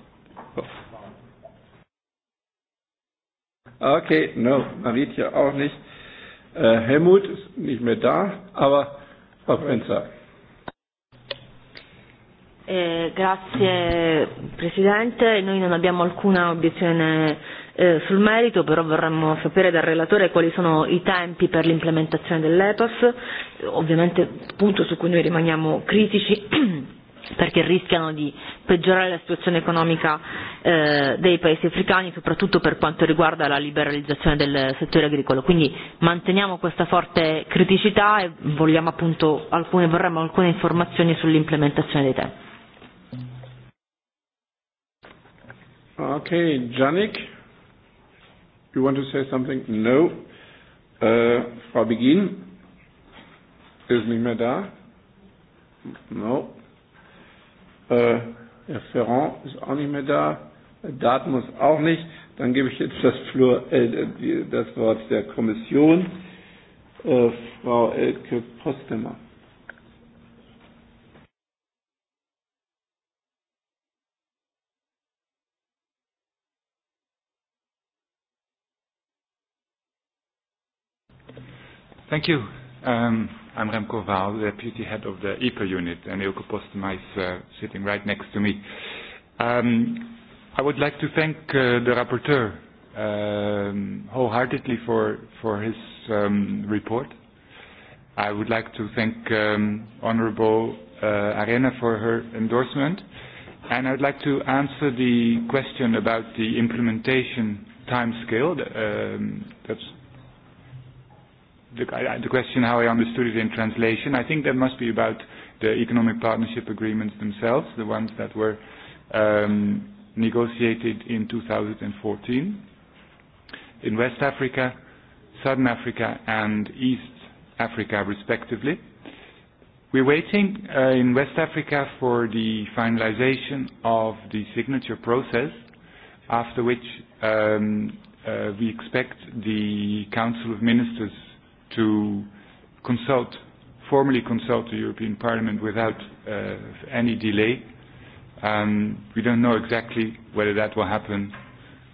Oh. Okay, no, Marietje auch nicht. Uh, Helmut ist nicht mehr da, aber Frau Frenzer. Eh, grazie Presidente, noi non abbiamo alcuna obiezione eh, sul merito, però vorremmo sapere dal relatore quali sono i tempi per l'implementazione dell'EPAS, ovviamente punto su cui noi rimaniamo critici perché rischiano di peggiorare la situazione economica eh, dei paesi africani, soprattutto per quanto riguarda la liberalizzazione del settore agricolo. Quindi manteniamo questa forte criticità e vogliamo appunto alcune, vorremmo alcune informazioni sull'implementazione dei tempi. Okay, Janik, you want to say something? No. Uh Frau Begin ist nicht mehr da. No. Uh, Herr Ferrand ist auch nicht mehr da. Dartmouth auch nicht. Dann gebe ich jetzt das, Flur, äh, das Wort der Kommission. Äh, Frau Elke Postemann. Thank you. Um, I'm Remco the deputy head of the EPA unit, and Ilko Postma is uh, sitting right next to me. Um, I would like to thank uh, the rapporteur um, wholeheartedly for, for his um, report. I would like to thank um, Honorable uh, Arena for her endorsement. And I would like to answer the question about the implementation timescale. Um, that's the, I, the question how I understood it in translation, I think that must be about the economic partnership agreements themselves, the ones that were um, negotiated in 2014. In West Africa, Southern Africa and East Africa respectively. We're waiting uh, in West Africa for the finalization of the signature process, after which um, uh, we expect the Council of Ministers to consult, formally consult the European Parliament without uh, any delay. Um, we don't know exactly whether that will happen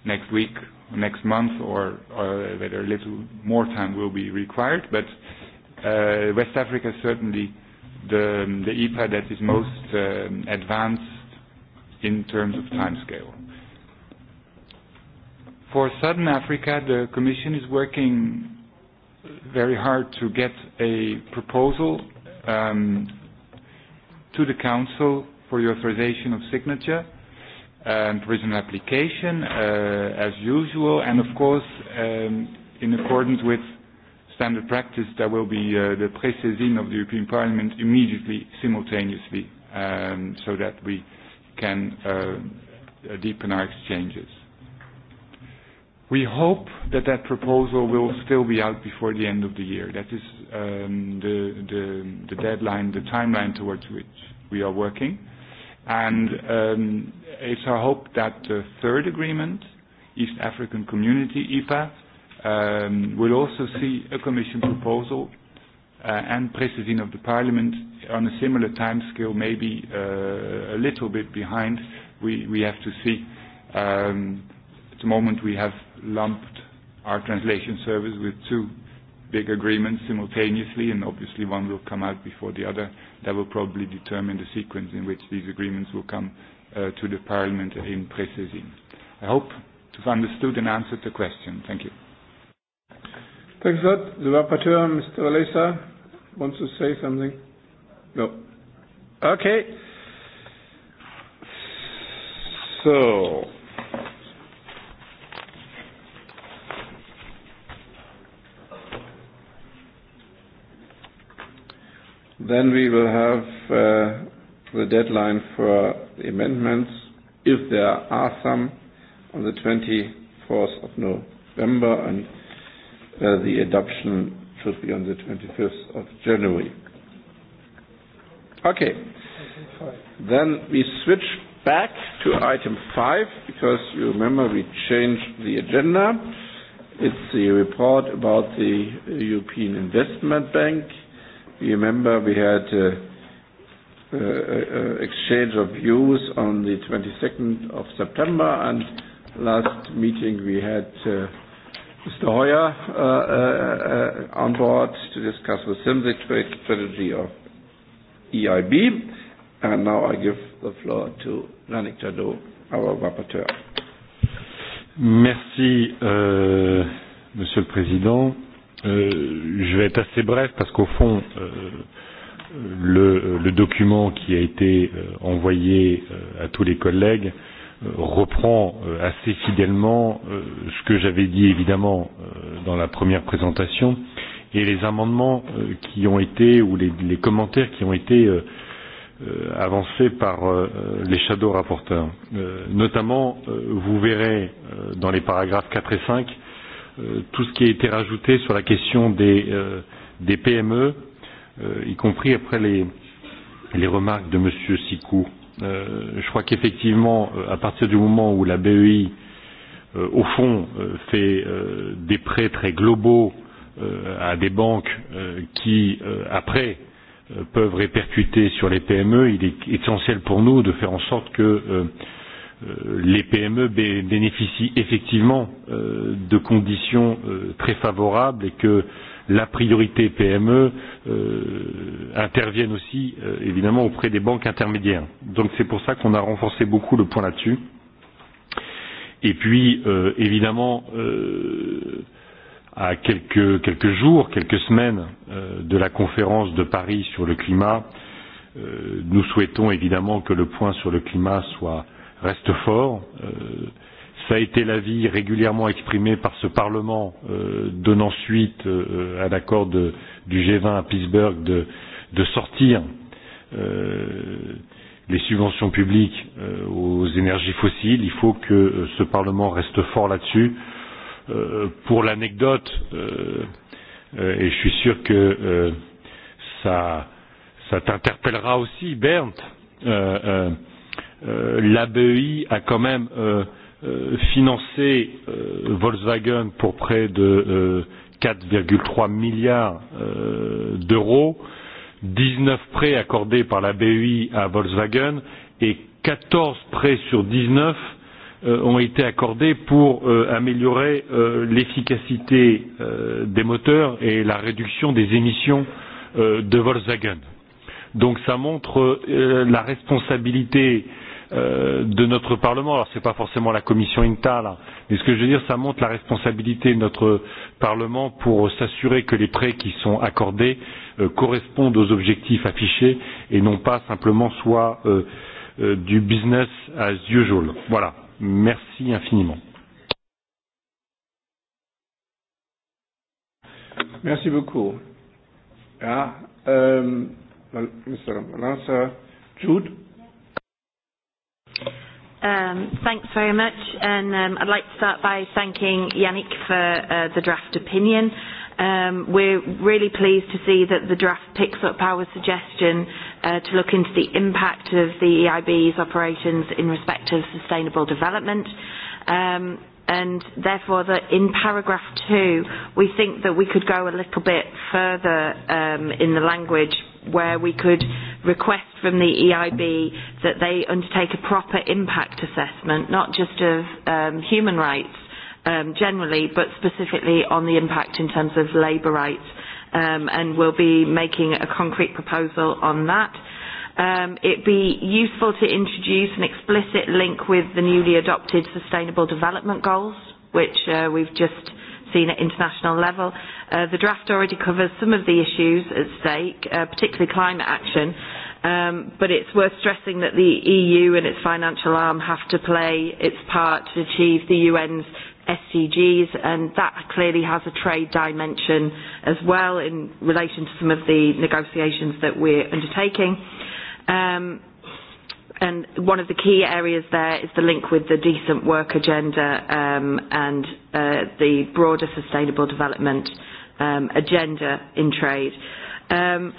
next week, or next month, or, or whether a little more time will be required. But uh, West Africa is certainly the, um, the EPA that is most um, advanced in terms of timescale. For Southern Africa, the Commission is working very hard to get a proposal um, to the Council for the authorization of signature and um, provisional application uh, as usual and of course um, in accordance with standard practice there will be uh, the pre-saisine of the European Parliament immediately simultaneously um, so that we can uh, deepen our exchanges. We hope that that proposal will still be out before the end of the year. That is um, the, the, the deadline, the timeline towards which we are working. And um, it's our hope that the third agreement, East African Community, EPA, um, will also see a Commission proposal uh, and precedent of the Parliament on a similar timescale, maybe uh, a little bit behind. We, we have to see. Um, at the moment we have lumped our translation service with two big agreements simultaneously, and obviously one will come out before the other. That will probably determine the sequence in which these agreements will come uh, to the parliament in precision. I hope to have understood and answered the question. Thank you. Thanks a lot. The rapporteur, Mr. Lesa, wants to say something? No. Okay. So Then we will have uh, the deadline for the amendments, if there are some, on the 24th of November, and uh, the adoption should be on the 25th of January. Okay. Then we switch back to item five because you remember we changed the agenda. It's the report about the European Investment Bank. You remember we had uh, uh, uh, exchange of views on the 22nd of September, and last meeting we had uh, Mr. Hoyer uh, uh, uh, on board to discuss with him the trade strategy of EIB. And now I give the floor to Yannick Jadot, our rapporteur. Merci, euh, Monsieur le Président. Euh, je vais être assez bref parce qu'au fond, euh, le, le document qui a été euh, envoyé à tous les collègues reprend assez fidèlement ce que j'avais dit évidemment dans la première présentation et les amendements qui ont été ou les, les commentaires qui ont été avancés par les shadow rapporteurs. Notamment, vous verrez dans les paragraphes 4 et 5 Euh, tout ce qui a été rajouté sur la question des, euh, des PME, euh, y compris après les, les remarques de M. Sicou. Euh, je crois qu'effectivement, euh, à partir du moment où la BEI, euh, au fond, euh, fait euh, des prêts très globaux euh, à des banques euh, qui, euh, après, euh, peuvent répercuter sur les PME, il est essentiel pour nous de faire en sorte que euh, Euh, les PME bénéficient effectivement euh, de conditions euh, très favorables et que la priorité PME intervienne aussi évidemment auprès des banques intermédiaires. Donc c'est pour ça qu'on a renforcé beaucoup le point là-dessus. Et puis évidemment, à quelques, quelques jours, quelques semaines de la conférence de Paris sur le climat, nous souhaitons évidemment que le point sur le climat soit reste fort. Euh, ça a été l'avis régulièrement exprimé par ce Parlement euh, donnant suite euh, à l'accord du G20 à Pittsburgh de, de sortir euh, les subventions publiques euh, aux énergies fossiles. Il faut que euh, ce Parlement reste fort là-dessus. Euh, pour l'anecdote, euh, euh, et je suis sûr que euh, ça, ça t'interpellera aussi, Bernd, euh, euh, Euh, la BEI a quand même euh, euh, financé euh, Volkswagen pour près de euh, 4,3 milliards euh, d'euros, 19 prêts accordés par la BEI à Volkswagen et 14 prêts sur 19 euh, ont été accordés pour euh, améliorer euh, l'efficacité euh, des moteurs et la réduction des émissions euh, de Volkswagen. Donc ça montre euh, la responsabilité euh, Euh, de notre Parlement. Alors ce n'est pas forcément la commission INTA, là, mais ce que je veux dire, ça montre la responsabilité de notre Parlement pour s'assurer que les prêts qui sont accordés euh, correspondent aux objectifs affichés et non pas simplement soient euh, euh, du business as usual. Voilà. Merci infiniment. Merci beaucoup. Ja, ah, ähm, euh, Mr. Lanza, Jude. Um, thanks very much, and um, I'd like to start by thanking Yannick for uh, the draft opinion. Um, we're really pleased to see that the draft picks up our suggestion uh, to look into the impact of the EIB's operations in respect of sustainable development. Um, and therefore that in paragraph two we think that we could go a little bit further um, in the language where we could request from the EIB that they undertake a proper impact assessment, not just of um, human rights um, generally, but specifically on the impact in terms of labour rights. Um, and we'll be making a concrete proposal on that. Um, it'd be useful to introduce an explicit link with the newly adopted Sustainable Development Goals, which uh, we've just seen at international level. Uh, the draft already covers some of the issues at stake, uh, particularly climate action, um, but it's worth stressing that the EU and its financial arm have to play its part to achieve the UN's SCGs, and that clearly has a trade dimension as well in relation to some of the negotiations that we're undertaking. Um, And one of the key areas there is the link with the decent work agenda um, and uh, the broader sustainable development um, agenda in trade. Um,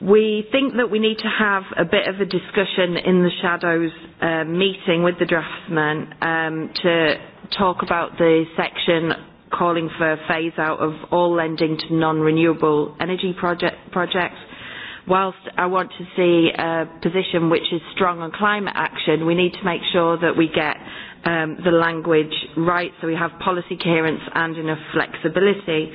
we think that we need to have a bit of a discussion in the shadows uh, meeting with the draftsman um, to talk about the section calling for a phase out of all lending to non-renewable energy project, projects whilst I want to see a position which is strong on climate action, we need to make sure that we get um, the language right so we have policy coherence and enough flexibility.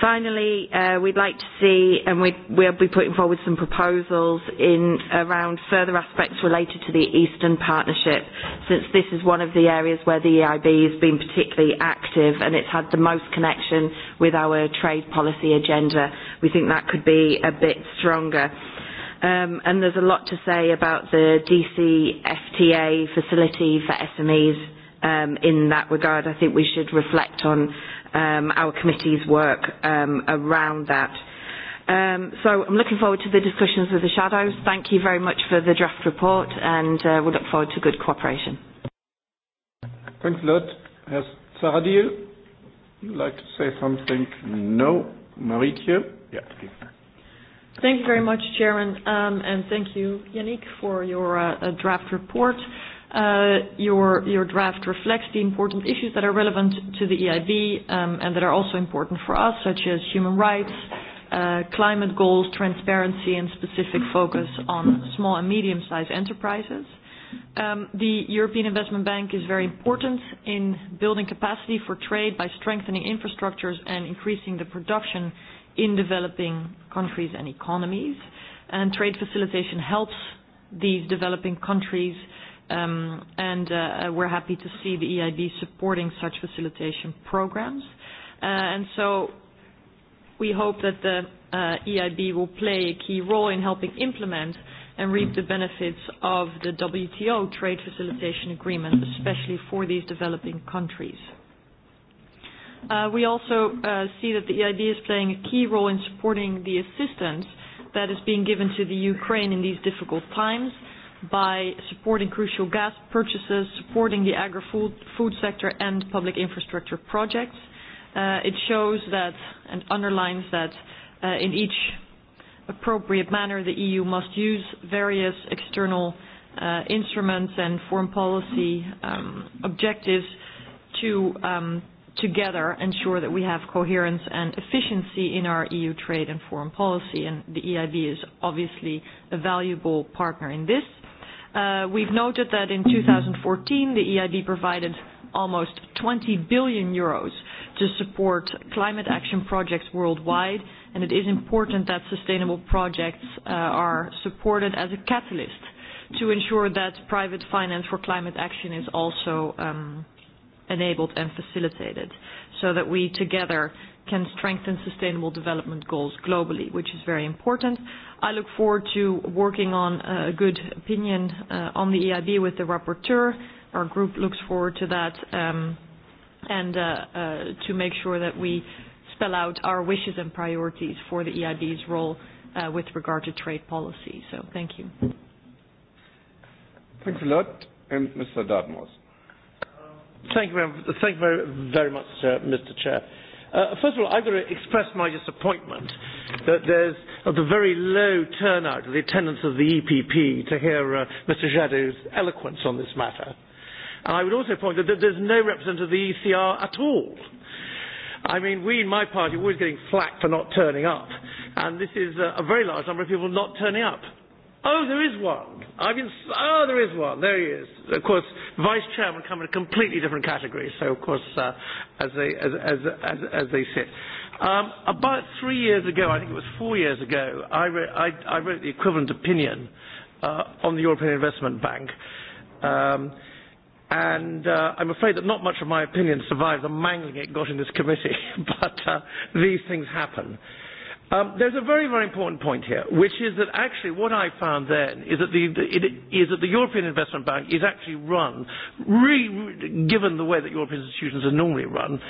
Finally, uh, we'd like to see, and we, we'll be putting forward some proposals in around further aspects related to the Eastern Partnership, since this is one of the areas where the EIB has been particularly active and it's had the most connection with our trade policy agenda. We think that could be a bit stronger. Um, and there's a lot to say about the DC FTA facility for SMEs um, in that regard. I think we should reflect on um, our committee's work um, around that. Um, so I'm looking forward to the discussions with the shadows. Thank you very much for the draft report, and uh, we look forward to good cooperation. Thanks a lot. Herr Saradil, you'd like to say something? No. Maritje? Yeah. Thank you very much, Chairman, um, and thank you, Yannick, for your uh, draft report. Uh, your, your draft reflects the important issues that are relevant to the EIB um, and that are also important for us, such as human rights, uh, climate goals, transparency, and specific focus on small and medium-sized enterprises. Um, the European Investment Bank is very important in building capacity for trade by strengthening infrastructures and increasing the production in developing countries and economies. And trade facilitation helps these developing countries uh, Um, and uh, we're happy to see the EIB supporting such facilitation programs. Uh, and so we hope that the uh, EIB will play a key role in helping implement and reap the benefits of the WTO trade facilitation agreement, especially for these developing countries. Uh, we also uh, see that the EIB is playing a key role in supporting the assistance that is being given to the Ukraine in these difficult times by supporting crucial gas purchases, supporting the agri-food food sector and public infrastructure projects. Uh, it shows that and underlines that uh, in each appropriate manner the EU must use various external uh, instruments and foreign policy um, objectives to um, together ensure that we have coherence and efficiency in our EU trade and foreign policy and the EIB is obviously a valuable partner in this Uh, we've noted that in 2014, the EIB provided almost 20 billion euros to support climate action projects worldwide, and it is important that sustainable projects uh, are supported as a catalyst to ensure that private finance for climate action is also um, enabled and facilitated so that we together can strengthen sustainable development goals globally, which is very important. I look forward to working on a good opinion uh, on the EIB with the rapporteur. Our group looks forward to that um, and uh, uh, to make sure that we spell out our wishes and priorities for the EIB's role uh, with regard to trade policy. So thank you. Thanks a lot. And Mr. Dartmouth. Thank you very, thank you very, very much, uh, Mr. Chair. Uh, first of all, I've got to express my disappointment that there's a the very low turnout of the attendance of the EPP to hear uh, Mr. Jadot's eloquence on this matter. And I would also point out that there's no representative of the ECR at all. I mean, we in my party are always getting flack for not turning up, and this is uh, a very large number of people not turning up. Oh, there is one. I've been, oh, there is one. There he is. Of course, vice chairman come in a completely different category. So, of course, uh, as they as as as, as they sit. Um, about three years ago, I think it was four years ago, I, re- I, I wrote the equivalent opinion uh, on the European Investment Bank. Um, and uh, I'm afraid that not much of my opinion survived the mangling it got in this committee, but uh, these things happen. Uh, Um, there's a very, very important point here, which is that actually what I found then is that the, the, it, is that the European Investment Bank is actually run, re re, given the way that European institutions are normally run,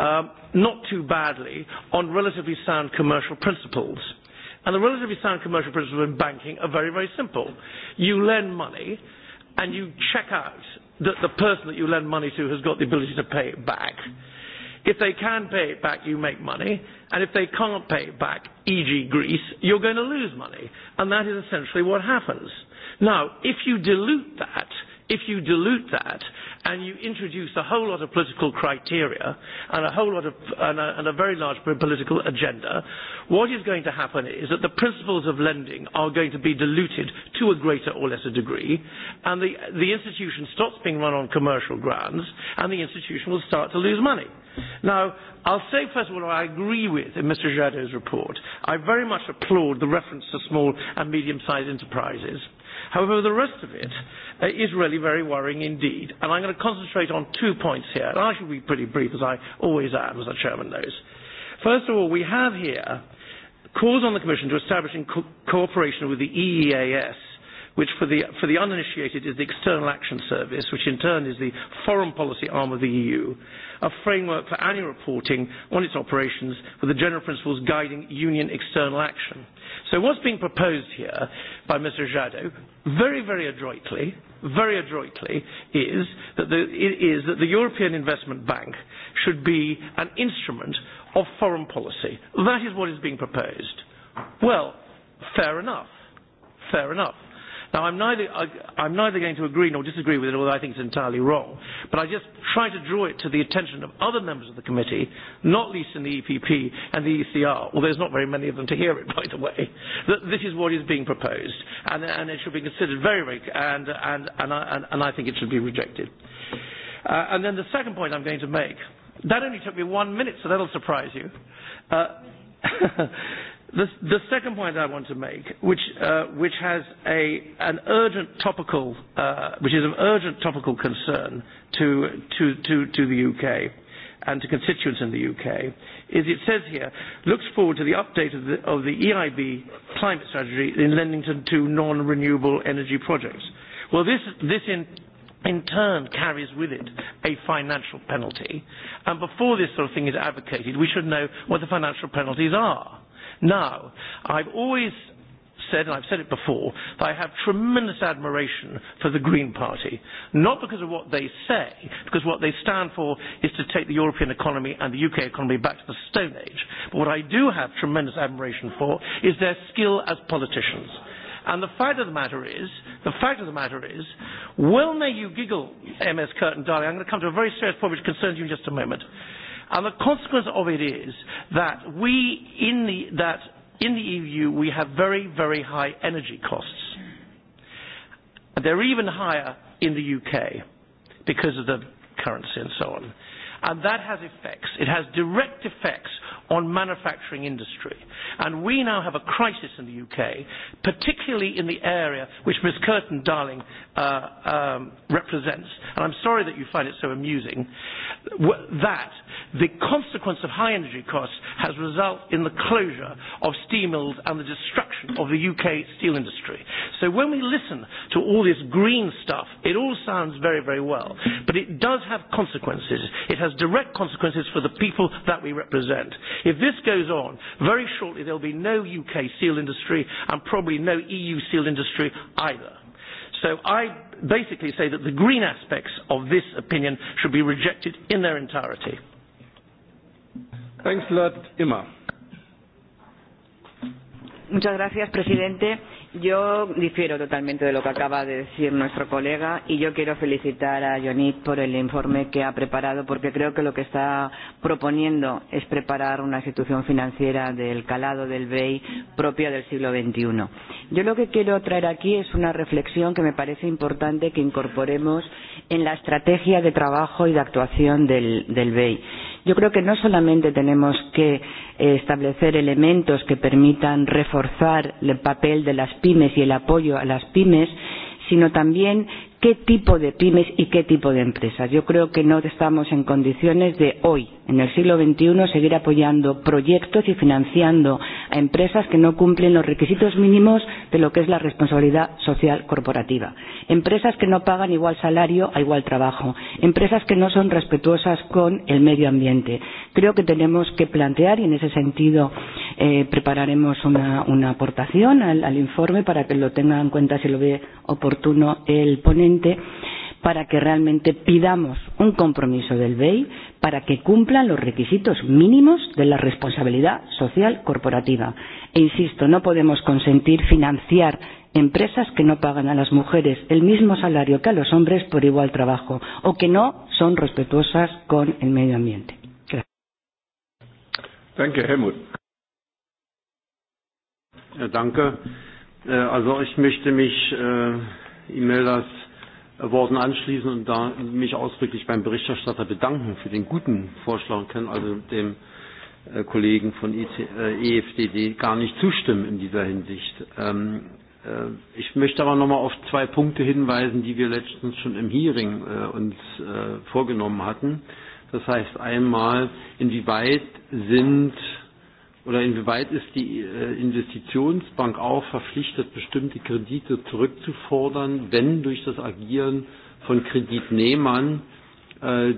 um, not too badly on relatively sound commercial principles. And the relatively sound commercial principles in banking are very, very simple. You lend money and you check out that the person that you lend money to has got the ability to pay it back. Mm-hmm If they can pay it back, you make money. And if they can't pay it back, e.g. Greece, you're going to lose money. And that is essentially what happens. Now, if you dilute that, if you dilute that and you introduce a whole lot of political criteria and a whole lot of and a, and a very large political agenda, what is going to happen is that the principles of lending are going to be diluted to a greater or lesser degree, and the the institution stops being run on commercial grounds, and the institution will start to lose money. Now, I'll say first of all, I agree with in Mr. Jadot's report. I very much applaud the reference to small and medium-sized enterprises. However, the rest of it uh, is really very worrying indeed. And I'm going to concentrate on two points here. And I should be pretty brief, as I always am, as the Chairman knows. First of all, we have here calls on the Commission to establish in co- cooperation with the EEAS which for the, for the uninitiated is the External Action Service, which in turn is the foreign policy arm of the EU, a framework for annual reporting on its operations with the general principles guiding Union external action. So what's being proposed here by Mr. Jadot, very, very adroitly, very adroitly, is that the, it is that the European Investment Bank should be an instrument of foreign policy. That is what is being proposed. Well, fair enough. Fair enough. Now, I'm neither, I, I'm neither going to agree nor disagree with it, although I think it's entirely wrong. But I just try to draw it to the attention of other members of the committee, not least in the EPP and the ECR, although there's not very many of them to hear it, by the way, that this is what is being proposed. And, and it should be considered very, very and, and, and, I, and, and I think it should be rejected. Uh, and then the second point I'm going to make, that only took me one minute, so that'll surprise you. Uh, The, the second point I want to make, which, uh, which has a, an urgent topical, uh, which is an urgent topical concern to, to, to, to the UK and to constituents in the UK, is it says here, looks forward to the update of the, of the EIB climate strategy in Lendington to non-renewable energy projects. Well, this, this in, in turn carries with it a financial penalty. And before this sort of thing is advocated, we should know what the financial penalties are Now, I've always said, and I've said it before, that I have tremendous admiration for the Green Party. Not because of what they say, because what they stand for is to take the European economy and the UK economy back to the Stone Age. But what I do have tremendous admiration for is their skill as politicians. And the fact of the matter is, the fact of the matter is, well may you giggle, MS Curtin, darling, I'm going to come to a very serious point which concerns you in just a moment. And the consequence of it is that we in the, that in the EU we have very, very high energy costs. They're even higher in the UK because of the currency and so on. And that has effects. It has direct effects on manufacturing industry. And we now have a crisis in the UK, particularly in the area which Ms Curtin Darling uh, um, represents, and I'm sorry that you find it so amusing, that the consequence of high energy costs has resulted in the closure of steel mills and the destruction of the UK steel industry. So when we listen to all this green stuff, it all sounds very, very well, but it does have consequences. It has direct consequences for the people that we represent. If this goes on, very shortly there will be no UK steel industry and probably no EU steel industry either. So I basically say that the green aspects of this opinion should be rejected in their entirety. Thanks a lot, Emma. Muchas gracias, presidente. Yo difiero totalmente de lo que acaba de decir nuestro colega y yo quiero felicitar a Yonit por el informe que ha preparado porque creo que lo que está proponiendo es preparar una institución financiera del calado del BEI propia del siglo XXI. Yo lo que quiero traer aquí es una reflexión que me parece importante que incorporemos en la estrategia de trabajo y de actuación del, del BEI Yo creo que no solamente tenemos que eh, establecer elementos que permitan reforzar el papel de las pymes y el apoyo a las pymes, sino también qué tipo de pymes y qué tipo de empresas. Yo creo que no estamos en condiciones de hoy, en el siglo XXI, seguir apoyando proyectos y financiando a empresas que no cumplen los requisitos mínimos de lo que es la responsabilidad social corporativa. Empresas que no pagan igual salario a igual trabajo. Empresas que no son respetuosas con el medio ambiente creo que tenemos que plantear y en ese sentido eh, prepararemos una, una aportación al, al informe para que lo tenga en cuenta si lo ve oportuno el ponente para que realmente pidamos un compromiso del BEI para que cumplan los requisitos mínimos de la responsabilidad social corporativa. E insisto, no podemos consentir financiar empresas que no pagan a las mujeres el mismo salario que a los hombres por igual trabajo o que no son respetuosas con el medio ambiente. Danke, Helmut. Ja, danke. Äh, also ich möchte mich äh, Imeldas Worten anschließen und da mich ausdrücklich beim Berichterstatter bedanken für den guten Vorschlag, kann also dem äh, Kollegen von IT, e äh, EFDD gar nicht zustimmen in dieser Hinsicht. Ähm, äh, ich möchte aber nochmal auf zwei Punkte hinweisen, die wir letztens schon im Hearing äh, uns äh, vorgenommen hatten. Äh, Das heißt einmal, inwieweit sind oder inwieweit ist die äh, Investitionsbank auch verpflichtet, bestimmte Kredite zurückzufordern, wenn durch das Agieren von Kreditnehmern Äh,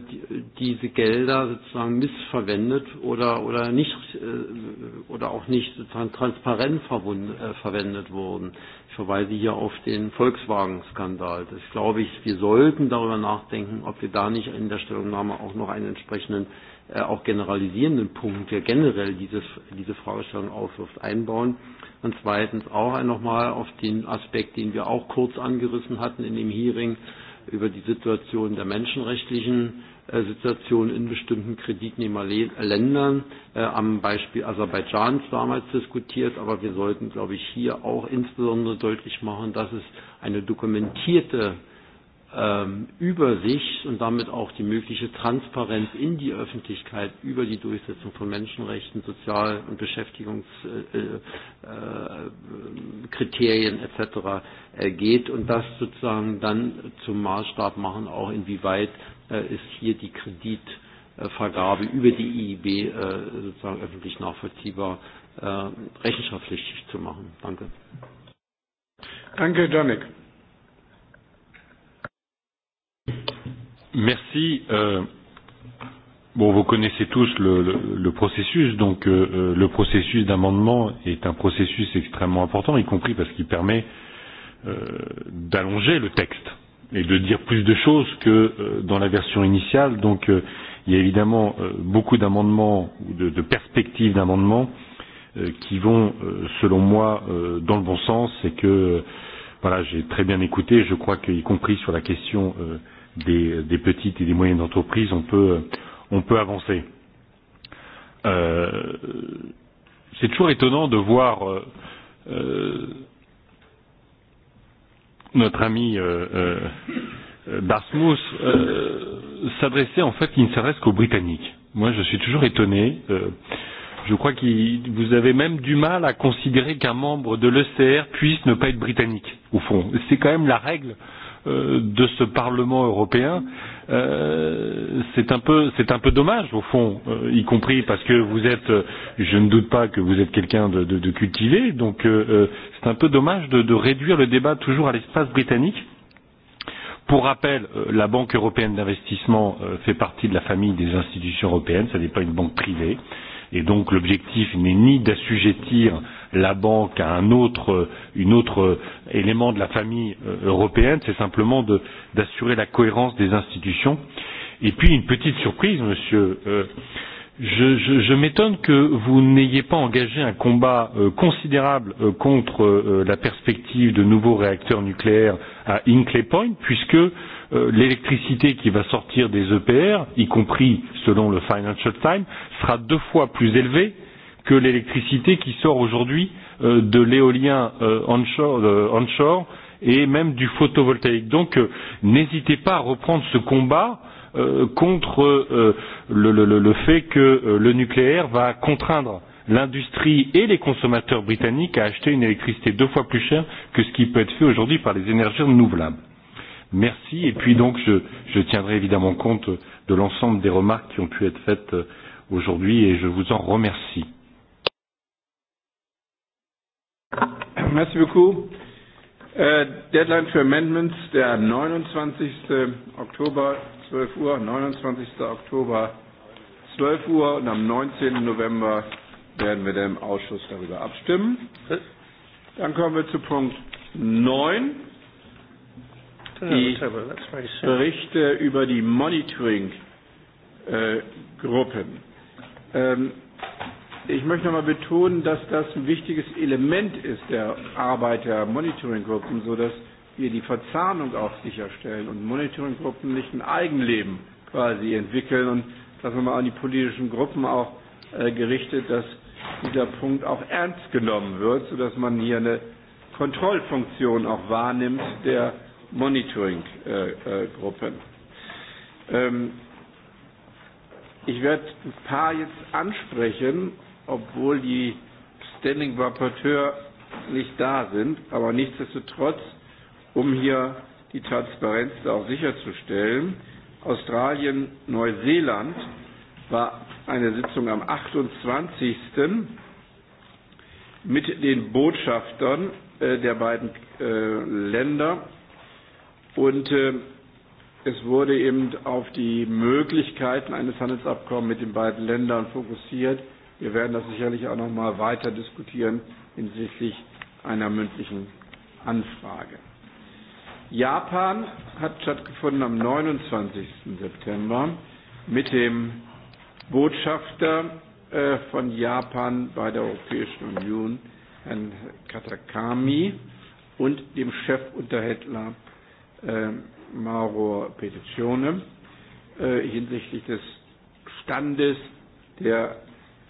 diese Gelder sozusagen missverwendet oder, oder, nicht, äh, oder auch nicht sozusagen transparent äh, verwendet wurden. Ich verweise hier auf den Volkswagen-Skandal. Das glaube ich, wir sollten darüber nachdenken, ob wir da nicht in der Stellungnahme auch noch einen entsprechenden äh, auch generalisierenden Punkt, der generell dieses, diese Fragestellung aufwirft, einbauen. Und zweitens auch nochmal auf den Aspekt, den wir auch kurz angerissen hatten in dem Hearing, äh, über die Situation der menschenrechtlichen äh, Situation in bestimmten Kreditnehmerländern äh, äh, am Beispiel Aserbaidschans damals diskutiert. Aber wir sollten, glaube ich, hier auch insbesondere deutlich machen, dass es eine dokumentierte Ähm, Übersicht und damit auch die mögliche Transparenz in die Öffentlichkeit über die Durchsetzung von Menschenrechten, Sozial- und Beschäftigungskriterien etc. Äh, geht und das sozusagen dann zum Maßstab machen, auch inwieweit ist äh, hier die Kreditvergabe über die EIB äh, sozusagen öffentlich nachvollziehbar rechenschaftspflichtig zu machen. Danke. Danke, Janik. Merci. Euh, bon, vous connaissez tous le, le, le processus. Donc, euh, euh, le processus d'amendement est un processus extrêmement important, y compris parce qu'il permet euh, d'allonger le texte et de dire plus de choses que euh, dans la version initiale. Donc, euh, il y a évidemment euh, beaucoup d'amendements ou de, de perspectives d'amendements euh, qui vont, euh, selon moi, euh, dans le bon sens et que, euh, voilà, j'ai très bien écouté. Je crois qu'y compris sur la question euh, des, des petites et des moyennes entreprises, on peut, on peut avancer. Euh, c'est toujours étonnant de voir euh, euh, notre ami euh, euh, Basmus euh, s'adresser en fait, il ne s'adresse qu'aux Britanniques. Moi, je suis toujours étonné. Euh, je crois que vous avez même du mal à considérer qu'un membre de l'ECR puisse ne pas être britannique, au fond. C'est quand même la règle euh, Euh, de ce Parlement européen, euh, c'est un peu c'est un peu dommage au fond, euh, y compris parce que vous êtes, euh, je ne doute pas que vous êtes quelqu'un de, de, de cultivé, donc euh, euh, c'est un peu dommage de, de réduire le débat toujours à l'espace britannique. Pour rappel, la Banque européenne d'investissement fait partie de la famille des institutions européennes, ce n'est pas une banque privée, et donc l'objectif n'est ni d'assujettir euh, la banque à un autre, une autre élément de la famille euh, européenne, c'est simplement d'assurer la cohérence des institutions. Et puis une petite surprise, monsieur. Euh, je, je, je m'étonne que vous n'ayez pas engagé un combat euh, considérable euh, contre euh, la perspective de nouveaux réacteurs nucléaires à Hinkley Point, puisque euh, l'électricité qui va sortir des EPR, y compris selon le Financial Times, sera deux fois plus élevée euh, que l'électricité qui sort aujourd'hui euh, de l'éolien euh, onshore, euh, onshore et même du photovoltaïque. Donc euh, n'hésitez pas à reprendre ce combat euh, contre euh, le, le, le fait que euh, le nucléaire va contraindre l'industrie et les consommateurs britanniques à acheter une électricité deux fois plus chère que ce qui peut être fait aujourd'hui par les énergies renouvelables. Merci et puis donc je, je tiendrai évidemment compte de l'ensemble des remarques qui ont pu être faites euh, aujourd'hui et je vous en remercie. Merci beaucoup. Äh, Deadline für Amendments der 29. Oktober 12 Uhr, 29. Oktober 12 Uhr und am 19. November werden wir dann im Ausschuss darüber abstimmen. Dann kommen wir zu Punkt 9. Die Berichte über die Monitoring-Gruppen. Äh, Ähm, ich möchte noch mal betonen, dass das ein wichtiges Element ist der Arbeit der Monitoringgruppen, sodass wir die Verzahnung auch sicherstellen und Monitoringgruppen nicht ein Eigenleben quasi entwickeln. Und das nochmal an die politischen Gruppen auch äh, gerichtet, dass dieser Punkt auch ernst genommen wird, sodass man hier eine Kontrollfunktion auch wahrnimmt der Monitoringgruppen. Äh, äh, ähm, ich werde ein paar jetzt ansprechen obwohl die Standing Rapporteur nicht da sind. Aber nichtsdestotrotz, um hier die Transparenz auch sicherzustellen, Australien, Neuseeland war eine Sitzung am 28. mit den Botschaftern äh, der beiden äh, Länder und äh, es wurde eben auf die Möglichkeiten eines Handelsabkommens mit den beiden Ländern fokussiert Wir werden das sicherlich auch noch mal weiter diskutieren hinsichtlich einer mündlichen Anfrage. Japan hat stattgefunden am 29. September mit dem Botschafter äh, von Japan bei der Europäischen Union, Herrn Katakami, und dem Chefunterhändler äh, Mauro Petitione äh, hinsichtlich des Standes der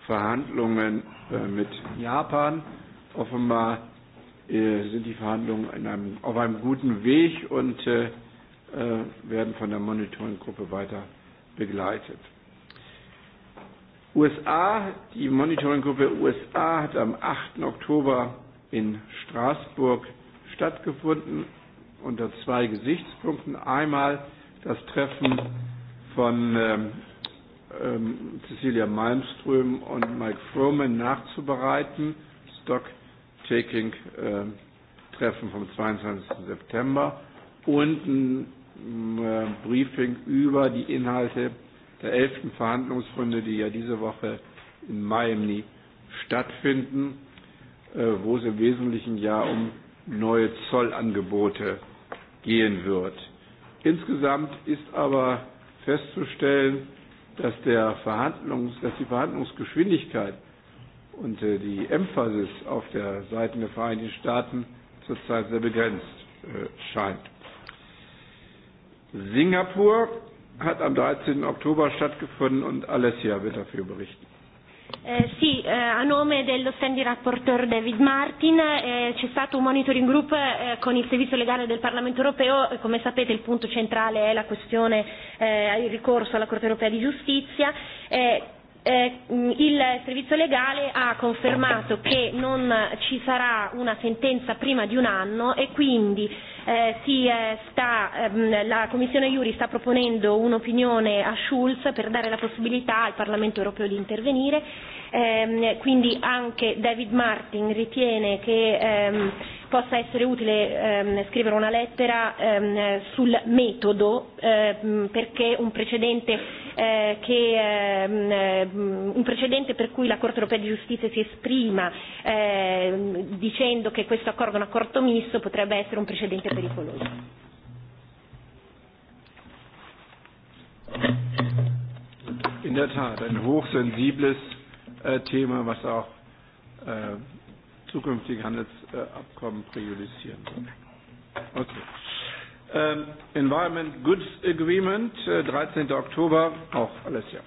Verhandlungen äh, mit Japan. Offenbar äh, sind die Verhandlungen in einem, auf einem guten Weg und äh, äh werden von der Monitoringgruppe weiter begleitet. USA, die Monitoringgruppe USA hat am 8. Oktober in Straßburg stattgefunden unter zwei Gesichtspunkten. Einmal das Treffen von ähm, ähm, Cecilia Malmström und Mike Froman nachzubereiten. Stock-Taking-Treffen ähm, äh, vom 22. September und ein äh, Briefing über die Inhalte der elften Verhandlungsrunde, die ja diese Woche in Miami stattfinden, äh, wo es im Wesentlichen ja um neue Zollangebote gehen wird. Insgesamt ist aber festzustellen, dass, der Verhandlungs, dass die Verhandlungsgeschwindigkeit und äh, die Emphasis auf der Seite der Vereinigten Staaten zurzeit sehr begrenzt äh, scheint. Singapur hat am 13. Oktober stattgefunden und Alessia wird dafür berichten. Eh, sì, eh, a nome dello standing rapporteur David Martin eh, c'è stato un monitoring group eh, con il servizio legale del Parlamento europeo e come sapete il punto centrale è la questione, eh, il ricorso alla Corte europea di giustizia. Eh, eh, mm, il servizio legale ha confermato che non ci sarà una sentenza prima di un anno e quindi eh, si, eh, sta, ehm, la Commissione Iuri sta proponendo un'opinione a Schulz per dare la possibilità al Parlamento europeo di intervenire ehm, quindi anche David Martin ritiene che ehm, possa essere utile ehm, scrivere una lettera ehm, sul metodo ehm, perché un precedente, eh, che, ehm, ehm, un precedente per cui la Corte europea di giustizia si esprima ehm, dicendo che questo accordo è un accordo misto potrebbe essere un precedente pericoloso. In der Tat, ein hochsensibles Äh, Thema, was auch äh, zukünftige Handelsabkommen priorisieren soll. Okay. Ähm, Environment Goods Agreement, 13. Äh, Oktober, auch alles ja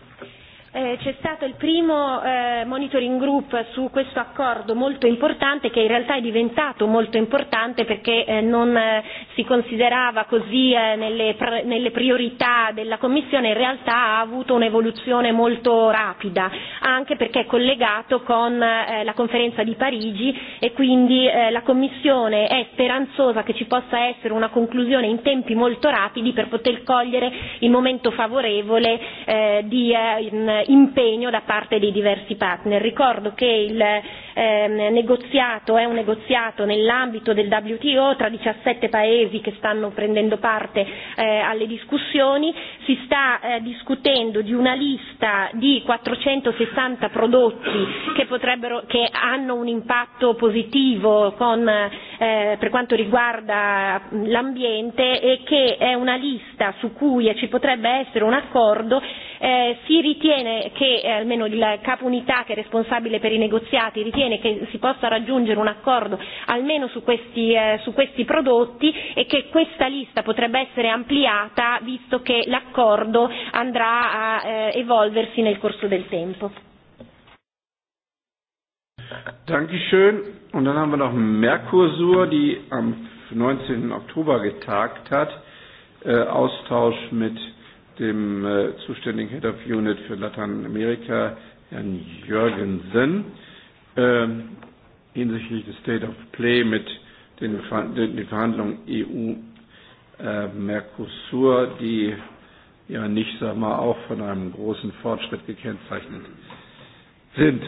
eh, c'è stato il primo eh, monitoring group su questo accordo molto importante che in realtà è diventato molto importante perché eh, non eh, si considerava così eh, nelle, pr- nelle priorità della Commissione, in realtà ha avuto un'evoluzione molto rapida, anche perché è collegato con eh, la conferenza di Parigi e quindi eh, la Commissione è speranzosa che ci possa essere una conclusione in tempi molto rapidi per poter cogliere il momento favorevole eh, di eh, in, eh, impegno da parte dei diversi partner. Ricordo che il ehm, negoziato è un negoziato nell'ambito del WTO tra 17 paesi che stanno prendendo parte eh, alle discussioni, si sta eh, discutendo di una lista di 460 prodotti che, potrebbero, che hanno un impatto positivo con, eh, per quanto riguarda l'ambiente e che è una lista su cui e ci potrebbe essere un accordo eh, si ritiene ritiene che, eh, almeno il capo unità che è responsabile per i negoziati, ritiene che si possa raggiungere un accordo almeno su questi, eh, su questi prodotti e che questa lista potrebbe essere ampliata visto che l'accordo andrà a eh, evolversi nel corso del tempo. Dankeschön. Und dann haben wir noch Mercosur, die am 19. Oktober getagt hat. Äh, Austausch mit dem äh, zuständigen Head of Unit für Lateinamerika, Herrn Jürgensen, äh, hinsichtlich des State of Play mit den, den Verhandlungen EU-Mercosur, äh, die ja nicht, sag mal, auch von einem großen Fortschritt gekennzeichnet sind.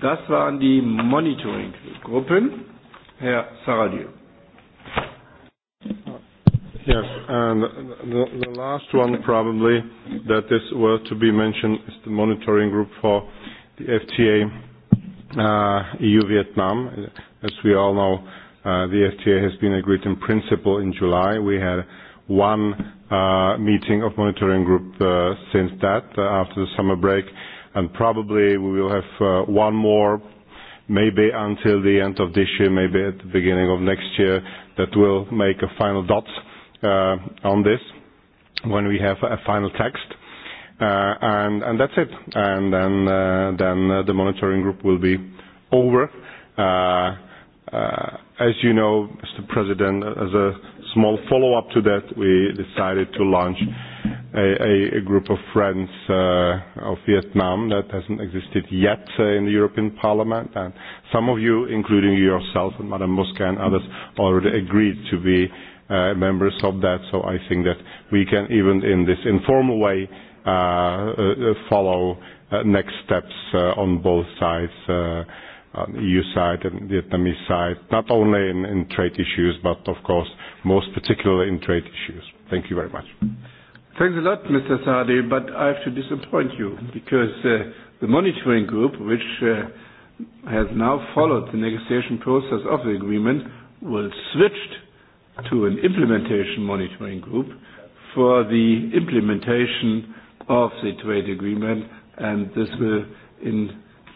Das waren die Monitoring-Gruppen. Herr Saradieu. Äh, Yes, and the, the last one probably that is worth to be mentioned is the monitoring group for the FTA uh, EU-Vietnam. As we all know, uh, the FTA has been agreed in principle in July. We had one uh, meeting of monitoring group uh, since that, uh, after the summer break, and probably we will have uh, one more maybe until the end of this year, maybe at the beginning of next year, that will make a final dot uh, on this when we have a final text. Uh, and, and that's it. And then, uh, then uh, the monitoring group will be over. Uh, uh, as you know, Mr. President, as a small follow-up to that, we decided to launch a, a, a group of friends uh, of Vietnam that hasn't existed yet uh, in the European Parliament. And some of you, including yourself and Madam Mosca and others, already agreed to be uh, members of that. So I think that we can, even in this informal way, uh, uh, follow uh, next steps uh, on both sides, uh, on EU side and Vietnamese side, not only in, in trade issues, but of course, most particularly in trade issues. Thank you very much. Thanks a lot, Mr. Sadi, but I have to disappoint you because uh, the monitoring group, which uh, has now followed the negotiation process of the agreement, will switch to an implementation monitoring group for the implementation of the trade agreement, and this will in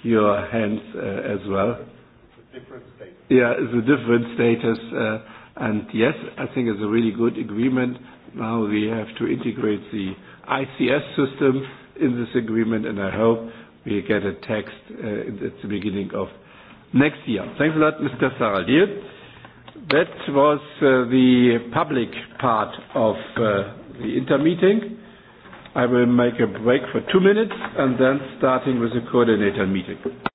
your hands uh, as well. It's a Different status. Yeah, it's a different status. Uh, and yes, I think it's a really good agreement. Now we have to integrate the ICS system in this agreement, and I hope we get a text uh, at the beginning of next year. Thanks a lot, Mr. Saradier. That was uh, the public part of uh, the intermeeting. I will make a break for two minutes and then starting with the coordinator meeting.